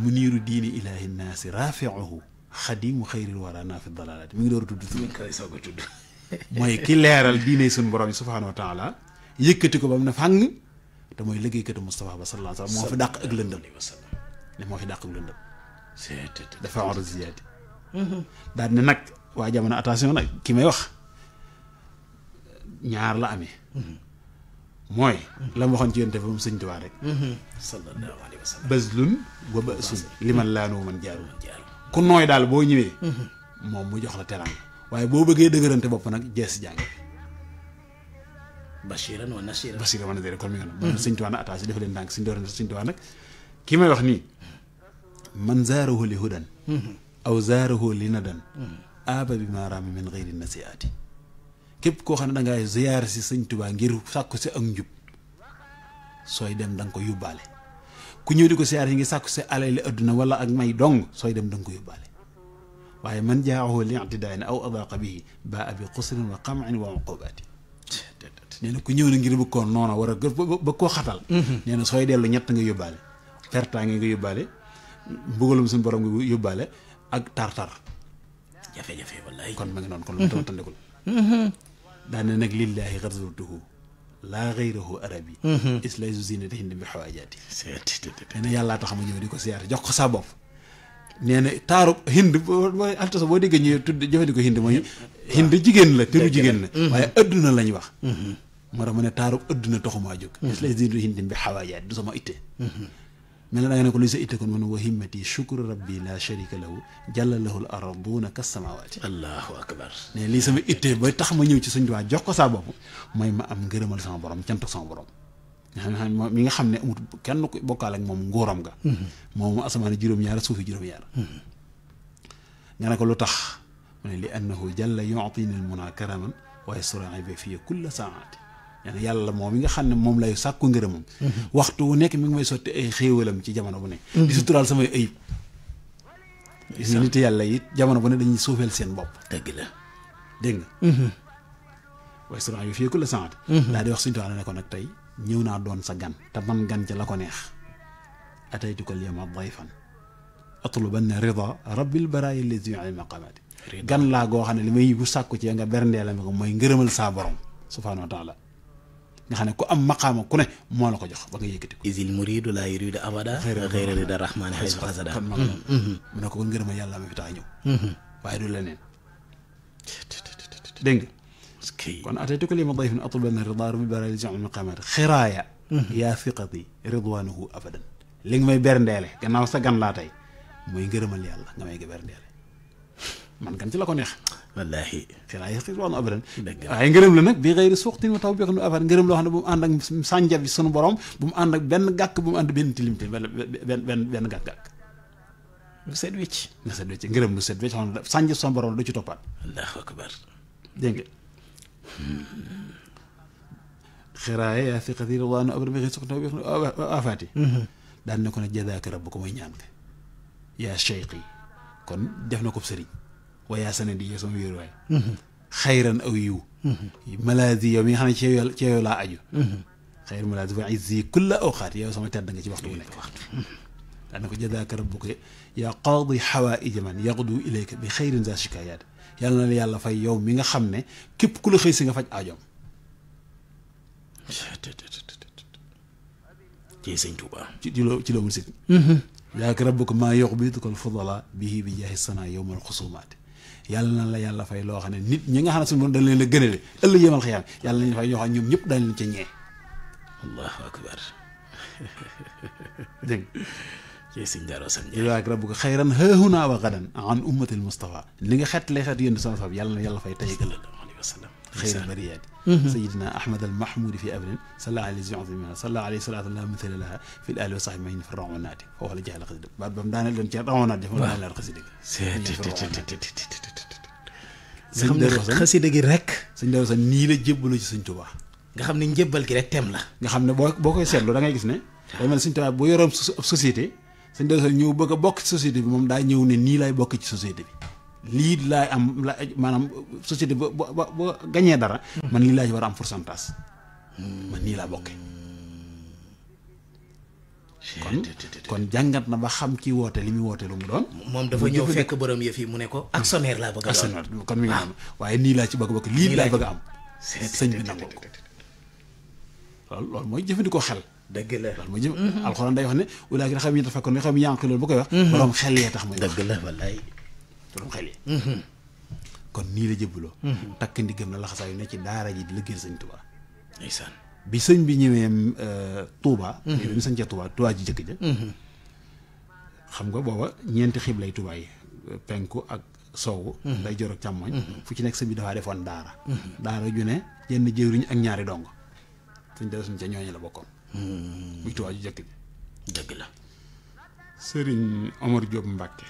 muniiru diini ilahi naasi rafiuhu xadimu xayril wara naafi dalalaati mi ngi door tudd su koy soog [LAUGHS] mooy ki leeral diine suñu borom yi subhaanahu wa taala yëkkati ko ba mu ne fàng te mooy liggéeykatu Moustapha ba sallallahu alayhi moo fa dàq ak lëndëm ne moo fi dàq ak lëndëm. dafa war a ziyaati. daal ne nag waa jamono attention nag ki may wax ñaar la amee. mooy. la ma waxoon ci yonte ba mu sëñ rek. sallallahu alayhi wa sallam bazlun wa basun liman laanu man jaaru ku nooy daal boo ñëwee. moom boo bëggee dëgërante bopp nag jees jàng. Bashiran wa Nasiran. Bashiran wa Nasiran kon mi nga xam. sëñ Tuubaa nag attention def leen nag ki may wax nii. man zaarahu li hudan aw zaarahu li nadan aaba bi maaraami min geyri nasiaati képp koo xam ne dangay ziyaar si sëñ tubaa ngir sàkku si ak njub sooy dem da nga ko yóbbaale ku ñëw di ko siyaar yi ngi sàkku si alali adduna wala ak may dong sooy dem da ko yóbbaale waaye man jaaxoo li i'tidaa'in aw adaaqa bihi baa bi xusrin wa qam'in wa uqubaati nee na ku ñëw na ngir bëgg koo noona war a ba koo xatal nee na sooy dellu ñett nga yóbbaale pertaa mbugalum suñu borom ngi yóbbaale ak tar-tar jafe-jafe wallaay kon ma ngi noonu kon lu mu tama tandikul daane nag lillaahi xarzurtuhu laa xayrahu arabi mhm. islay su sine te hindi bi xawaajaati nee na yàllaa tax ma ñëw di ko jox ko sa bopp nee na taaru hind mooy altasa boo déggee ñu tudd jëfandikoo hind mooy hind jigéen la teru jigéen la mhm. waaye adduna lañ wax mhm. moo tax ma ne taaru adduna taxumaa jóg islay sine hindi bi xawaajaati du sama itte mel na da nga ne ko luy sa itte kon mën wa himmati shukru rabbi la sharika lahu jàlla lahul arduuna kas samawaati allahu akbar ne lii sama itte ba tax ma ñëw ci suñ duwaa jox ko saa bopp mooy ma am ngërëmal sama borom cantuk sama borom mi nga xam ne amut kenn ku bokkaal ak moom ngóoram ga mm-hmm. moom asamaane juróom-ñaar suufi juróom-ñaar mm-hmm. nga ne ko lu tax mu ne li annahu jàlla yutina al muna karaman waaye surabi fiya kulla saati yàlla moom mi nga xam ne moom lay sàkku ngërëmam mm-hmm. waxtu wu nekk mi ngi may sotti ay xéewalam ci jamono bu ne mm-hmm. di suturaal samay ayib gis nga nit yàlla it jamono bu ne dañuy suufeel seen bopp dëgg la dégg nga waaye mm-hmm. suran yu fii ku la sant daal di wax suñu tubaab ne ko nag tey ñëw naa doon sa gan te man gan ca la ko neex ataytuka al yawma dayfan atlubanna rida rabbil baraaya allazi yu'allimul maqaamaati gan laa goo xam ne li may bu sàkku ci nga berndeela mi ko mooy ngërëmal nga xam ne ku am maqaama ku ne moo la ko jox ba nga yëkkati ko isil muridu laa yuridu abada xëyra rida rahmaani xëy xasada mm-hmm. mu ne ko kon ngërëma yàlla ma fi tax a ñëw mm-hmm. waaye du leneen dégg nga kon ataytuka lima dayfin atlubu min rida rabbi barali jami maqamat xiraaya mm-hmm. yaa fiqati ridwanuhu abadan li nga may berndeele gannaaw sa gan laa tey mooy ngërëmal yàlla nga may nga berndeele man gan ci la ko neex wallaahi xilaa yaqi woon abadan waaye ngërëm la nag bi xëyri suuxtin wa taw bi xam ne afar ngërëm loo xam ne bu mu ànd ak sànjab bi sunu borom bu mu ànd ak benn gàkk bu mu ànd benn tilimte wala benn benn benn gàkk-gàkk nga seet wecc nga seet wecc ngërëm lu seet wecc xam ne sànjab sunu borom du ci toppaat allahu akbar dégg nga xiraaye yaa fi xatir waanu abadan bi xëyri suuxtin wa afaati mm-hmm. daan na ko ne jadaaka rabb ko mooy ñaan ka yaa cheikh yi kon def na ko sëriñ wa yaa sanadi yow sama wéeruwaay mhm. xayran aw yiw mhm. malaadi yow mi nga xam ne ci yow ci yow laa aju mhm. xayr malaadi wa izzi kulla awqaat ci waxtu bu nekk waxtu daa na ko jadaaka rabbuka yaa qaadi xawaaija man yaqdu ilayka bi xayrin za shikaayaat yàlla na mi nga xam ne képp ku la xëy si nga faj aajoom ci sëñ Tuuba loo ci sit jadaaka rabbuka maa yuqbiduka al fudala bihi bi jaahi sana yowma al yàlla na la yàlla fay loo xam ne nit ñi nga xam ne suñu borom dañ leen a gënale ëllëg yéemal xiyaam yàlla nañu fay ñoo xam ñoom ñëpp dañ leen ca ñee allahu akbar [LAUGHS] dégg ci sëñ Darou Assane Ndiaye waak rabbu ko xayran haahuna wa gadan an ummatil Mustafa li na xet lay xet yéen sama sab yàlla na yàlla fay tey ëllëg alayhi wa sallam xayra bariyaati mm-hmm. sayidina ahmad al mahmoudi fi abrin sala ala ziatimina sala alayhi salatu la mithila laha fi l ali wa sahbi mahin fi rawonaati foofu la jeexal xasida baat bam daaneel doon ci rawonaat jëfa daaneel xasida nga xam ne xasida gi rek sëñ Daaru Asan nii la jébbalu ci sëñ Tuubaa nga xam ne njébbal gi rek tem la nga xam ne boo boo koy seetlu da ngay gis ne day mel sëñ Tuubaa bu yoroom société sëñ Daaru Asan ñëw bëgg a bokk ci société bi moom daa ñëw ne nii laay bokk ci société bi lii laay am la maanaam société ba ba boo gañee dara hmm. man lii laa ci war a am pourcentage hmm. man nii laa bokkee kon kon jàngat na ba xam ki woote li muy woote lu mu doon. moom dafa ñëw fekk borom yëf yi mu ne ko hmm. actionnaire laa bëgg a. actionnaire kon mi ngi ah. noonu waaye nii laa ci bëgg bëgg a am. sëñ bi nangul ko loolu loolu mooy jëfandikoo xel. dëgg la loolu mooy jëf mm-hmm. alxuraan day wax ne. walaay gi xam yi dafa kon xam yànq loolu bu koy wax. Mm-hmm. borom xel yee tax muy wax dëgg la wallaay. borom xel yi. Mm-hmm. kon la jëbbaloo. takk ndigam na laxasaa yu ne ci daara ji di liggéeyal sëñ Tuubaa. ndeysaan. bi sëñ bi ñëwee euh, Touba. mais mhm. bi mu sëñ ca Touba Touba jëkk ja. Mhm. xam nga booba ñeenti xiblay Touba yi penku ak soowu. Mhm. day jor càmmooñ càmmoñ. fu ci nekk sëñ bi dafaa defoon daara. daara ju ne yenn jëwriñ ak ñaari dong suñ dara suñ ca ñooñu la bokkoon. muy Touba ji jëkk ja. dëgg la. Serigne Omar Diop Mbacke.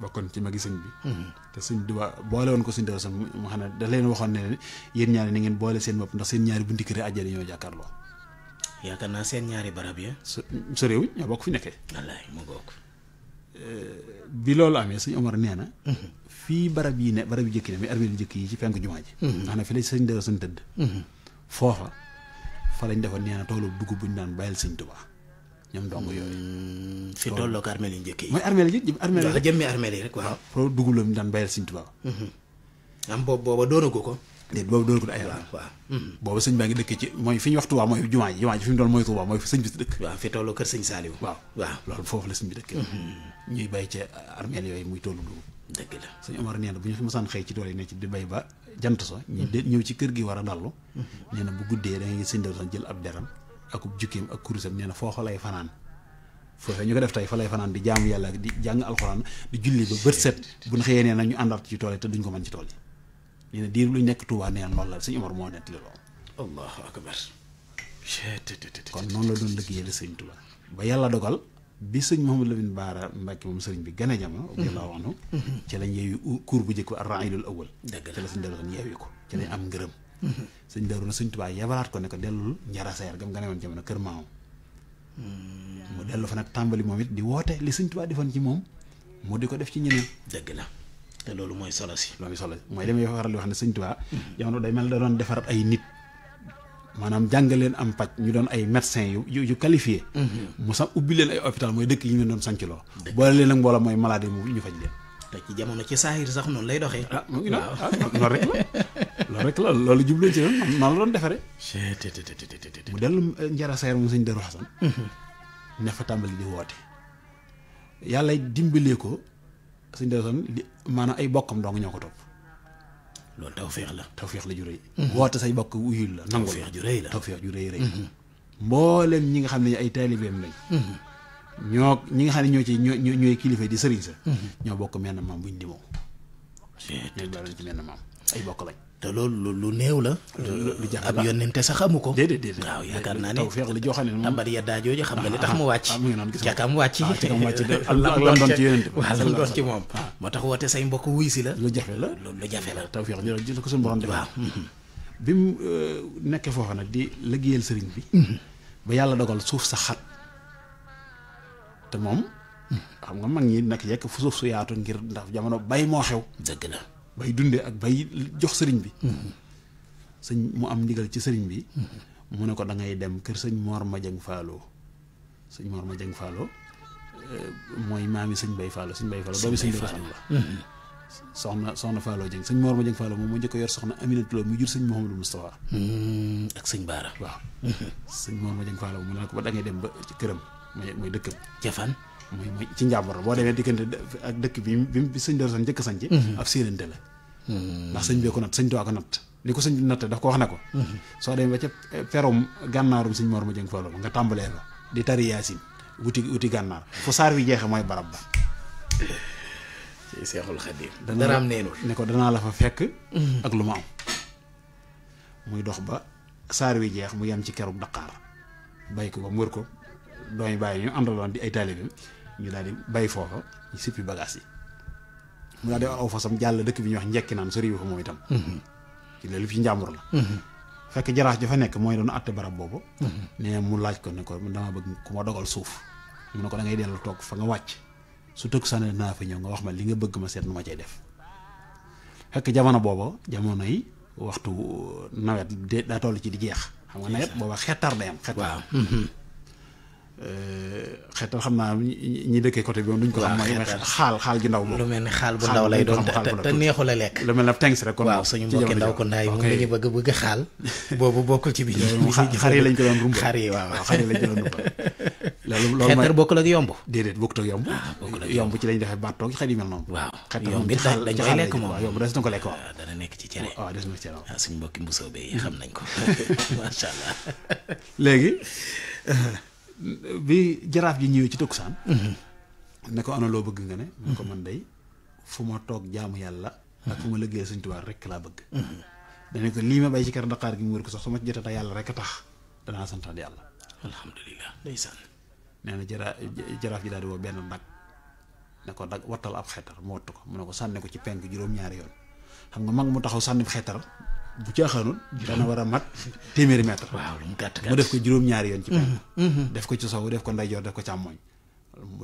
bokkoon ci magi sëñ bi mm-hmm. te sëñ Tuubaa boole woon ko sëñ Tuubaa sax mu xam ne da leen waxoon ne ne yéen ñaari na ngeen boole seen bopp ndax seen ñaari bunti kër ñoo jàkkaarloo yaakaar naa seen ñaari barab ya sa réew ñoo bokk fi nekkee wallaay mu bokk euh, bi loolu amee sëñ Omar nee na mm-hmm. fii barab yi ne barab yi jëkk ne mais armée jëkk yi ci penku jumaa ji mm-hmm. nga xam ne fi la sëñ Tuubaa sëñ tëdd foofa fa lañ defoon nee toolu dugub bu ñu daan bàyyil sëñ Tuubaa ñoom dong yooyu. Hmm, si dolloo ko armeel yi njëkk yi. mooy armeel yi rek waaw. loolu dugub la mu daan bayal Sëñ Tuubaa. Mhm. booba ko. déedéet boobu doonagul ay la. waaw mhm. boobu sëñ baa ngi dëkk ci mooy fi ñu wax Tuubaa mooy jumaa ji jumaa ji fi mu doon mooy Tuubaa mooy sëñ bi si dëkk. waaw fi tolloo kër sëñ Saaliw. waaw waaw loolu foofu la sëñ bi dëkk. Mhm. ñuy bay ci armeel yooyu muy tollu dugub. dëgg la sëñ Omar nee na bu ñu mosaan xëy ci tool yi ne ci di bay ba jant so. ñu ñëw ci kër gi war a dallu. nee na bu guddee da ngay sëñ Daouda akub jukkeem ak kurusam nee na foofa lay fanaan foofee ñu ko def tey fa lay fanaan di jaamu yàlla di jàng alxuraan di julli ba bët set bu ñu xëyee nee na ñu àndaat ci tool yi te duñ ko mën ci tool yi nee na diir lu nekk Tuubaa nee na loolu la sëñ Omar moo nettali loolu. allahu akbar. kon noonu la doon liggéeyal sëñ Tuubaa ba yàlla dogal. bi sëñ Mouhamadou Lamine Baara Mbacke moom sëriñ bi gën a jamono. radiyallaahu anhu ci lañ yeewi cour bu njëkk ba ar-raayul awwal. dëgg la ci la suñ dellu yeewi ko ci lañ am ngërëm. sëñ Daaru na sëñ Tuubaa yabalaat ko ne ko dellul njaraseer gam nga jamono kër maam mu dellu fa tàmbali moom it di woote li sëñ Tuubaa defoon ci moom mu di ko def ci ñeneen dëgg la te loolu mooy solo si loolu solo si mooy demee faral di wax ne sëñ Tuubaa jamono day mel da doon defar ay nit maanaam jàngal leen am paj ñu doon ay médecins yu yu yu qualifié mhm. mu sax ubbi leen ay hôpital mooy dëkk yi ñu leen doon sancloo boole leen ak mbooloo mooy maladie te ci jamono ci saahir sax noonu lay doxee. ah mu ngi noonu ah la loolu rek la loolu jubluñ ci noonu noonu la doon defaree. mu dellu njara saayir mu sëñ Darou Xasan mhm. ne fa tàmbali di woote. yàlla dimbalee ko sëñ Darou Xasan li maanaam ay bokkam dong ñoo ko topp. loolu tawféex la tawféex la ju rëy. Mhm. woote say bokk wuyul la nangu la tawféex ju rëy la mhm. ñi nga xam ne ay taalibeem lañ. ñoo ñi nga xam ne ñoo ci ñoo ñooy kilifa di sëriñ sa. Mhm. ñoo bokk menn maam buñ dimoo. ñoo bokk menn maam ay bokk lañ. te loolu lu néew la. lu jax ab yónnente sax amu ko. déedéet déedéet waaw yaakaar naa ne taw feex la joo xam ne moom tambar ya daa jooju xam nga li tax mu ah, wàcc. Ah, ah, mu ngi noonu gis nga ca mu wàcc. la mu doon [LAUGHS] ci yónnente waaw la mu doon ci moom. moo tax woote say mbokk wuy si la. lu jafe la lu jafe la. taw feex li la ko suñu borom defee. waaw mhm. bi mu euh, nekkee foofa nag di liggéeyal sëriñ bi. Mhm. ba yàlla dogal suuf sa xat te moom xam nga mag ñi nag yekk fu suuf su yaatu ngir ndax jamono bay moo xew dëgg la bay dunde ak bay jox sëriñ bi mm-hmm. sëñ mu am ndigal ci sëriñ bi mm-hmm. mu ne ko da dem kër sëñ Mor Madieng Fallo sëñ Mor Madieng Fallo euh, mooy maami sëñ Bay Fallo sëñ Bay Fallo doomi sëñ Bay Fallo la soxna soxna Fallo Dieng sëñ Mor moom moo njëkk a yor soxna Aminata Lo mu jur sëñ Mouhamadou Moustapha mm-hmm. ak sëñ Baara waaw sëñ Mor Madieng Fallo mu ne ko ba da ngay dem ba ci këram muy muy dëkk Jafan muy muy ci njàmbur boo demee diggante ak dëkk bi bi sëñ Darou Sane njëkk sañ ci mhm. ab séerante la hmm. ndax sëñ bee ko natt sëñ tuwaa ko natt li ko sëñ natt daf ko wax ne ko mhm. soo demee fa nga tàmbalee fa di tari yaasin wuti wuti gànnaar fu saar wi jeexe mooy barab ba ci Seexul Xadim dara am neenul ne ko danaa la fa fekk mhm. ak lu ma am muy dox ba saar wi jeex mu yem ci kerub daqaar bay ko ba mu wër ko doomi bàyyi ñu àndaloon di ay taalibe ñu daal di bay foofa ñu sippi bagage yi mu daal di aw fasam jàll dëkk bi ñuy wax njekki naan sori wu fa moom itam ci mhm. loolu ci la mhm. fekk jaraaf ja fa nekk mooy doon àtte barab boobu mhm. nee mu laaj ko ne ko dama bëgg ku ma dogal suuf mu ko da ngay dellu toog fa nga wàcc su tëkk sànni naa nga wax ma li nga bëgg ma seet nu ma cay fekk jamono booba jamono yi waxtu nawet daa toll ci di jeex xam nga nawet booba xetar day am xetar xeetal xam naa ñi dëkkee côté bi moom duñ ko xam mooy xaal xaal gi ndaw moom lu mel ni xaal bu ndaw lay doon te neexu la lekk lu mel na tengs rek kon waaw suñu mbokki ndaw ko ndaay moom li ñu xaal [LAUGHS] boobu bokkul ci lañ ko doon rumba xar yi waaw xar yi lañ ko doon rumba [LAUGHS] loolu loolu xeetal ah, ci lañ defee baatoo xet yi mel noonu waaw xeetal lekk waaw ah, dana nekk ci cere waaw ah, des na ci cere mbokki mbusoo be xam nañ ko [LAUGHS] macha allah léegi bi jaraaf ji ñëwee ci takkusaan mhm. ne ko ana loo bëgg nga ne mu ko mhm. man day fu ma toog jaamu yàlla mhm. ak fu ma liggéeyal Sëñ Tuubaa rekk laa bëgg dane ko lii ma bay ci kër Ndaqaar gi mu wër ko sax su ma ci jotee yàlla a tax danaa santaat yàlla alhamdulilah ndeysaan nee na jara jaraaf ji daal boo benn nag ne ko dag wattal ab xeetar mu wattu ko mu ne ko sànne ko ci penk juróom-ñaari yoon xam nga mag mu taxaw sànni xeetar bu caaxaanul dana war a mat téeméeri mètre waaw def ko juróom-ñaari yoon ci penk mm-hmm, mm-hmm. def ko ci sowu def ko ndeyjoor def ko càmmooñ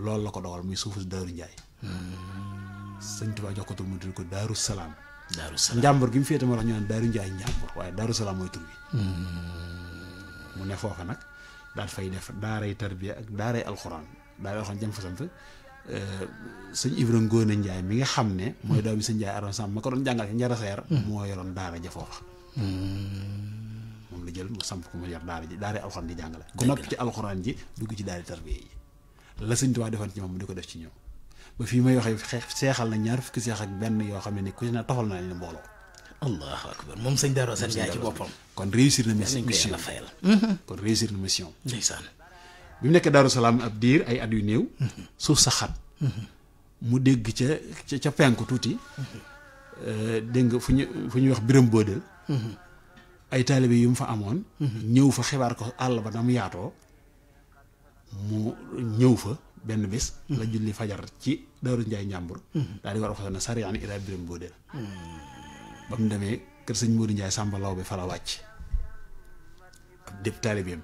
lool la ko dogal muy suufu Daaru Njaay mm-hmm. sëñ Tuubaa jox ko tur mu tudd ko Daaru Salaam Daaru njàmbur gi mu féete ma tax ñu naan Daaru Njaay njàmbur waaye Daaru Salaam mooy tur mu ne foofa nag daal fay def daaray tarbiya ak daaray alxuraan daaray alxuraan jëm fa sëñ Ibra Ngoone Njaay mi nga xam ne mooy doom bi sëñ Njaay Aroon Samb ma ko doon jàngal ci njaraseer moo yoroon daara ja foofa moom jël mu samp ko mu yor daara ji daara alxuraan di jàngale ku noppi ci alxuraan ji dugg ci daara tarbiya yi la sëñ Tuubaa defoon ci moom di ko def ci ñoom ba fii may xeex seexal na ñaar fukki seex ak benn yoo xam ne ku na tofal na leen mbooloo allahu akbar moom sëñ Daaru Asan Njaay ci boppam kon réussir na mission kon réussir na bi mu nekkee Daaru Salaam ab diir ay at yu néew. Mhm. suuf sa xat. Mhm. mu dégg ca ca penk tuuti. Mhm. Eh, dégg nga fu ñu fu ñuy wax biram boodeel. ay taalibe yu mu fa amoon. ñëw fa xibaar ko àll ba na mu yaatoo. mu ñëw fa benn bés. la julli fajar ci Daaru Njaay Njàmbur. daal di war a wax ne sariyaan ila biram boodeel. ba mu demee kër sëñ Modou Ndiaye Samba Law bi fa la wàcc. ab dépp taalibeem.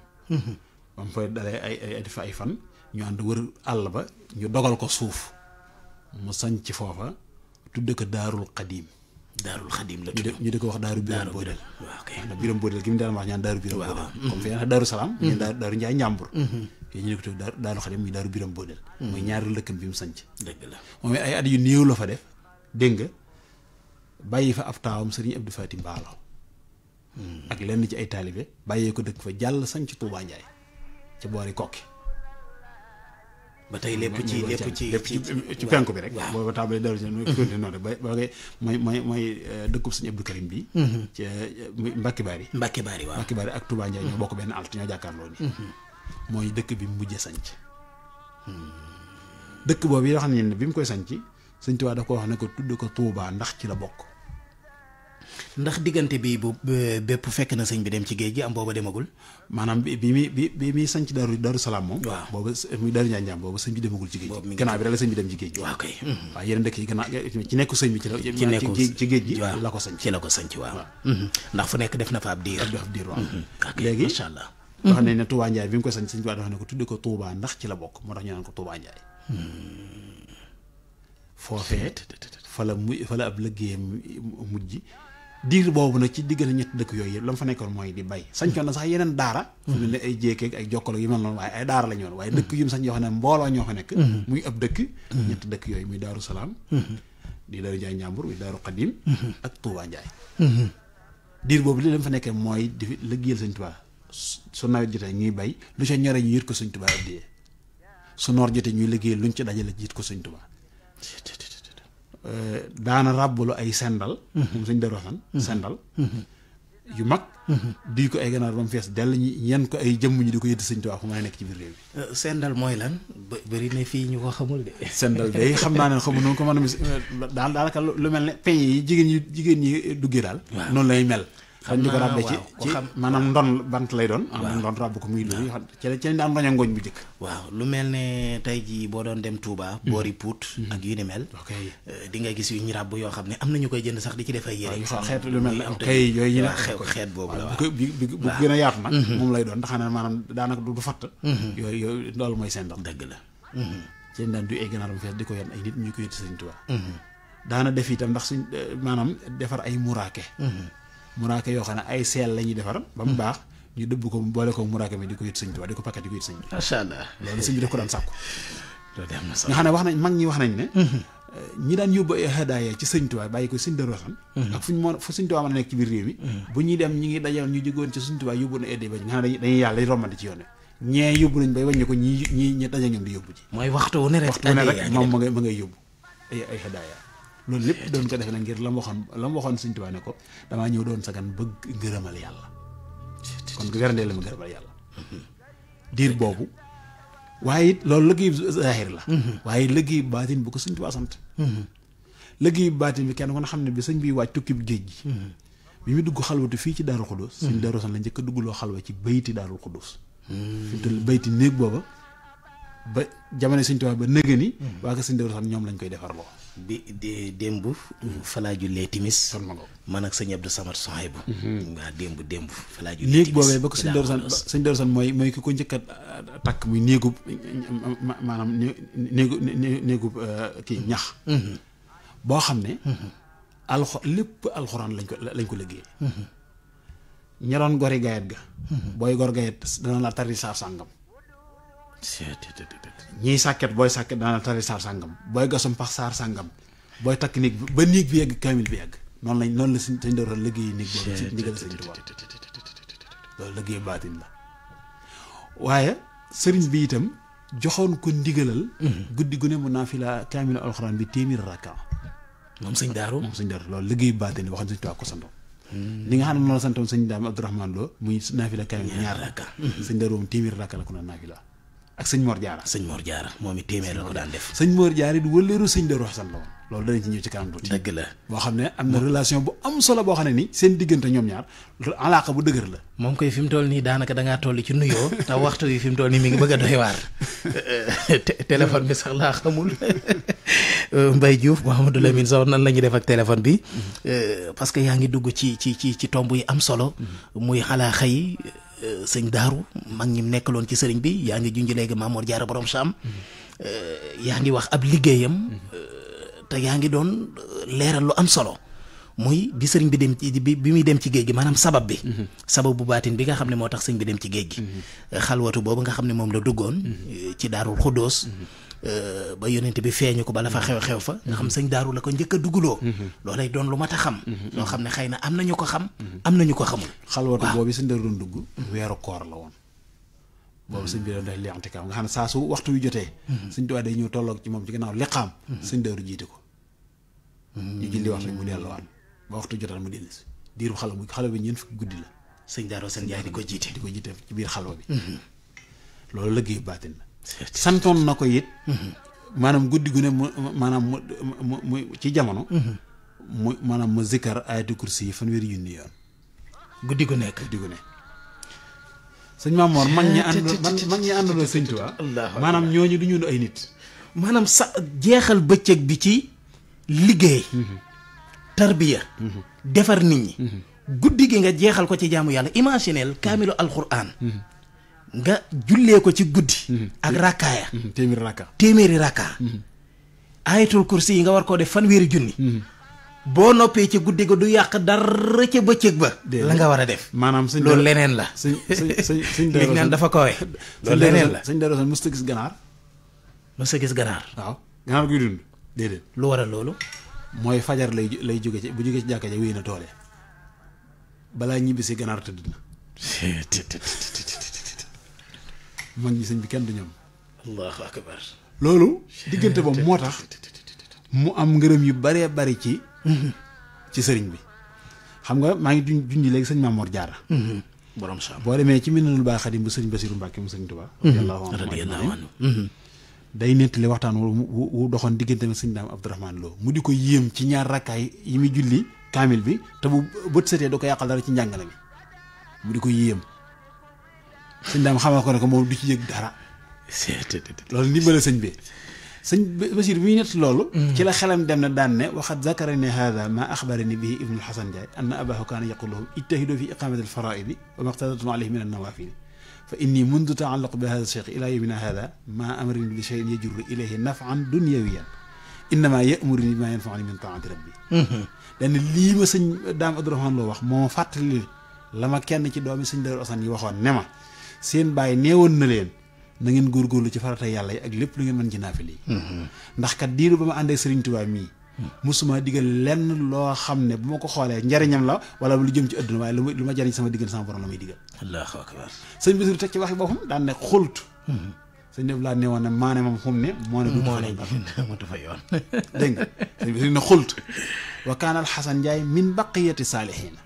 ba mu fay dalee ay ay defa ay fan ñu ànd wër àll ba ñu dogal ko suuf mu sanc foofa tudde ko daarul xadiim daarul xadim la tudd ñu di ko wax daaru biram boodel waaw kay biram boodel wax ñaan daaru biram boodel comme fi daaru salaam ñu mm-hmm. daaru mm-hmm. ñu di ko tudd daaru xadim muy daaru biram boodel mm-hmm. ñaari lëkkam bi mu sanc dëgg la moom ay at yu néew la fa def dégg nga bàyyi fa ab taawam sëriñ Abdou Fatim Baalo ak lenn ci ay taalibe bàyyee ko dëkk fa jàll sanc Tuubaa Njaay ci boori kokki ba tey lépp ci lépp ci lépp ci penku bi rek boo ba tàmbalee dellu noonu ba ba koy mooy mooy mooy euh, dëkkub sëñ Abdou Karim bi mm-hmm. ci Mbacke Bari Mbacke Bari waaw Mbacke Bari ak Touba Ndiaye ñoo bokk benn alt ñoo jàkkaarloo ni mm-hmm. mooy dëkk bi mu mujjee sanc dëkk boobu yoo xam ne bi mu koy sanc sëñ Tuubaa daf ko wax ne ko tudd ko Touba ndax ci la bokk ndax diggante bi bu bépp fekk na sëñ bi dem ci géej gi am booba demagul. maanaam bi bi bi bi muy sanc Daaru Daaru Salaam moom. waaw boobu muy Daaru Njaañjaam boobu sëñ bi demagul ci géej gi. gannaaw bi dem ci géej gi. waaw kay waaw yeneen dëkk yi gannaaw ci nekku sëñ bi ci la. ci nekku ci géej gi la ko sanc ci la ko sanc waaw. Mhm. ndax fu nekk def na fa ab diir. def ab diir waaw. Mhm. léegi macha allah. wax nañ mhm. ne Touba Ndiaye bi mu ko sanc sëñ bi wax ne ko tudde ko Touba ndax ci la bokk moo tax ñu naan ko Touba Ndiaye. Hmm. la muy fa la ab diir boobu nag ci diggante ñetti dëkk yooyu yëpp la mu fa nekkoon mooy di bay sañcoon na sax yeneen daara fu mu ne ay jéekeeg ay jokkalo yu mel noonu waaye ay daara la ñoon waaye dëkk yu mu sañ mbooloo ñoo fa nekk mhm. muy ab dëkk mhm. ñetti dëkk yooyu muy daaru salaam mhm. di daaru njaay njàmbur muy daaru xadim ak tuubaa njaay diir boobu li la mu fa nekkee mooy di liggéeyal sëñ tubaa su nawet jotee ñuy bay lu ca ñore ñu yit ko sëñ tubaa addiyee su noor jotee ñuy liggéeyal luñ ci dajale jiit ko sëñ tubaa Euh, daana ràbbalu ay sendal moom sëñ Daaru Xasan mhm. sendal mhm. yu mag mhm. duy ko ay ganaar ba mu fees dell ñu yan ko ay jëmm ñu di ko yëdd sëñ Tuubaa fu mën a nekk ci biir réew bi euh, sendal mooy lan bëri na fii ñu ko xamul de sendal day xam naa ne xamu noonu ko mën a mis euh, daal daanaka lu mel ne peñe yi jigéen ñi jigéen ñi duggee daal noonu lay mel xam naa waaw ci maanaam ndon bant lay doon. waaw ndon ràbb ko muy luy ci la ci daan roña ngooñ bu njëkk. waaw lu mel ne tey jii boo doon dem Touba. Mm-hmm. boori Pout. Mm-hmm. ak yu ni mel. Euh, di nga gis yu ñu ràbb yoo xam ne am na ñu koy jënd sax di ci def ay yére. waaw xeetu lu mel ne kay yooyu ñu xew xeet boobu la waaw bi bi bu gën a yaatu nag. Mm-hmm. moom lay doon ndax maanaam daanaka du fatt. yooyu yooyu loolu mooy seen dox. dëgg la. ci daan du ay ganaaram fees di ko yan ay nit ñu koy yëtt Sëriñ Touba. daana def itam ndax suñ euh, maanaam defar ay muraake muraaka yoo xam ne ay seel la defar ba mu hmm. baax ñu dëbb ko boole ko muraaka mi di ko yët sëñ Tuubaa di ko pakkat di ko yët sëñ bi macha allah loolu sëñ bi daf ko daan sàkku nga hmm. eh, sëñ Tuubaa bàyyi ko sëñ Daaru Asan hmm. ak sëñ Tuubaa mën a nekk ci biir réew mi bu ñuy dem ñu ngi dajal ñu jógoon ci sëñ Tuubaa yóbbu na aide ba nga xam ne dañuy yàlla rombante ci yoon ñee yóbbu nañ bay wàññi ko ñi ñi ñi ñoom di yóbbu ji mooy waxtu wu ne rek moom ma ngay yóbbu ay ay loolu lépp doon ko defe na ngir la mu waxoon la mu waxoon Sëñ Tuubaa ne ko damaa ñëw doon sagan bëgg ngërëmal yàlla kon werndee la ma ngërëmal yàlla mm-hmm. diir boobu waaye it loolu liggéey zaahir la mm-hmm. waaye liggéey baatin bu ko Sëñ Tuubaa sant mm-hmm. liggéey baatin bi kenn ko xam ne bi sëñ bi wàcc tukki géej gi bi mu dugg xalwatu fii ci Daarul Xudus sëñ Daaru San la njëkk a duggloo xalwa ci bayti Daarul Xudus fi mu toll ba jamono Sëñ Tuubaa ba nëgë ni waa ko sëñ Daaru ñoom lañ koy defar loo bi di démb. falaa jullee timis. man ak sëñ Abdou Samad Sohaybu. Mhm. waaw démb démb. falaa jullee timis néeg boobee ba ko sëñ Darou Sane sëñ Darou Sane mooy mooy ki ko njëkk a takk muy néegub maanaam néegu néegub euh, kii ñax. Mhm. boo xam ne. Mhm. alxo lépp alxuraan lañ ko liggéey. ña doon gori gayet ga. booy gor gayet dana la tari sàngam. ñii sàkket booy sàkket daana tari saar sàngam booy gasum pax saar sàngam booy takk néeg bi ba néeg bi yegg kaamil bi yegg noonu lañ noonu la suñ dañ doon liggéey néeg boobu ci ndigal sëñ Tuubaa loolu liggéey baatin la waaye sëriñ bi itam joxoon ko ndigalal mm-hmm. guddi gu ne mu naafila kaamil alxuraan bi téeméer rakka moom sëñ daaru moom sëñ daaru loolu liggéey baatin la waxoon sëñ Tuubaa ko santoon li mm-hmm. nga xam ne noonu la santoon sëñ daam Abdourahmane Lo muy naafila kaamil ñaar rakka sëñ daaru moom téeméer rakka la ko na naafila ak sëñ Mor Diarra. sëñ Mor Diarra moom it téeméer la ko daan def. sëñ Mor Diarra it wëlleeru sëñ Darou Assane la woon. loolu danañ ci ñëw ci kanam tuuti. dëgg la boo xam ne am na relation bu am solo boo xam ne ni seen diggante ñoom ñaar alaaka bu dëgër la. moom koy fi mu toll nii daanaka danga ngaa toll ci nuyoo te waxtu wi fi mu toll nii mi ngi bëgg a doy waar [LAUGHS] téléphone bi sax laa xamul euh, Mbaye Diouf Mouhamadou Lamine soo nan la ñuy def ak téléphone bi euh, parce que yaa ngi dugg ci ci ci ci tomb yi am solo mm-hmm. muy xalaa xëy. sëñ daaru mag ñi nekkaloon ci sëriñ bi yaa ngi junj léegi Maamoor Jaara borom Saam mhm. eh, yaa ngi wax ab liggéeyam mhm. eh, te yaa ngi doon leeral lu am solo muy bi sëriñ bi dem ci bi bi muy dem ci géej gi maanaam sabab bi mhm. sabab bu baatin bi nga xam ne moo tax sëñ bi dem ci géej gi eh, xalwatu boobu nga xam ne moom la duggoon ci daarul xuddoos Euh, ba yonent bi feeñu ko bala fa xew-xew fa mm-hmm. nga xam sëñ daaru la ko njëkk a dugaloo mm-hmm. loolay doon lu mat xam mm-hmm. loo xam ne xëy na am nañu ko xam am nañu ko xamul xalwatu boobu sëñ daaru doon dugg weeru koor la woon boobu sëñ bi doon def liantikaam nga xam ne saa su waxtu yu jotee sëñ Tuubaa day ñëw tolloog ci moom ci gannaaw liqaam sëñ daaru jiite ko ñu julli wax rek mu delluwaat ba waxtu jotaat mu dellusi diiru xalwa bu xalwa bi ñeent fukki guddi la sëñ daaru seen ko jiite di ko jiite ci biir xalwa bi loolu liggéeyu la santoon na ko it maanaam guddi gu ne mu maanaam mu mu mu ci jamono mu maanaam mu zikkar ayatu kursi yi fanweeri junni yoon guddi gu nekk guddi gu ne sëñ Maamoor mag ñi ànd mag ñi àndaloo sëñ Tuubaa maanaam ñooñu du ñu ay nit maanaam sa jeexal bëccëg bi ci liggéey mm-hmm. tarbiya mm-hmm. defar nit ñi mm-hmm. guddi gi nga jeexal ko ci jàmm yàlla imagineel kaamilu alxuraan nga jullee ko ci guddi. Mhm. ak rakkaaya. Mhm. téeméeri rakka téeméeri rakka. Mhm. ayatul kursi yi nga war koo def fanweeri junni. boo noppee ci guddi ga du yàq dara ca bëccëg ba. la nga war a def. maanaam sëñ loolu leneen la. sëñ sëñ sëñ li naan dafa kawe. loolu leneen la sëñ Darou Assane mosut a gis ganaar. mosut a gis ganaar. waaw ganaar guy dund déedéet. lu waral loolu. mooy fajar lay lay jóge ci bu jóge ci jàkka ja wéy na toole balaa ñibbi si ganaar tëdd na. mag ñi sëñ bi kenn du ñoom. allahu akbar loolu diggante boobu moo tax mu am ngërëm yu baree bari ci. ci sëriñ bi. xam nga maa ngi junj junj léegi sëñ Mamoor Jaara. Mhm. borom saam boo demee ci Minanul Baa Xadim bu sëñ Basiru Mbàkke mu sëñ Tuubaa. Mhm. radiyallaahu anhu mhm. day nettali waxtaan wu wu doxoon diggante ma sëñ Daam Abdourahmaan Lo mu di ko yéem ci ñaar rakkaay yi muy julli kaamil bi te bu bët setee da ko yàqal dara ci njàngale bi mu di ko yéem. sëñ daam xamal ko ne ko moom du ci yëg dara. loolu ndimbala sëñ bi. sëñ Basiir bi ñu nett loolu. Mm. ci la xelam dem na daan ne waxat zakarani hada ma axbarani bihi ibnu Xasan Jaay anna abahu kaana yaqulu lahum ijtahidu fi iqamati alfaraidi wa maqtadatum alayhi min annawafili fa inni mundu taallaqu bi hada cheikh ila yawmina hada ma amrini bi cheyin yajurru ilayhi nafan dunyawiyan innama yamurini bima yanfaani min taati rabbi mm-hmm. dañ ne lii ma sëñ daam Abdourahmane loo wax moo fàttali la ma kenn ci doomi sëñ Daaru Asan yi waxoon ne ma seen bàyyi neewoon na leen na góor góorgóorlu ci farata yàlla yi ak lépp lu ngeen mën ci naafile yi mm-hmm. ndax kat diiru ba ma àndee Sëriñ Tuubaa mii mm-hmm. musuma digal lenn loo xam ne bu ma ko xoolee njariñam la wala lu jëm ci àdduna waaye lu ma lu ma jariñ sama diggal sama borom la may digal allahu akbar sëñ Basiru teg ci waxi boppam ne xult mm-hmm. sëñ def laa ne woon ne maane moom xum ne moo ne duutu fa yoon [LAUGHS] dégg nga sëñ Basiru ne xult wa kaana alxasan Njaay min baqiyati saalihiina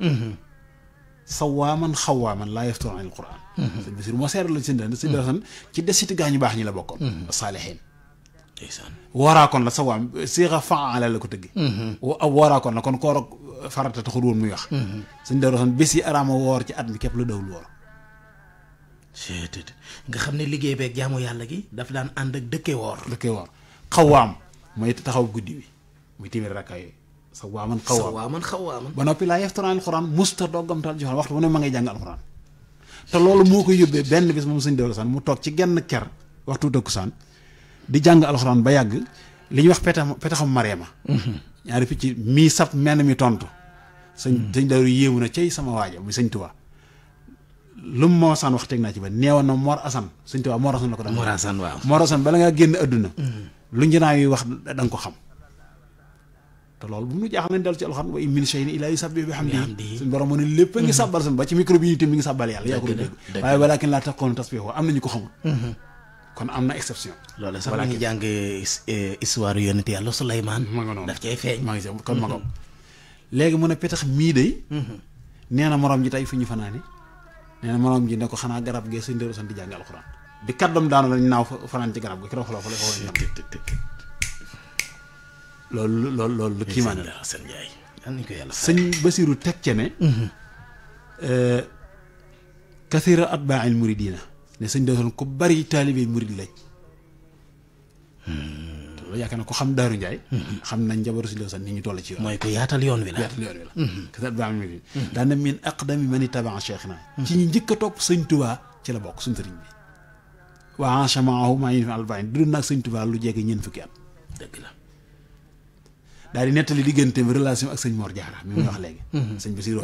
sawaaman xawaaman laa yaftur an alquran sëñ Basiir moo seeral la sëñ Daan sëñ Daan ci desiti gaa ñu baax ñi la bokkoon mm-hmm. saalihiin ndeysaan waaraakoon la sa a séexa faala la ko tëggi mm-hmm. ab la kon koor ak farata taxul woon muy wax mm-hmm. sëñ Daaru Asan bés yi araama woor ci at mi képp lu dawul woor nga xam ne liggéey beeg jaamu yàlla gi daf daan ànd ak dëkkee woor dëkkee woor xawaam mooy taxaw guddi wi muy téeméer rakka yooyu sa waaman xawaaman xawaaman ba noppi laa yeftaraan alxuraan musta doggamtaal joxoon waxtu bu ne ma ngay jàng alxuraan te loolu moo koy yóbbee benn bis moom sëñ Daouda Sane mu toog ci genn ker waxtu takkusaan di jàng alxuraan ba yàgg li ñuy wax petax petaxam mareema mhm. ñaari picc mii sab menn mi tontu. sëñ mhm. sëñ Daouda yéemu na cey sama waaja muy sëñ Tuubaa lu mu Mor Assane wax teg naa ci ba neewoon na Mor Assane sëñ Tuubaa Mor Assane la ko def. Mor Assane waaw Mor Assane bala ngaa génn àdduna. Mhm. lu njëriñ wax da ko xam. te loolu bu mu nu jaaxal nañ dal ci alxam wa in min shay'in illaa yusabbihu bihamdihi suñu borom moo ne lépp a ngi sàbbal suñu ba ci micro bi itam mi ngi sàbbal yàlla yaa ko dégg waaye walakin laa taqoon tasbihu am nañu ko xamul mm-hmm. kon am na exception loolu sax ñu jàng histoire yonent yàlla Suleymaan ma nga noonu daf cay feeñ ma ngi kon ma ko mm-hmm. léegi mu ne petax mii day mm-hmm. nee na morom ji tey fu ñu fanaane nee na morom ji ne ko xanaa garab gee suñ dëru sant di jàng alxuraan bi kaddam daanu lañ naaw fanaan ci garab gi ki roxaloo fa la ko loolu loolu loolu lu kiimaan la sëñ Ndiaye yal yàlla sëñ Basiru teg ca ne mhm. euh, kathira atbaa'il muridina ne sëñ doon ku bari taalibe murid lañ mhm. loolu yaakaar na ko xam Daaru njaay mhm. xam nañ njabaru si loolu ni ñu toll ci yoon mooy ko yaatal yoon wi la yaatal yoon wi la kathira atbaa'il muridina daan na min aqdami man ittaba'a cheikhna ci ñu njëkk a topp sëñ Tuubaa ci la bokk suñu sëriñ bi waa en chemin maa ngi fi albaïn dund naag sëñ Tuubaa lu jege ñeent fukki at daal di nettali diggante bi relation ak sëñ Mor Diarra mi muy wax mm-hmm. léegi. Mm-hmm. sëñ Basiru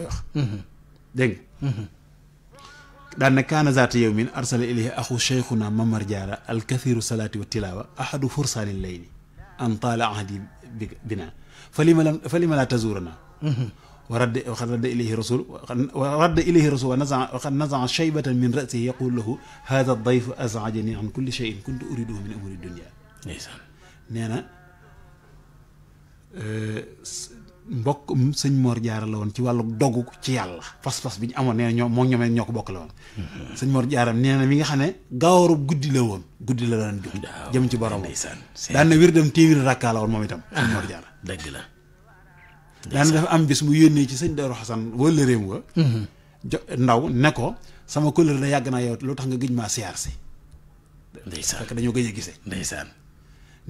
mm-hmm. Mamar Diarra al kathiru salaati tilaawa an taala ahdi bina fa lima lam fa lima laa tazuurana. wa radda wa qad rasul wa radda rasul wa nazaa wa qad nazaa shaybatan min rasihi yaqulu lahu haada an kulli cheyin kuntu uriduhu min amuri dunia. Euh, mbokk sëñ moor Jaara la woon ci wàllu dogu ci yàlla fas-fas bi ñu amoon nee ñoo moo ñoomee ñoo ko bokk la woon mm-hmm. sëñ Mor Jaara nee na mi nga xam ne gaawaru guddi la woon guddi la daan jóg jëm ci borom daan na wér dem téeméeri rakkaa la woon moom ah, daan dafa am bis mu yónnee ci sëñ Daaru Xasan wala wa mm-hmm. ndaw ne ko sama couleur da yàgg naa yow loo tax nga gëj maa siyaar si ndeysaan dañoo gëj a gisee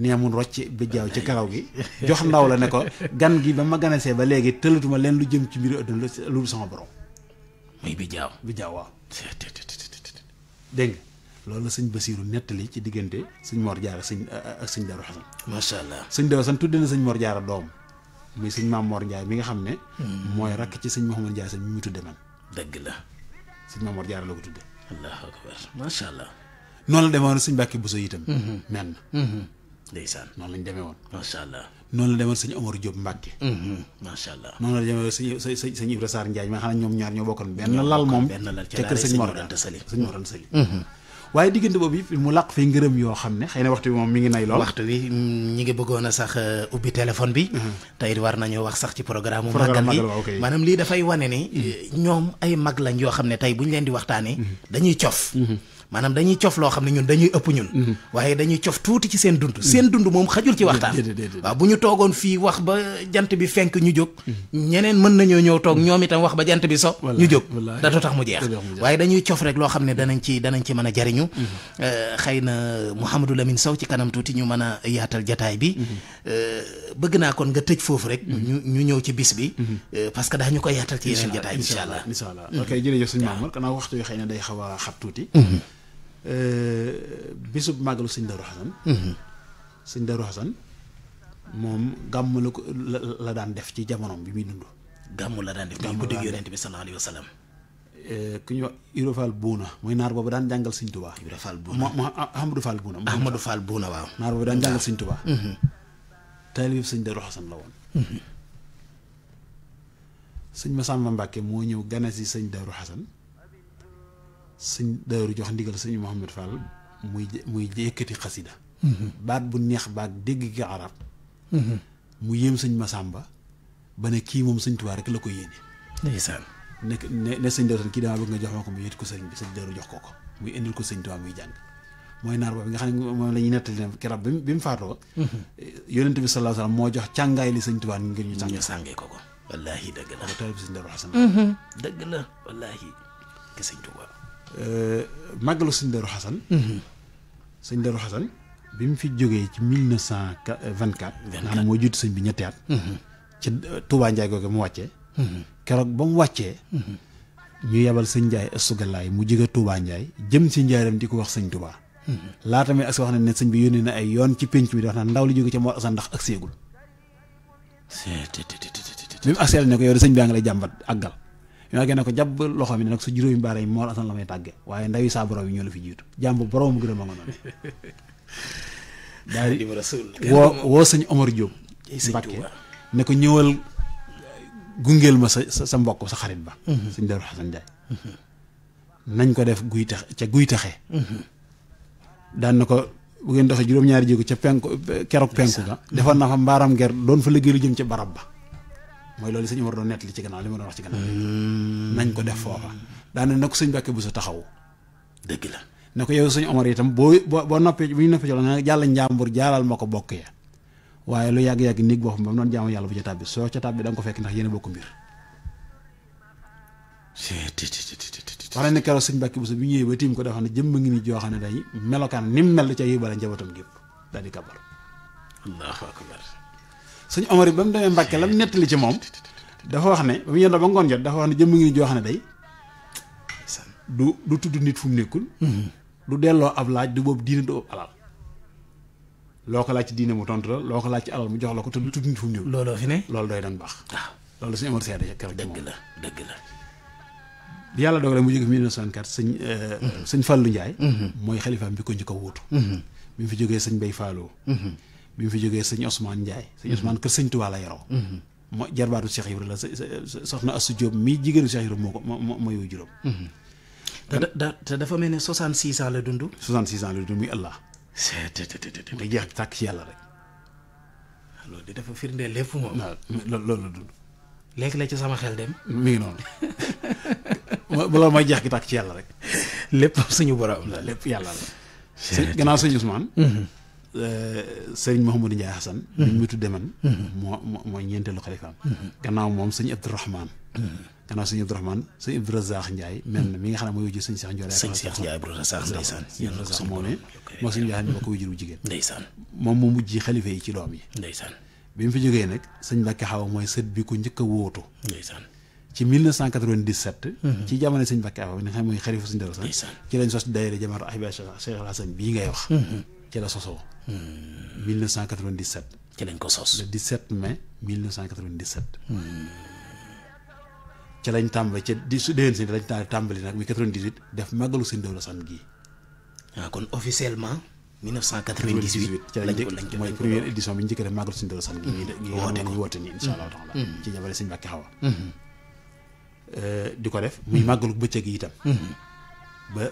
nee mun rocc bëjjaaw ci karaw gi jox ndaw la ne ko gan gi ba ma ganasee ba léegi tëlatuma leen lu jëm ci mbiru àdduna lu sama borom muy bëjjaaw bëjjaaw waaw dégg nga loolu la sëñ Basiiru nettali ci diggante sëñ Mor Jaara sëñ ak sëñ Daaru allah sëñ Daaru Xasan tudde na sëñ Mor Jaara doom muy sëñ Maam Mor Njaay mi nga xam ne hmm. mooy rakk ci sëñ Mouhamad Njaay sëñ mi mu tudde man dëgg la sëñ Maam Mor Jaara la ko tudde allahu akbar macha noonu la demoon sëñ Mbàkke ndeysaan noonu lañ demee woon macha allah noonu la demee sëñ Omar Diop Mbacke mm-hmm. macha allah noonu la demee sëñ sëñ sëñ Ibra Sarr Ndiaye ma xam ne ñoom ñaar ñoo bokkoon benn lal moom benn mm-hmm. yoo xam ne xëy na mi ngi nay lool waxtu mm, uh, bi a mm-hmm. bi tey war nañoo wax sax ci programme mu màggal gi maanaam lii dafay wane ni ñoom ay mag lañ yoo xam ne tey bu ñu leen di waxtaanee dañuy cof maanaam dañuy cof loo xam ne ñun dañuy ëpp ñun mhm. waaye dañuy cof tuuti ci seen dund seen dund moom xajul ci mhm. waxtaan waaw bu ñu toogoon fii wax ba jant bi fenk ñu jóg mhm. ñeneen mën nañoo ñëw toog ñoom itam wax ba jant bi so ñu jóg da du tax mu jeex waaye dañuy cof rek loo xam ne danañ ci danañ ci mën a jariñu euh, xëy na Mouhamadou Lamine Sow ci kanam tuuti ñu mën a yaatal jataay bi euh, bëgg naa kon nga tëj foofu rek ñu ñu ñëw ci bis bi euh, parce que daa ñu ko yaatal ci yeneen jataay incha allah ok jërëjëf suñu maamar kanaa waxtu yi xëy day xaw a xat Euh, bisub màggalu sëñ Darou Xasan. Mhm. sëñ Darou Xasan moom gàmm la ko la la daan def ci jamonoom bi muy dund. gàmm la daan def muy guddi yonent bi sallallahu alayhi wa sallam. Euh, ku Buuna mooy naar boobu daan jàngal sëñ Tuubaa. Ibra Fall Buuna mu Ahmadou Fall Buuna. Ahmadou Fall Buuna naar boobu daan jàngal sëñ Tuubaa. Mhm. taalib sëñ Darou Xasan la woon. Mhm. sëñ Masamba Mbàkke moo ñëw gane si sëñ Darou Xasan. sëñ daaru jox ndigal sëñ Mouhamed Fall muy muy yëkkati xasida mhm. baat bu neex baat dégg gi arab mhm. mu yéem sëñ Masamba ba ne kii moom sëñ Tuubaa rek la ko yéene ndeysaan nekk ne ne sëñ daaru kii dama bëgg nga jox ma ko mu yët ko sëñ bi jox ko ko ko sëñ Tuubaa muy jàng mooy naar boobu nga xam ne moom la ñuy nettali ne keroog bi mu bi mu faatoo. Mhm. yonent moo jox càngaay li sëñ Tuubaa ngir ñu. sànq ñu sàngee ko ko. wallaahi dëgg la. waaw taalibu sëñ Daaru Xasan. dëgg la wallaahi. ki sëñ Tuubaa. Euh, màggalu sëñ Darou Xasan. Mhm. sëñ Darou Xasan bi mu fi jógee ci mille neuf cent vingt quatre. vingt quatre moo jiitu sëñ bi ñetti at. Mhm. ci euh, Touba Ndiaye googu mu wàccee. Mhm. keroog ba mu wàccee. ñu yebal sëñ Ndiaye Estugalaay mu jóge Touba njaay jëm si njaaram di ko wax sëñ Touba. laata muy agsi wax na ne sëñ bi yónnee na ay yoon ci penc mi di wax naan ndaw li jóge ci Mor Assane ndax ak seegul. c' est tout tout tout tout. ne ko yow de sëñ bi yaa ngi lay jàmbat àggal. ñoo gën a ko jàpp loxo mi ne nag sa juróomi baaraam yi moor la may tàgge waaye ndawi saa borom yi la fi jiitu jàmb borom mu gërëm daal di woo woo sëñ Omar Diop Mbàkke ne ko ñëwal gungeel ma sa sa mbokk sa xarit ba mhm. sëñ Daaru Xasan nañ ko def guy tax ca guy taxe mhm. daan na ko bu ngeen doxee juróom-ñaari jéego ca penku keroog penku ga defoon na fa mbaaram ger doon fa liggéey lu jëm ca barab ba mooy loolu sëñ Omar doon nettali ci gannaaw li ma doon wax ci gannaaw hmm. nañ ko def foofa daana na ko sëñ Mbàkke Buso taxaw dëgg la ne ko yow sëñ Omar itam boo boo noppee bu ñu noppee ci loolu nag jàll njàmbur jaalal ma ko bokk ya waaye lu yàgg-yàgg néeg boo xam ba mu doon jaamu yàlla bu ca tàbbi soo ca tàbbi da nga ko fekk ndax yéen a bokk mbir wax na ne keroog sëñ Mbàkke Buso bi ñëwee ba tiim ko dafa ne jëmm ngi ni joo xam ne day melokaan ni mu mel ca yóbbaale njabootam gépp daal di kabar allahu akbar suñ Omar yi ba mu demee Mbàkke la mu nettali ci moom dafa wax ne ba mu yendoo ba ngoon jot dafa wax ne jëmm ngi joo xam ne day du du tudd nit fu mu nekkul mm-hmm. du delloo ab laaj du boobu diine du boobu alal loo ko laaj ci mu tontu la loo ko laaj ci jox la ko te du tudd nit loolu doy doon baax waaw loolu suñu Omar seede keroog dëgg la dëgg la yàlla dogal mu jóge fi 1964 sëñ euh, mm-hmm. sëñ Fallou Ndiaye mm-hmm. mooy xalifaam bi ko njëkk a wóotu bi mu fi jógee sëñ Bay Fallou bi mu fi jógee sëñ Ousmane Ndiaye mm-hmm. sëñ Ousmane kër sëñ Tuubaa la yoroo mm-hmm. moo jarbaatu Cheikh Ibra la soxna Astou Diop mii jigéenu Cheikh Ibra moo ko moo yow juróom mm-hmm. te dafa mel ne 66 ans la dund 66 ans la dund muy Allah te jeex tàkk ci la dund léegi la ci sama xel dem mi ngi noonu loolu mooy jeex gi tàkk ci yàlla rek lépp suñu borom la lépp yàlla la gannaaw sëñ Ousmane Euh, sëriñ Mouhamadou Ndiaye Hassan. li mu tuddee man. moo moo mooy ñeenteelu xalifaam. gannaaw moom sëñ Abdourahman. gannaaw sëñ Abdourahman sëñ Abdourazaq Ndiaye. mel na mi nga xam ne mooy wujju sëñ Cheikh sëñ Cheikh Ndiaye Abdourazaq ndeysaan. yéen a moo sëñ Ndiaye jigéen. moom mu mujj xalifa yi ci doom yi. bi mu fi jógee nag sëñ Mbacke Awa mooy sët bi ko njëkk a wóotu. ndeysaan ci 1997. Mhm. ci jamono sëñ Mbacke Awa bi nga xam mooy xalifa sëñ Daaru Salaam ci lañ sos daayira ci la sosoo. 1997. Hmm. ci lañ ko sos le 17 mai 1997. Hmm. ci lañ tàmbali ca di su déwén si lañ tàmbali nag muy def màggalu sëñ Dawla Sane gii. waaw ah, kon officiellement. 1998 lañ ko lañ mooy première ñu njëkk a def màggalu ko def muy hmm. màggalu bëccëg yi itam. ba.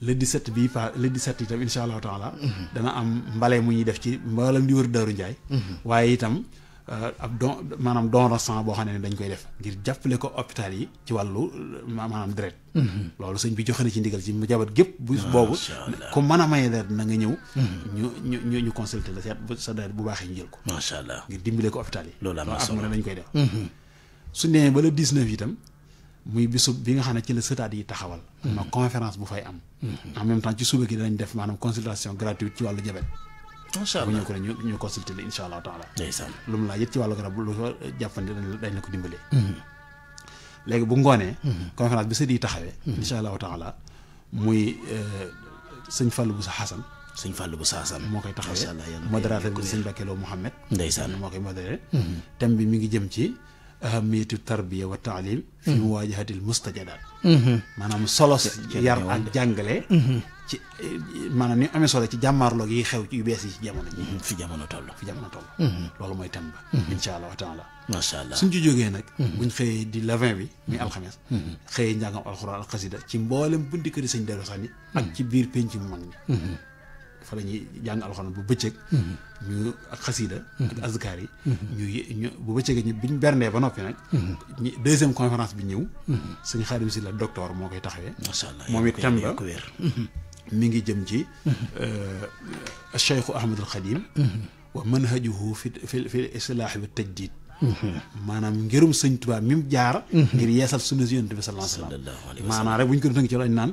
le 17 bii pa le 17 itam incha allahu taala mhm. dana am mbale mu ñuy def ci mbalam di wër Daaru Njaay mhm. waaye itam euh, ab don maanaam don restant boo xam ne dañ koy def ngir jàppale ko hôpital yi ci wàllu maanaam deret mhm. loolu sëñ bi joxe na ci ndigal ci jabat gépp bu boobu ku mën a maye na nga ñëw ñu ñu ñu consulter la seet sa deret bu baaxee ñu jël ko macha allah ngir dimbale ko hôpital yi loolu am na solo dañ koy def suñ demee ba itam muy bisub bi nga xam ne ci la sëtaat yi taxawal. Mm-hmm. ma conférence bu fay am. Mm-hmm. en même temps ci suba gi danañ def maanaam consultation gratuite ci wàllu jabet. macha allah bu ñëw ko ñu ñu consulter la incha allah taala. ndeysaan lu mu laaj it ci wàllu garab lu fa jàppandi dañ la ko dimbalee. Mm-hmm. léegi bu ngoonee. conférence bi sët yi taxawee. incha allah taala muy euh, sëñ Fallou Boussa Hassan. sëñ bu sa Hassan moo koy taxawee. macha allah yàlla modérateur bi sëñ Bakelo Mouhamed. ndeysaan moo koy modéré. thème bi mi ngi jëm ci. ahamiyatu tarbiya wa taalim fi mm-hmm. muwaajahatil mustajadaat mm-hmm. maanaam solo yar ak jàngale mm-hmm. ci maanaam ni amee solo ci jàmmaarloog yi xew ci yu bees yi ci jamono ji fi jamono toll fi jamono toll loolu mooy tem ba insha allah wa taala macha allah suñ ci jógee nag buñ xëyee di lavin bi muy alxames xëyee njàngam alxuraan alxasida ci mboolem bunti kër yi sëñ Darou Sani ak ci biir penc mu mag ñi fa la ñuy jàng alxuraan bu bëccëg mm-hmm. ñu ak xasiida ak mm-hmm. azkar yi mm-hmm. ñuy ñu bu bëccëgee ñu bi ñu berndee ba noppi nag ñi deuxième bi ñëw suñu xaadim si la docteur moo koy taxawee macha moom it tam ba mi ngi jëm ci euh, cheikhu ahmadul xadim wa manhajuhu fi fi fi islaax wa tajdid maanaam ngirum sëñ Tuubaa mi mu jaar ngir yeesal sunna si yonent bi sallallahu alayhi wa sallam maanaam rek bu ñu ko tënk ci lañ naan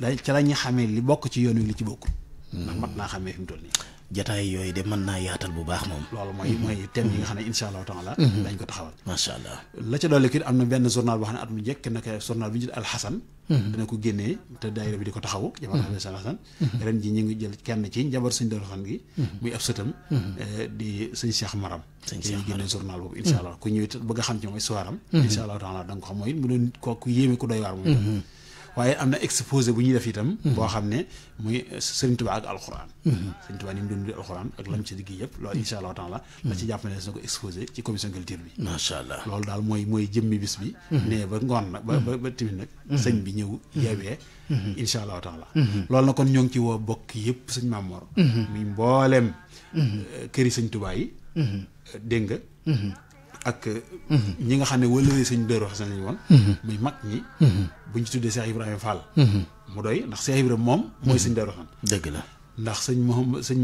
la ñu xamee li bokk ci yoon wi li ci bokkul ndax mat naa xamee fi mu toll nii. jataay yooyu de mën naa yaatal bu baax moom. loolu mooy mooy thème yi nga xam ne incha allahu mhm. Mhm. taxawal. la ca dolli kii am na benn journal boo xam ne at mu njëkk naka bi ñu tuddee alxasan. Mhm. dina ko génnee te daayira bi di ko taxawu. jabar Alxasan Alxasan. ren ji ñu ngi jël kenn ci njabar suñu doon gi. muy ab sëtam. Eh, di sëñ Cheikh Maram. sëñ Cheikh Maram génne journal boobu a ko xam mooy mu doon kooku yéeme ku doy waar moom waaye am na exposé bu ñuy def itam. boo xam ne muy Serigne Touba ak alxuraan. Serigne Touba ni mu doon di alxuraan ak lam ci liggéey yëpp. loolu incha allah taala la ci jàpp ne dina ko exposé bi. macha allah loolu daal mooy mooy jëmmi bis bi. nee ba ngoon na ba ba tamit nag. sëñ bi ñëw yeewee. incha allah taala loolu na kon ñoo ngi ci woo bokk yëpp sëñ Maam Mor. Mm-hmm. muy mbooleem. Mm-hmm. këri sëñ Touba yi. Mm-hmm. nga. ak. Mhm. ñi nga xam ne wëlëlee sëñ Dóor wax nañu woon. Mhm. muy mag ñi. Mhm. bu ñu tuddee Cheikh Ibrahima Fall. mu doy ndax Cheikh Ibrahima moom. mooy sëñ Dóor wax dëgg la. ndax sëñ Mouhamad sëñ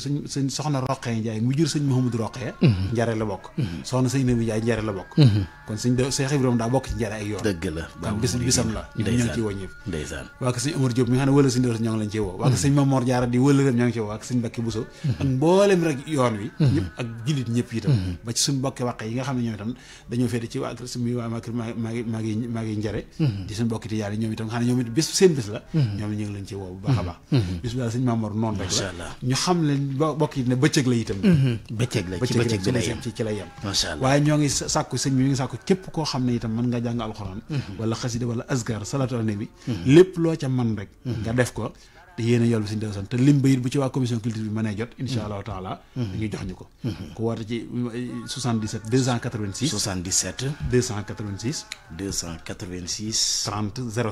sëñ sëñ soxna Roqee Njaay mu jur sëñ Mouhamadou Roqee mhm. njare la bokk mhm. soxna sëñ Nabi Njaay njare la bokk mhm. kon sëñ da Seex Ibrahima daa bokk ci njare ay yoon dëgg la kon bis bisam la ñu ngi ciy wàññi ndeysaan waa ko sëñ Omar Diop mi nga xam ne wala sëñ Dóor ñoo ngi lañ ciy woo waa ko sëñ Mamor Jaara di wëlëram ñoo ngi ciy woo waa ko sëñ Mbàkke Buso ak mboolem rek yoon wi ñëpp ak jullit ñëpp itam ba ci suñu bokki wàq yi nga xam ne ñoom itam dañoo féete ci waa suñu waa maa ngi maa ngi maa ngi njare di suñu bokki ti yàlla ñoom itam nga xam ne ñoom it bis seen bis la ñoom ñu ngi lañ ciy woo bu baax a baax bis koor noonu rek la ñu xam ne bokk yi ne bëccëg la itam bëccëg mhm. bëccëg la ci la yem waaye ñoo ngi sàkku sëñ bi ñu ngi sàkku képp koo xam ne itam mën nga jàng alxuraan mhm. wala xasida wala asgar salatu ala mhm. lépp loo ca man rek nga def ko te yéen a yollu suñu defoon te lim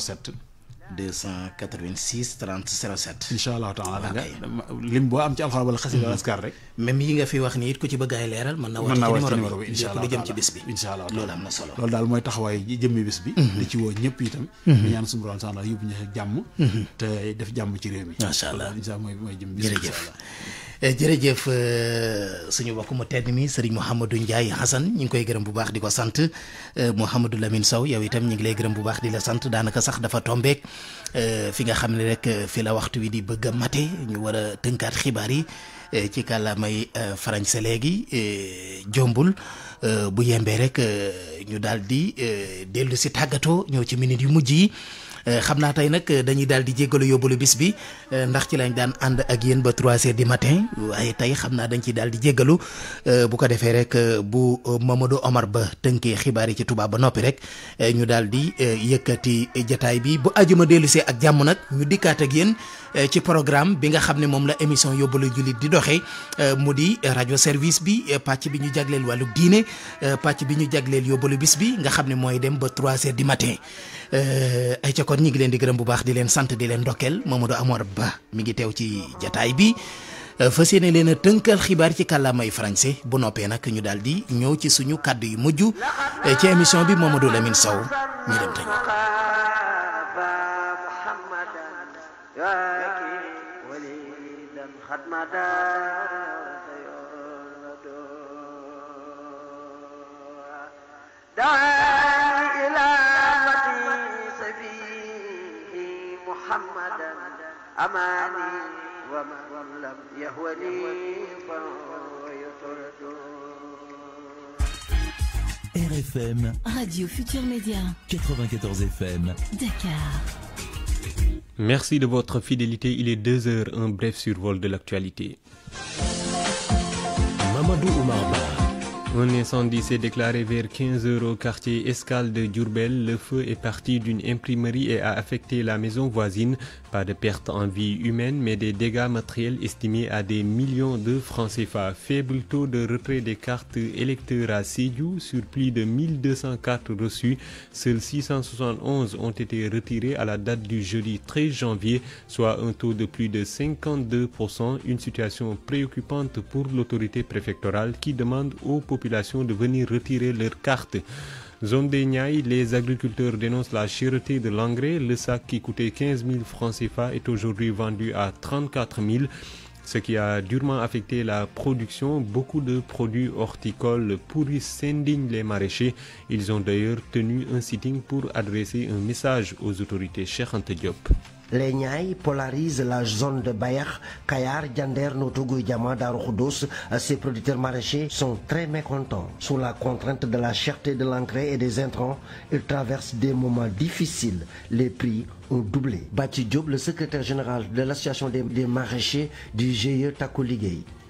ba 286 30 07. incha allah taala da nga lim boo am ci alxuraan wala xasida wala rek. même yi nga fi wax ni it ku ci bëgg ay leeral. mën na woote ci numéro bi incha allah lu jëm ci bis bi. incha allah loolu am na solo. daal mooy taxawaay jëmmi bis bi. Mhm. di ci woo ñëpp itam. Mhm. di ñaan suñu borom sànq yóbbu ñu jàmm. Mhm. te def jàmm ci réew mi. macha allah incha allah mooy mooy bis bi. jërëjëf. Eh, jërëjëf eh, suñu mbokk mu tedd mi sëriñ Mouhamadou Ndiaye Hassan ñu ngi koy gërëm bu baax di ko sant eh, Mouhamadou Lamine saw yow itam ñu ngi lay gërëm bu baax di la sant daanaka sax dafa tombeek fi nga xam ne rek fi la waxtu wi di bëgg a mate ñu war a tënkaat xibaar yi ci kàllaamay farañse léegi jombul bu yembee rek ñu daal di dellu si tàggatoo ñëw ci minute yu mujj yi. Euh, xam naa tey nag euh, dañuy daal di jéggalu yóbbalu bis bi euh, ndax ci lañ daan ànd ak yéen ba 3 heures du matin waaye tey xam naa dañ ciy daal di jéggalu bu ko defee rek bu Mamadou Omar ba tënkee xibaar yi ci tubaab ba noppi rek ñu daal di yëkkati jataay bi bu àjjuma dellusee ak jàmm nag ñu dikkaat ak yéen. Euh, ci programme bi nga xam ne moom la émission yóbbalu jullit di doxee euh, mu di rajo service bi euh, pàcc bi ñu jagleel wàllu diine pàcc bi ñu jagleel yóbbalu bis bi nga xam ne mooy dem ba trois heures du matin ay ca kon ñu ngi leen di gërëm bu baax di leen sant di leen ndokkeel Mamadou Amor Ba mi ngi teew ci jataay bi fas yéene leen a tënkal xibaar ci kàllaamay français bu noppee nag ñu daal di ñëw ci suñu kàddu yu mujj ci émission bi Mamadou Lamine Sow ñu dem ذاكي وليدا ختم دار دعا إلى متي سبيه محمدا أماني ومن لم يهوني فهو يطرد RFM, Radio Futur Média, 94 FM, Dakar. Merci de votre fidélité. Il est 2 heures, un bref survol de l'actualité. Mamadou Oumar Un incendie s'est déclaré vers 15 heures au quartier Escale de Diourbel. Le feu est parti d'une imprimerie et a affecté la maison voisine. Pas de perte en vie humaine, mais des dégâts matériels estimés à des millions de francs CFA. Faible taux de retrait des cartes électeurs à Sédiou sur plus de 1200 cartes reçues. Seules 671 ont été retirées à la date du jeudi 13 janvier, soit un taux de plus de 52%. Une situation préoccupante pour l'autorité préfectorale qui demande aux population de venir retirer leurs cartes. Zone des Niailles, les agriculteurs dénoncent la chèreté de l'engrais. Le sac qui coûtait 15 000 francs CFA est aujourd'hui vendu à 34 000 ce qui a durement affecté la production. Beaucoup de produits horticoles pourrissent s'indignent les maraîchers. Ils ont d'ailleurs tenu un sitting pour adresser un message aux autorités Cheikh Les Niayes polarise la zone de Bayakh, Kayar, Diender, Notougou, Diama, Darou Khoudoss. Ces producteurs maraîchers sont très mécontents. Sous la contrainte de la cherté de l'engrais et des intrants, ils traversent des moments difficiles. Les prix ont doublé. Bati Diop, le secrétaire général de l'association des, des maraîchers du GIE Takoligay.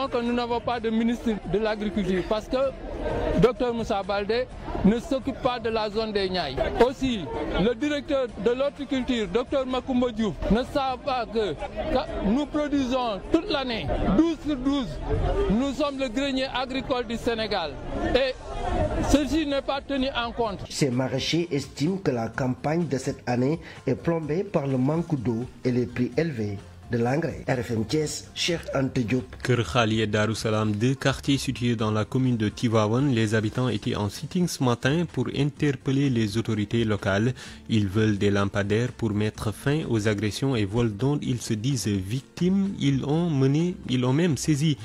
disons que nous n'avons pas de ministre de l'Agriculture parce que Dr Moussa Baldé ne s'occupe pas de la zone des Niayes. Aussi, le directeur de l'horticulture, Dr Makoumba Diouf, ne savent pas que, que nous produisons toute l'année, 12 sur nous sommes le grenier agricole du Sénégal. Et ceci n'est pas tenu en compte. Ces maraîchers estiment que la campagne de cette année est plombée par le manque d'eau et les prix élevés. de l'engrais. RFM Thiès, Cheikh Ante Diop. Khalid Darussalam, deux quartiers situés dans la commune de Tivaouane, les habitants étaient en sitting ce pour interpeller les autorités locales. Ils veulent des lampadaires pour mettre fin aux agressions et vols dont ils se disent victimes. ils ont même saisi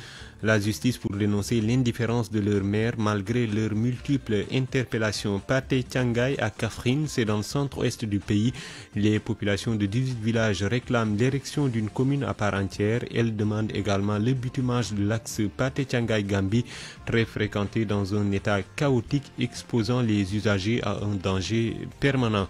La justice pour dénoncer l'indifférence de leur maire malgré leurs multiples interpellations. Pate Tiangay à Kafrine, c'est dans le centre-ouest du pays. Les populations de 18 villages réclament l'érection d'une commune à part entière. Elles demandent également le bitumage de l'axe Pate Tiangay-Gambi, très fréquenté dans un état chaotique exposant les usagers à un danger permanent.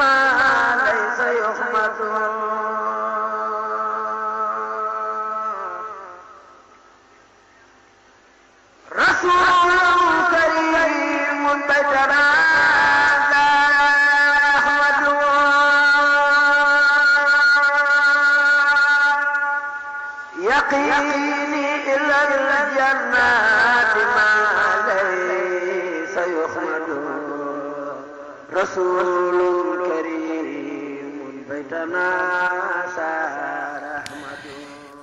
ما ليس يحمد رسول كريم بشرا يقيني إلى الجنات ما ليس يخمد رسول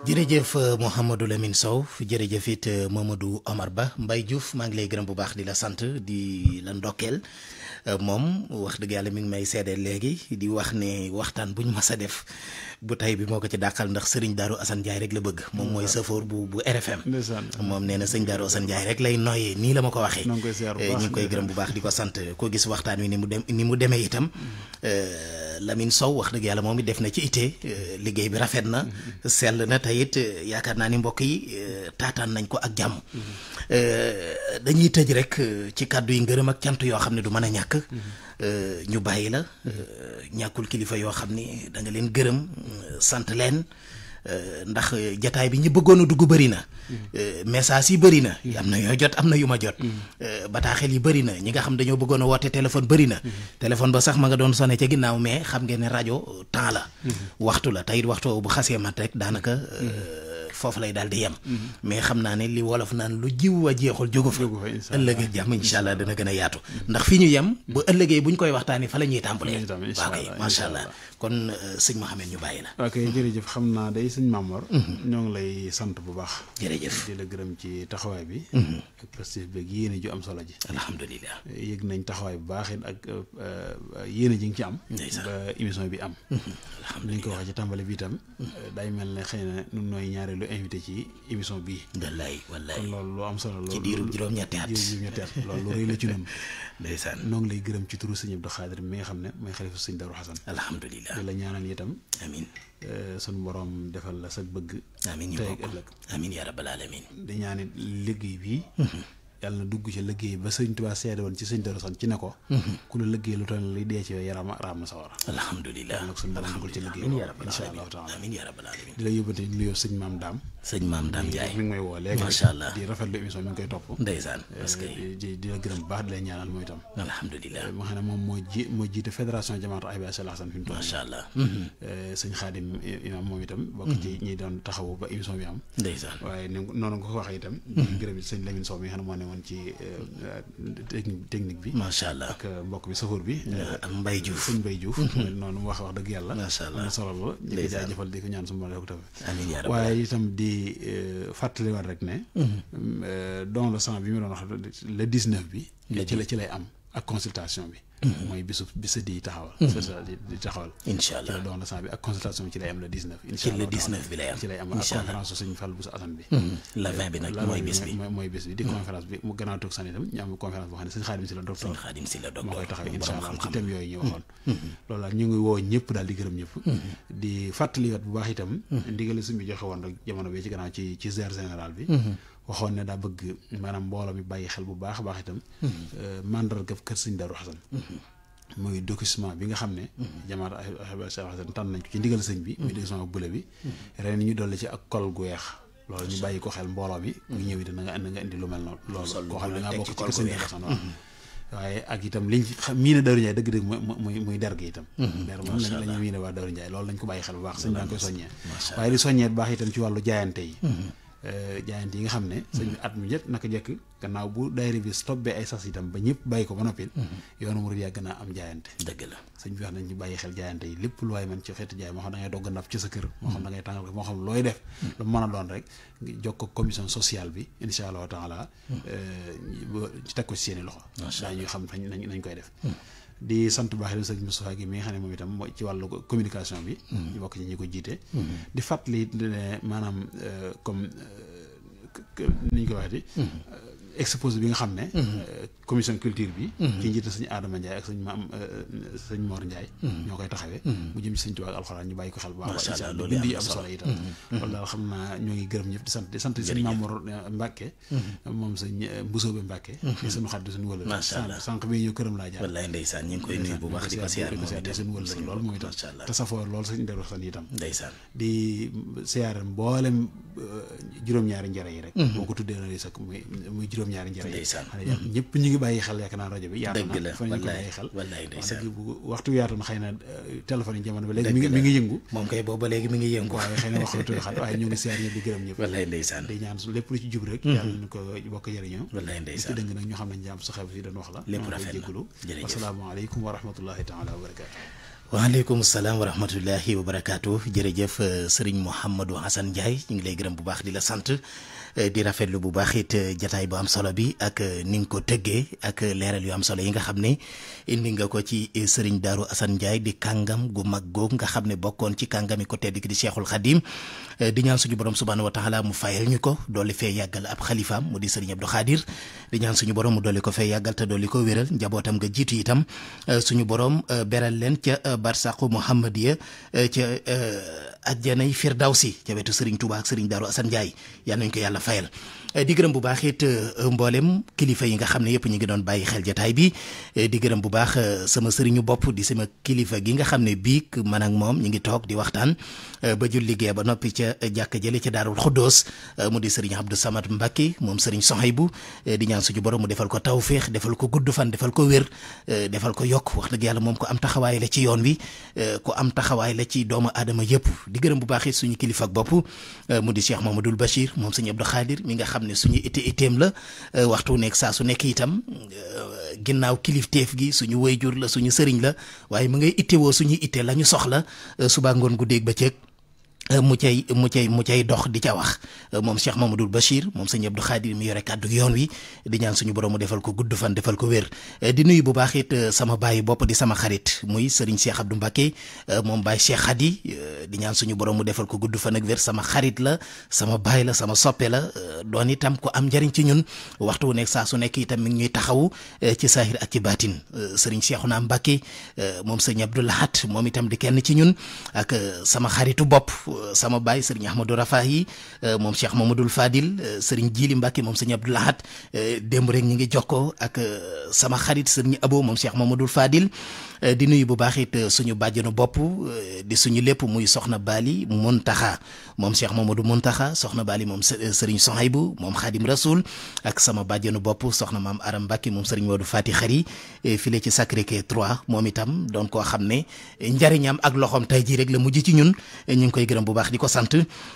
jërëjëf euh, Mouhamadou Lamine Sow jërëjëf it euh, Mamadou Omar Ba Mbaye Diouf maa ngi lay gërëm bu baax di la sant di la ndokkeel euh, moom wax dëgg yàlla mi ngi may seedeel léegi di wax ni waxtaan buñ mas a def bu tay bi moo ko ci dàqal ndax sëriñ Daaru Assane Ndiaye rek la bëgg moom mooy safoor bu bu RFM moom nee na sëñ Daaru Assane Ndiaye rek lay noyee nii la ma ko waxee ñu ngi koy eh, gërëm bu baax di ko sant koo gis waxtaan wi ni mu dem ni mu demee itam mm-hmm. eh, Lamine Sow wax dëgg yàlla moom it def na ci ittee eh, liggéey bi rafet na mm-hmm. sell na tayit yaakaar naa ni mbokk yi taataan nañ ko ak jàmm mm-hmm. dañuy tëj rek ci kàddu yi ngërëm ak cant yoo xam ne du mën a ñàkk Euh, ñu bàyyi la euh, ñàkkul kilifa yoo xam ni da nga leen gërëm euh, sant leen ndax jataay bi ñi bëggoon a dugg bëri na mm. message yi bëri na mm. am na yoo jot am na yu ma jot mm. bataaxel yi bëri na ñi nga xam dañoo bëggoon a woote téléphone bëri na ba sax ma nga doon sone ca ginnaaw mais xam ngeen ne rajo temps la waxtu la teyit waxtu bu xasee mat rek daanaka foofu lay daal di yem mhm. mais xam naa ne li wolof naan lu jiw wa jeexul jógu fa ëllëg ak jàmm incha allah dana gën a yaatu mhm. ndax fi ñu yem bu ëllëgee buñ koy waxtaanee fa la ñuy tàmbalee waaw kay macha allah kon euh, sëñ la ok jërëjëf xam naa day sëñ Mamor mhm. ñoo ngi lay sant bu baax la gërëm ci taxawaay bi ak pastif beeg yéene ju am solo ji alhamdulilah bu baax it ak euh, euh, yéene ji nga ci am ba émission bi am alhamdulilah ñu ko waxee ci tàmbali bi itam day mel ne xëy nun nooy ñaareelu koy invité ci bi bii. wallaay wallaay loolu lu am solo loolu. ci diirum juróom-ñetti at juróom-ñetti at loolu lu rëy la ci ñun. [LAUGHS] ndeysaan noo ngi lay gërëm ci turu sëñ Abdou Khadir mi nga xam ne mooy xalifa sëñ Darou Xasan. alhamdulilah di la ñaanal itam. amiin eh, sunu borom defal la sa bëgg. amiin ñu bokk amiin yaa rabbal alamin di ñaanit liggéey bii. Mm-hmm. yàlla na dugg ci liggéey ba sëñ Tuubaa seede woon ci sëñ Darou Assane ci ne ko. Mhm. ku la liggéey lu toll nii lay dee ci yaram raam sa war. alhamdulilah di la yóbbante nuyoo sëñ maam daam. sëñ maam daam Ndiaye mi ngi may woo léegi. macha allah di rafetlu mi ngi koy topp. ndeysaan eh, parce que di gërëm baax di ñaanal moom itam. bokk mhm. ci ñi doon taxawu ba émission bi am. ndeysaan waaye noonu nga ko waxee itam. Mhm. di gërëm sëñ Lamine Sow mi nga xam ne moo ne nekkoon ci euh, technique bi. macha allah ak euh, mbokk bi safur bi. ak euh, Mbaye Diouf sëñ Mbaye Diouf. Mhm. noonu mu wax wax dëgg yàlla. macha allah am na solo la ñu ngi jaajëfal ko ñaan suma ko tamit. amiin yaa rabbi waaye itam di fàttaliwaat rek ne. Mhm. don le sang bi mu doon wax le 19 bi. ci la ci lay am ak consultation bi. Mm-hmm. mooy bisu bisu di taxawal. Mm-hmm. social di taxawal. incha allah doon sang bi ak consultation bi ci lay am le 19. incha allah ci le 19 bi lay am. ci lay am ak conférence suñu fàll bu su asan bi. Mm-hmm. le euh, bi nag mooy bis bi di conférence bi mu gannaaw itam ñu am conférence boo xam ne suñu xaadim si la docteur. moo koy taxaw incha allah ci yooyu ñu waxoon. loolu la ñu ngi woo ñëpp daal di gërëm ñëpp. di fàttaliwaat bu baax itam. ndigal suñu joxe woon rek jamono bi ci gannaaw waxoon ne daa bëgg maanaam mbooloo mi bàyyi xel bu baax a baax itam. mandarga mm-hmm. euh, kër sëñ Darou Xasan. Mm-hmm. muy document bi nga xam ne. Mm-hmm. jamaat ahibaa Cheikh Xasan tànn nañ ko ci ndigal sëñ bi. muy document bu bële bi. ren ñu dolli ci ak kol gu weex. ñu bàyyi ko xel mbooloo mi. bu ñëw it na nga na nga indi lu mel noonu. loolu koo xam ne da ngaa bokk ci kër sëñ Darou Xasan waaw. waaye ak itam liñ xam mii ne Darou Ndiaye dëgg-dëgg muy muy der gi itam der moom lañ lañu mii ne waa Darou loolu lañ ko bàyyi xel bu baax sëñ daa koy soññee waaye di soññee baax itam ci wàllu jaayante yi Euh, jaayante yi nga xam ne sëñ bi at mu jëkk naka jëkk gannaaw bu daayira bi stoppee ay sas itam ba ñëpp bàyyi ko ba noppi mm-hmm. yoonu murid yàgg naa am jaayante dëgg la sëñ bi wax nañ ñu bàyyi xel jaayante yi lépp lu waay man ci xeetu jaay moo xam da ngay dogg ndab ci sa kër moo xam da ngay tàngal ko moo xam looy def mm-hmm. lu mën a doon rek jog ko commission sociale bi insha allahu taala mm-hmm. euh, ci teg ko ci seeni loxo daa ñu xam nañ nañ koy def di sant baax la sëriñ Moustapha gi mi nga xam ne moom itam mooy ci wàllu communication bi. Hmm. ñu bokk ci ñi ko jiite. Hmm. di fàttali ne maanaam euh, comme euh, ni ñu ko waxee di hmm. euh, exposé bi nga xam ne. commission culture bi. Mhm. ci njiital sëñ Adama Ndiaye ak sëñ maam euh, sëñ mhm. ñoo koy taxawee. Mhm. mu jëm ci sëñ alxuraan ñu bàyyi ko xel bu baax. macha allah loolu bind yi am solo itam. loolu daal xam naa ñoo ngi gërëm ñëpp di sant di sant sëñ Mamour euh, Mbacke. moom sëñ euh, Mbusoobe Mbacke. di sunu xarit di sunu wëlal. macha allah ko siyaar moom itam sunu wëlal lool moom itam. macha allah te safoo lool sëñ Dero San itam. ndeysaan di siyaar mboolem juróom-ñaari njëriñ rek. boo ko tuddee na lay sax muy juróom-ñaari njëriñ. ndeysaan ñëpp ñi ngi ñu bàyyi xel yaakaar naa rajo bi yaatu na fa ñu ko bàyyi xel wallaay ndeysaan waxtu yaatu na xëy na euh, téléphone yi jamono bi léegi mi ngi mi ngi yëngu moom kay booba léegi mi ngi yëngu waaye xëy na waxtu tuuti xat waaye ñu ngi siyaar ñëpp di gërëm ñëpp wallaay ndeysaan di ñaan lépp lu ci jub rek mm-hmm. yàlla ñu ko bokk jëriñoo wallaay ndeysaan dëgg nag ñu xam nañ jaam su xew si doon wax la lépp rafet na jégalu asalaamaaleykum wa rahmatullahi taala wa barakatu waaleykum salaam wa rahmatullahi wa barakatu jërëjëf euh, sëriñ Mouhamadou Hassan Ndiaye ñu ngi lay gërëm bu baax di la sant di rafetlu bu baax it eh, jataay bu am solo bi ak eh, ni nga ko tëggee ak leeral yu am solo yi nga xam ne indi nga ko ci eh, sëriñ Darou Assane njaay di kàngam gu mag googu nga xam ne bokkoon ci kàngami ko tedd ki di Cheikhul Khadim di ñaan suñu borom subhaanahu wa taala mu fayal ñu ko doole fee yàggal ab xalifaam mu di sëriñ Abdou Khadir di ñaan suñu borom mu doole ko fee yàggal te doole ko wéral njabootam nga jiitu itam suñu borom beral leen ca barsàqu Muhammadiya ca ak ajjanay firdawsi ca wetu Serigne Touba ak Serigne Darou Assane Ndiaye yal nañ ko yàlla fayal eh, di gërëm bu baax it eh, mboolem kilifa yi nga xam ne yëpp ñu ngi doon bàyyi xel jataay bi eh, di gërëm bu baax sama sëriñu bopp di sama kilifa gi nga xam ne biig man ak moom ñu ngi toog di waxtaan ba jul liggéey ba noppi ca jàkk jële ca daarul xuddoos mu di sëriñ Abdou Samad mbakki moom sëriñ bu di ñaan suñu borom mu defal ko tawféex defal ko gudd fan defal ko wér defal ko yokk wax dëgg yàlla moom ko am taxawaay la ci yoon wi ko am taxawaay la ci doomu aadama yëpp di gërëm bu baaxee suñu kilifa ak bopp euh, mu di Cheikh Mamadou Bachir moom sëñ Abdou Khadir mi nga xam ne su ñu ite iteem la euh, waxtu nekk saa su nekk itam euh, ginnaaw teef gi suñu wayjur la suñu sëriñ la waaye mu ngay itewoo suñu ite la ñu soxla subaa ngoon guddeeg bëccëg Euh, mu cay mu cay mu cay dox di ca wax moom euh, moom Cheikh Mamadou Bachir moom sëñ Abdou Khadir mu yore kàddu yoon wi di ñaan suñu borom mu defal ko gudd fan defal ko wér euh, di nuyu bu baax it sama bàyyi bopp di sama xarit muy Serigne Cheikh Abdou Mbacké moom Baye Cheikh Khady di ñaan suñu borom mu defal ko gudd fan ak wér sama xarit la sama baay la sama soppe la doon itam ko am njariñ ci ñun waxtu wu nekk saa su nekk itam mi ngi ñuy taxaw ci saahir ak ci baatin Serigne Cheikhouna Mbacké moom sëñ Abdou Lahat moom itam di kenn ci ñun ak sama xaritu bopp Euh, sama baay sëriñ Ahmadou Rafahi euh, moom Cheikh Mamadou faadil euh, sëriñ jiili Mbacke moom sëriñ Abdou Lahad démb rek ñu ngi jox jokkoo ak sama xarit sëriñ aboo moom Cheikh Mamadou faadil di nuyu bu baax it suñu bàjjenu bopp di suñu lépp muy soxna Bali Montaxa moom Cheikh Mamadou Muntaxa soxna Bali moom euh, Serigne Sohaybu moom Xaadim Rasoul ak sama bàjjenu bopp soxna maam Aram Mbacke moom Serigne Modou Fati Xari file ci Sacré-Cœur 3 moom itam doon koo xam ne euh, njariñam ak loxoom tey jii rek la mujj ci ñun ñu ngi koy gërëm bu baax di ko sant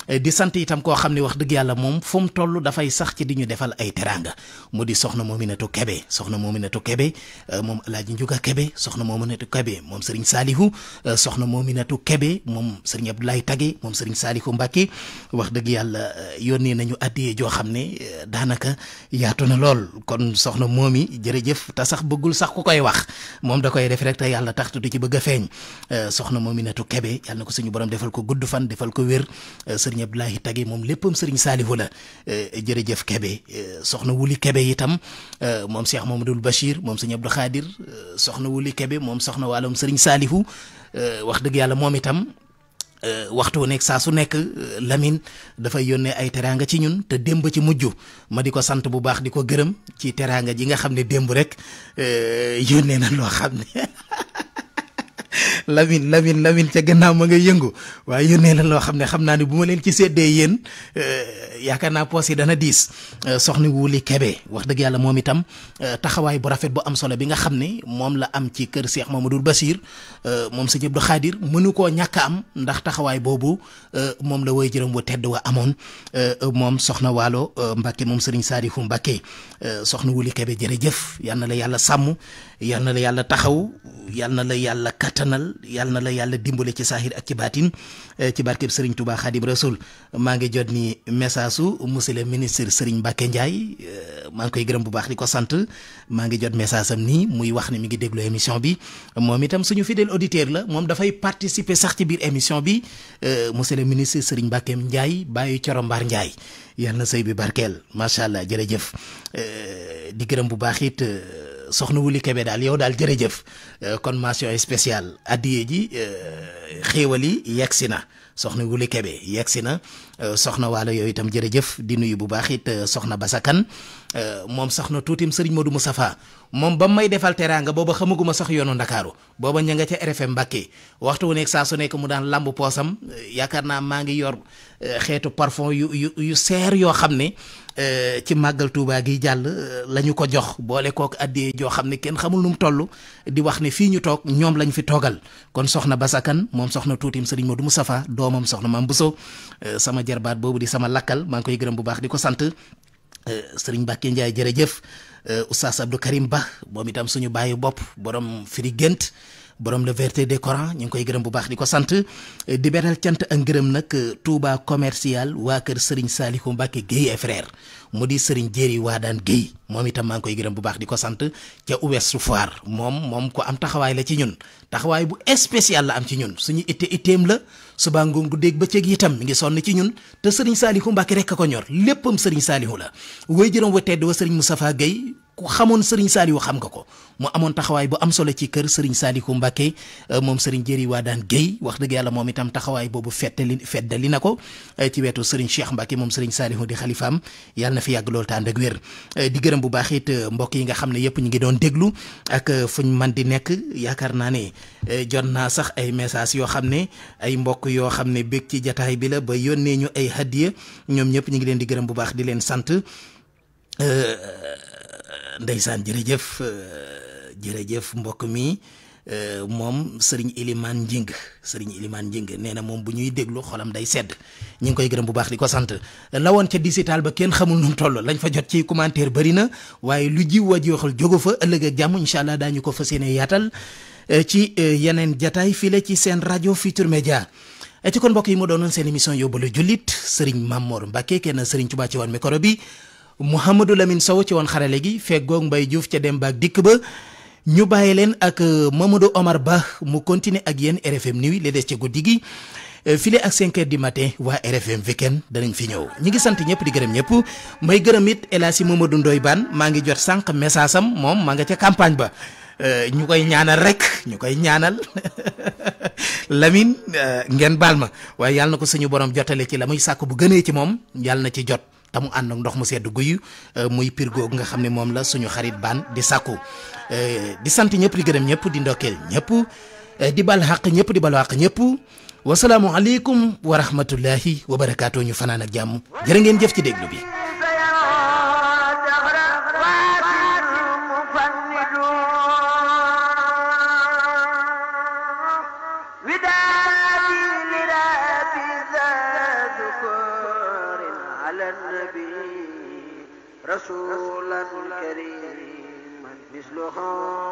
di sant itam koo xam ne wax dëgg yàlla moom fu mu toll dafay sax ci di ñu defal ay teranga mu di soxna Mominatu Kebe soxna Mominatu Kebe euh, moom Alaaji Njuga Kebe soxna Mominatu Kebe moom Serigne Salihu soxna Mominatu Kebe moom Serigne Abdoulaye Tage moom Serigne Salihu Mbacke Mbacke wax dëgg yàlla euh, yónnee nañu addiyee joo xam ne euh, daanaka yaatu na lool kon soxna moom yi jërëjëf te sax bëggul sax ku koy wax moom da koy def rek te yàlla tax du ci bëgg a feeñ euh, soxna moom yi netu kebe yàlla ko suñu borom defal ko gudd fan defal ko wér sëriñ Abdoulaye Tagge moom léppam sëriñ Saalihu la jërëjëf kebe soxna wuli kebe itam moom Cheikh Mamadou Bachir moom sëriñ Abdou soxna wuli moom soxna wàllum sëriñ Saalihu wax dëgg yàlla moom itam Euh, waxtu wu nekk saa su nekk euh, Lamine dafay yónnee ay teraanga ci ñun te démb ci mujj ma di ko sant bu baax di ko gërëm ci teraanga ji nga xam ne démb rek euh, yónnee na loo xam ne [LAUGHS] [LAUGHS] Lamine Lamine Lamine ca gannaaw ma nga yëngu waaye yónnee la loo xam ne xam naa ne bu ma leen ci séddee yéen euh, yaakaar naa poos dana diis euh, soxna Wuli Kebe wax dëgg yàlla moom itam euh, taxawaay bu rafet bu am solo bi nga xam ne moom la am ci kër Cheikh Mamadou Bassir moom sëñ Abdou Khadir mënu koo ñàkk am ndax taxawaay boobu moom la woy jërëm bu tedd wa amoon moom soxna Waalo Mbacke moom sëriñ Saarifu Mbacke soxna Wuli Kebe jërëjëf yal na yàlla sàmm. yal na la yàlla taxaw yàlla na la yàlla kattanal yal na la yàlla dimbale ci saaxir ak ci baatin eh, ci barkeb Serigne Touba Khadim Rasoul maa ngi jot ni message su monsieur le ministre Serigne Mbacké Ndiaye eh, maa ngi koy gërëm bu baax di ko sant maa ngi jot message am nii muy wax ne mi ngi déglu émission bi moom itam suñu fidèle auditeur la moom dafay participer sax ci biir émission bi eh, monsieur le ministre Serigne Mbacké Ndiaye bàyyi Coro Mbar Ndiaye yal na sëy bi barkeel macha allah jërëjëf di gërëm bu baax soxna Wuli Kebe daal yow daal jërëjëf kon euh, mention spéciale addiye ji euh, xéewal yi yegg si na soxna Wuli yegg si na euh, soxna waalo yooyu itam jërëjëf di nuyu bu baax it soxna Basakan moom soxna tuutim sëriñ Modou Moustapha moom ba may defal teraanga booba xamaguma sax yoonu ndakaaru booba ña nga ca RFM Mbàkke waxtu wu nekk saa su nekk mu daan lamb poosam yaakaar naa maa ngi yor xeetu parfum yu yu yu seer yoo xam ne Eh, ci màggal Touba gi jàll eh, la ñu ko jox boole kook addee joo xam ne kenn xamul nu mu toll di wax ne fii ñu toog ñoom lañ fi toogal kon soxna Basakan moom soxna tuutim sëriñ Modou safaa doomam soxna bu so eh, sama jarbaat boobu di sama lakkal maa ngi koy gërëm bu baax di ko sant sëriñ Mbacke Ndiaye jërëjëf oustaz Abdou Karim Ba moom itam suñu bàyyi bopp borom firi gént borom le verté des Corans ñu ngi koy gërëm bu baax di ko sant di beral cant ak ngërëm nag Touba commercial waa kër Serigne Saliou Mbacke Guèye et mu di Serigne Jéeri waa daan Guèye moom itam maa ngi koy gërëm bu baax di ko sant ca Ouest Foire moom moom ko am taxawaay la ci ñun taxawaay bu espécial la am ci ñun suñu itte iteem la suba ngoon ba bëccëg itam mu ngi sonn ci ñun te Serigne Saliou Mbacke rek a ko ñor léppam Serigne Saliou la way jërëm wa tedd wa Serigne Moustapha Guèye ku xamoon Serigne Saliou xam nga ko mu amoon taxawaay bu am solo ci kër Serigne Sadikoo Mbacke euh, moom Serigne Jëri daan Guèye wax dëgg yàlla moom itam taxawaay boobu fettali feddali na ko euh, ci wetu Serigne Cheikh Mbacke moom Serigne Sadikoo di xalifaam yàlla na fi yàgg loolu tànd ak wér euh, di gërëm bu baax it mbokk yi nga xam ne yëpp ñu ngi doon déglu ak fuñ man di nekk yaakaar naa ne jot naa sax ay message yoo xam ne ay mbokk yoo xam ne bég ci jataay bi la ba yónnee ñu ay hadiya ñoom ñëpp ñu ngi leen di gërëm bu baax di leen sant ndeysaan jërëjëf mbokk mi euh, moom sëriñ Ilimane Njing sëriñ Ilimane Njing nee na moom bu ñuy déglu xolam day sedd ñu ngi koy gërëm bu baax di ko sant la woon ca digital ba kenn xamul nu mu toll lañ fa jot ci commentaire bëri na waaye lu jiw wa joxal jógu fa ëllëg ak jàmm incha allah daañu ko fa yéene yaatal euh, ci euh, yeneen jataay fii la ci seen rajo Futur Media. ci kon mbokk yi mu doonoon seen émission yóbbalu jullit sëriñ Mamor Mbacke kenn sëriñ Tuubaa ci woon micro bi Mouhamadou Lamine Sow ci woon xarale gi feggoog Mbaye Diouf ca dem dikk ba. ñu bàyyi leen ak euh, Mamadou Omar Ba mu continuer ak yéen RFM Nuit li des ci guddi gi euh, file ak 5 di du matin waa RFM weekend danañ fi ñëw ñi ngi sant ñëpp di gërëm ñëpp may gërëm it El Hadj Mamadou Ndoye Bane maa ngi jot sànq message am moom maa nga ca campagne ba euh, ñu koy ñaanal rek ñu koy ñaanal [LAUGHS] Lamine ngeen baal ma waaye yàlla na ko suñu borom jotale ci la muy sàkk bu gënee ci moom yàlla na ci jot. te mu ànd ak ndox mu sedd guyu euh, muy pir googu nga xam ne moom la suñu xarit baan di sàkku euh, di sant ñëpp di gërëm ñëpp di ndokkeel ñëpp euh, di bal xaq ñëpp di bal xaq ñëpp wasalaamualeykum wa rahmatullahi wa barakaatu ñu fanaan ak jàmm jërë ngeen jëf ci déglu bi يَعْدُهُ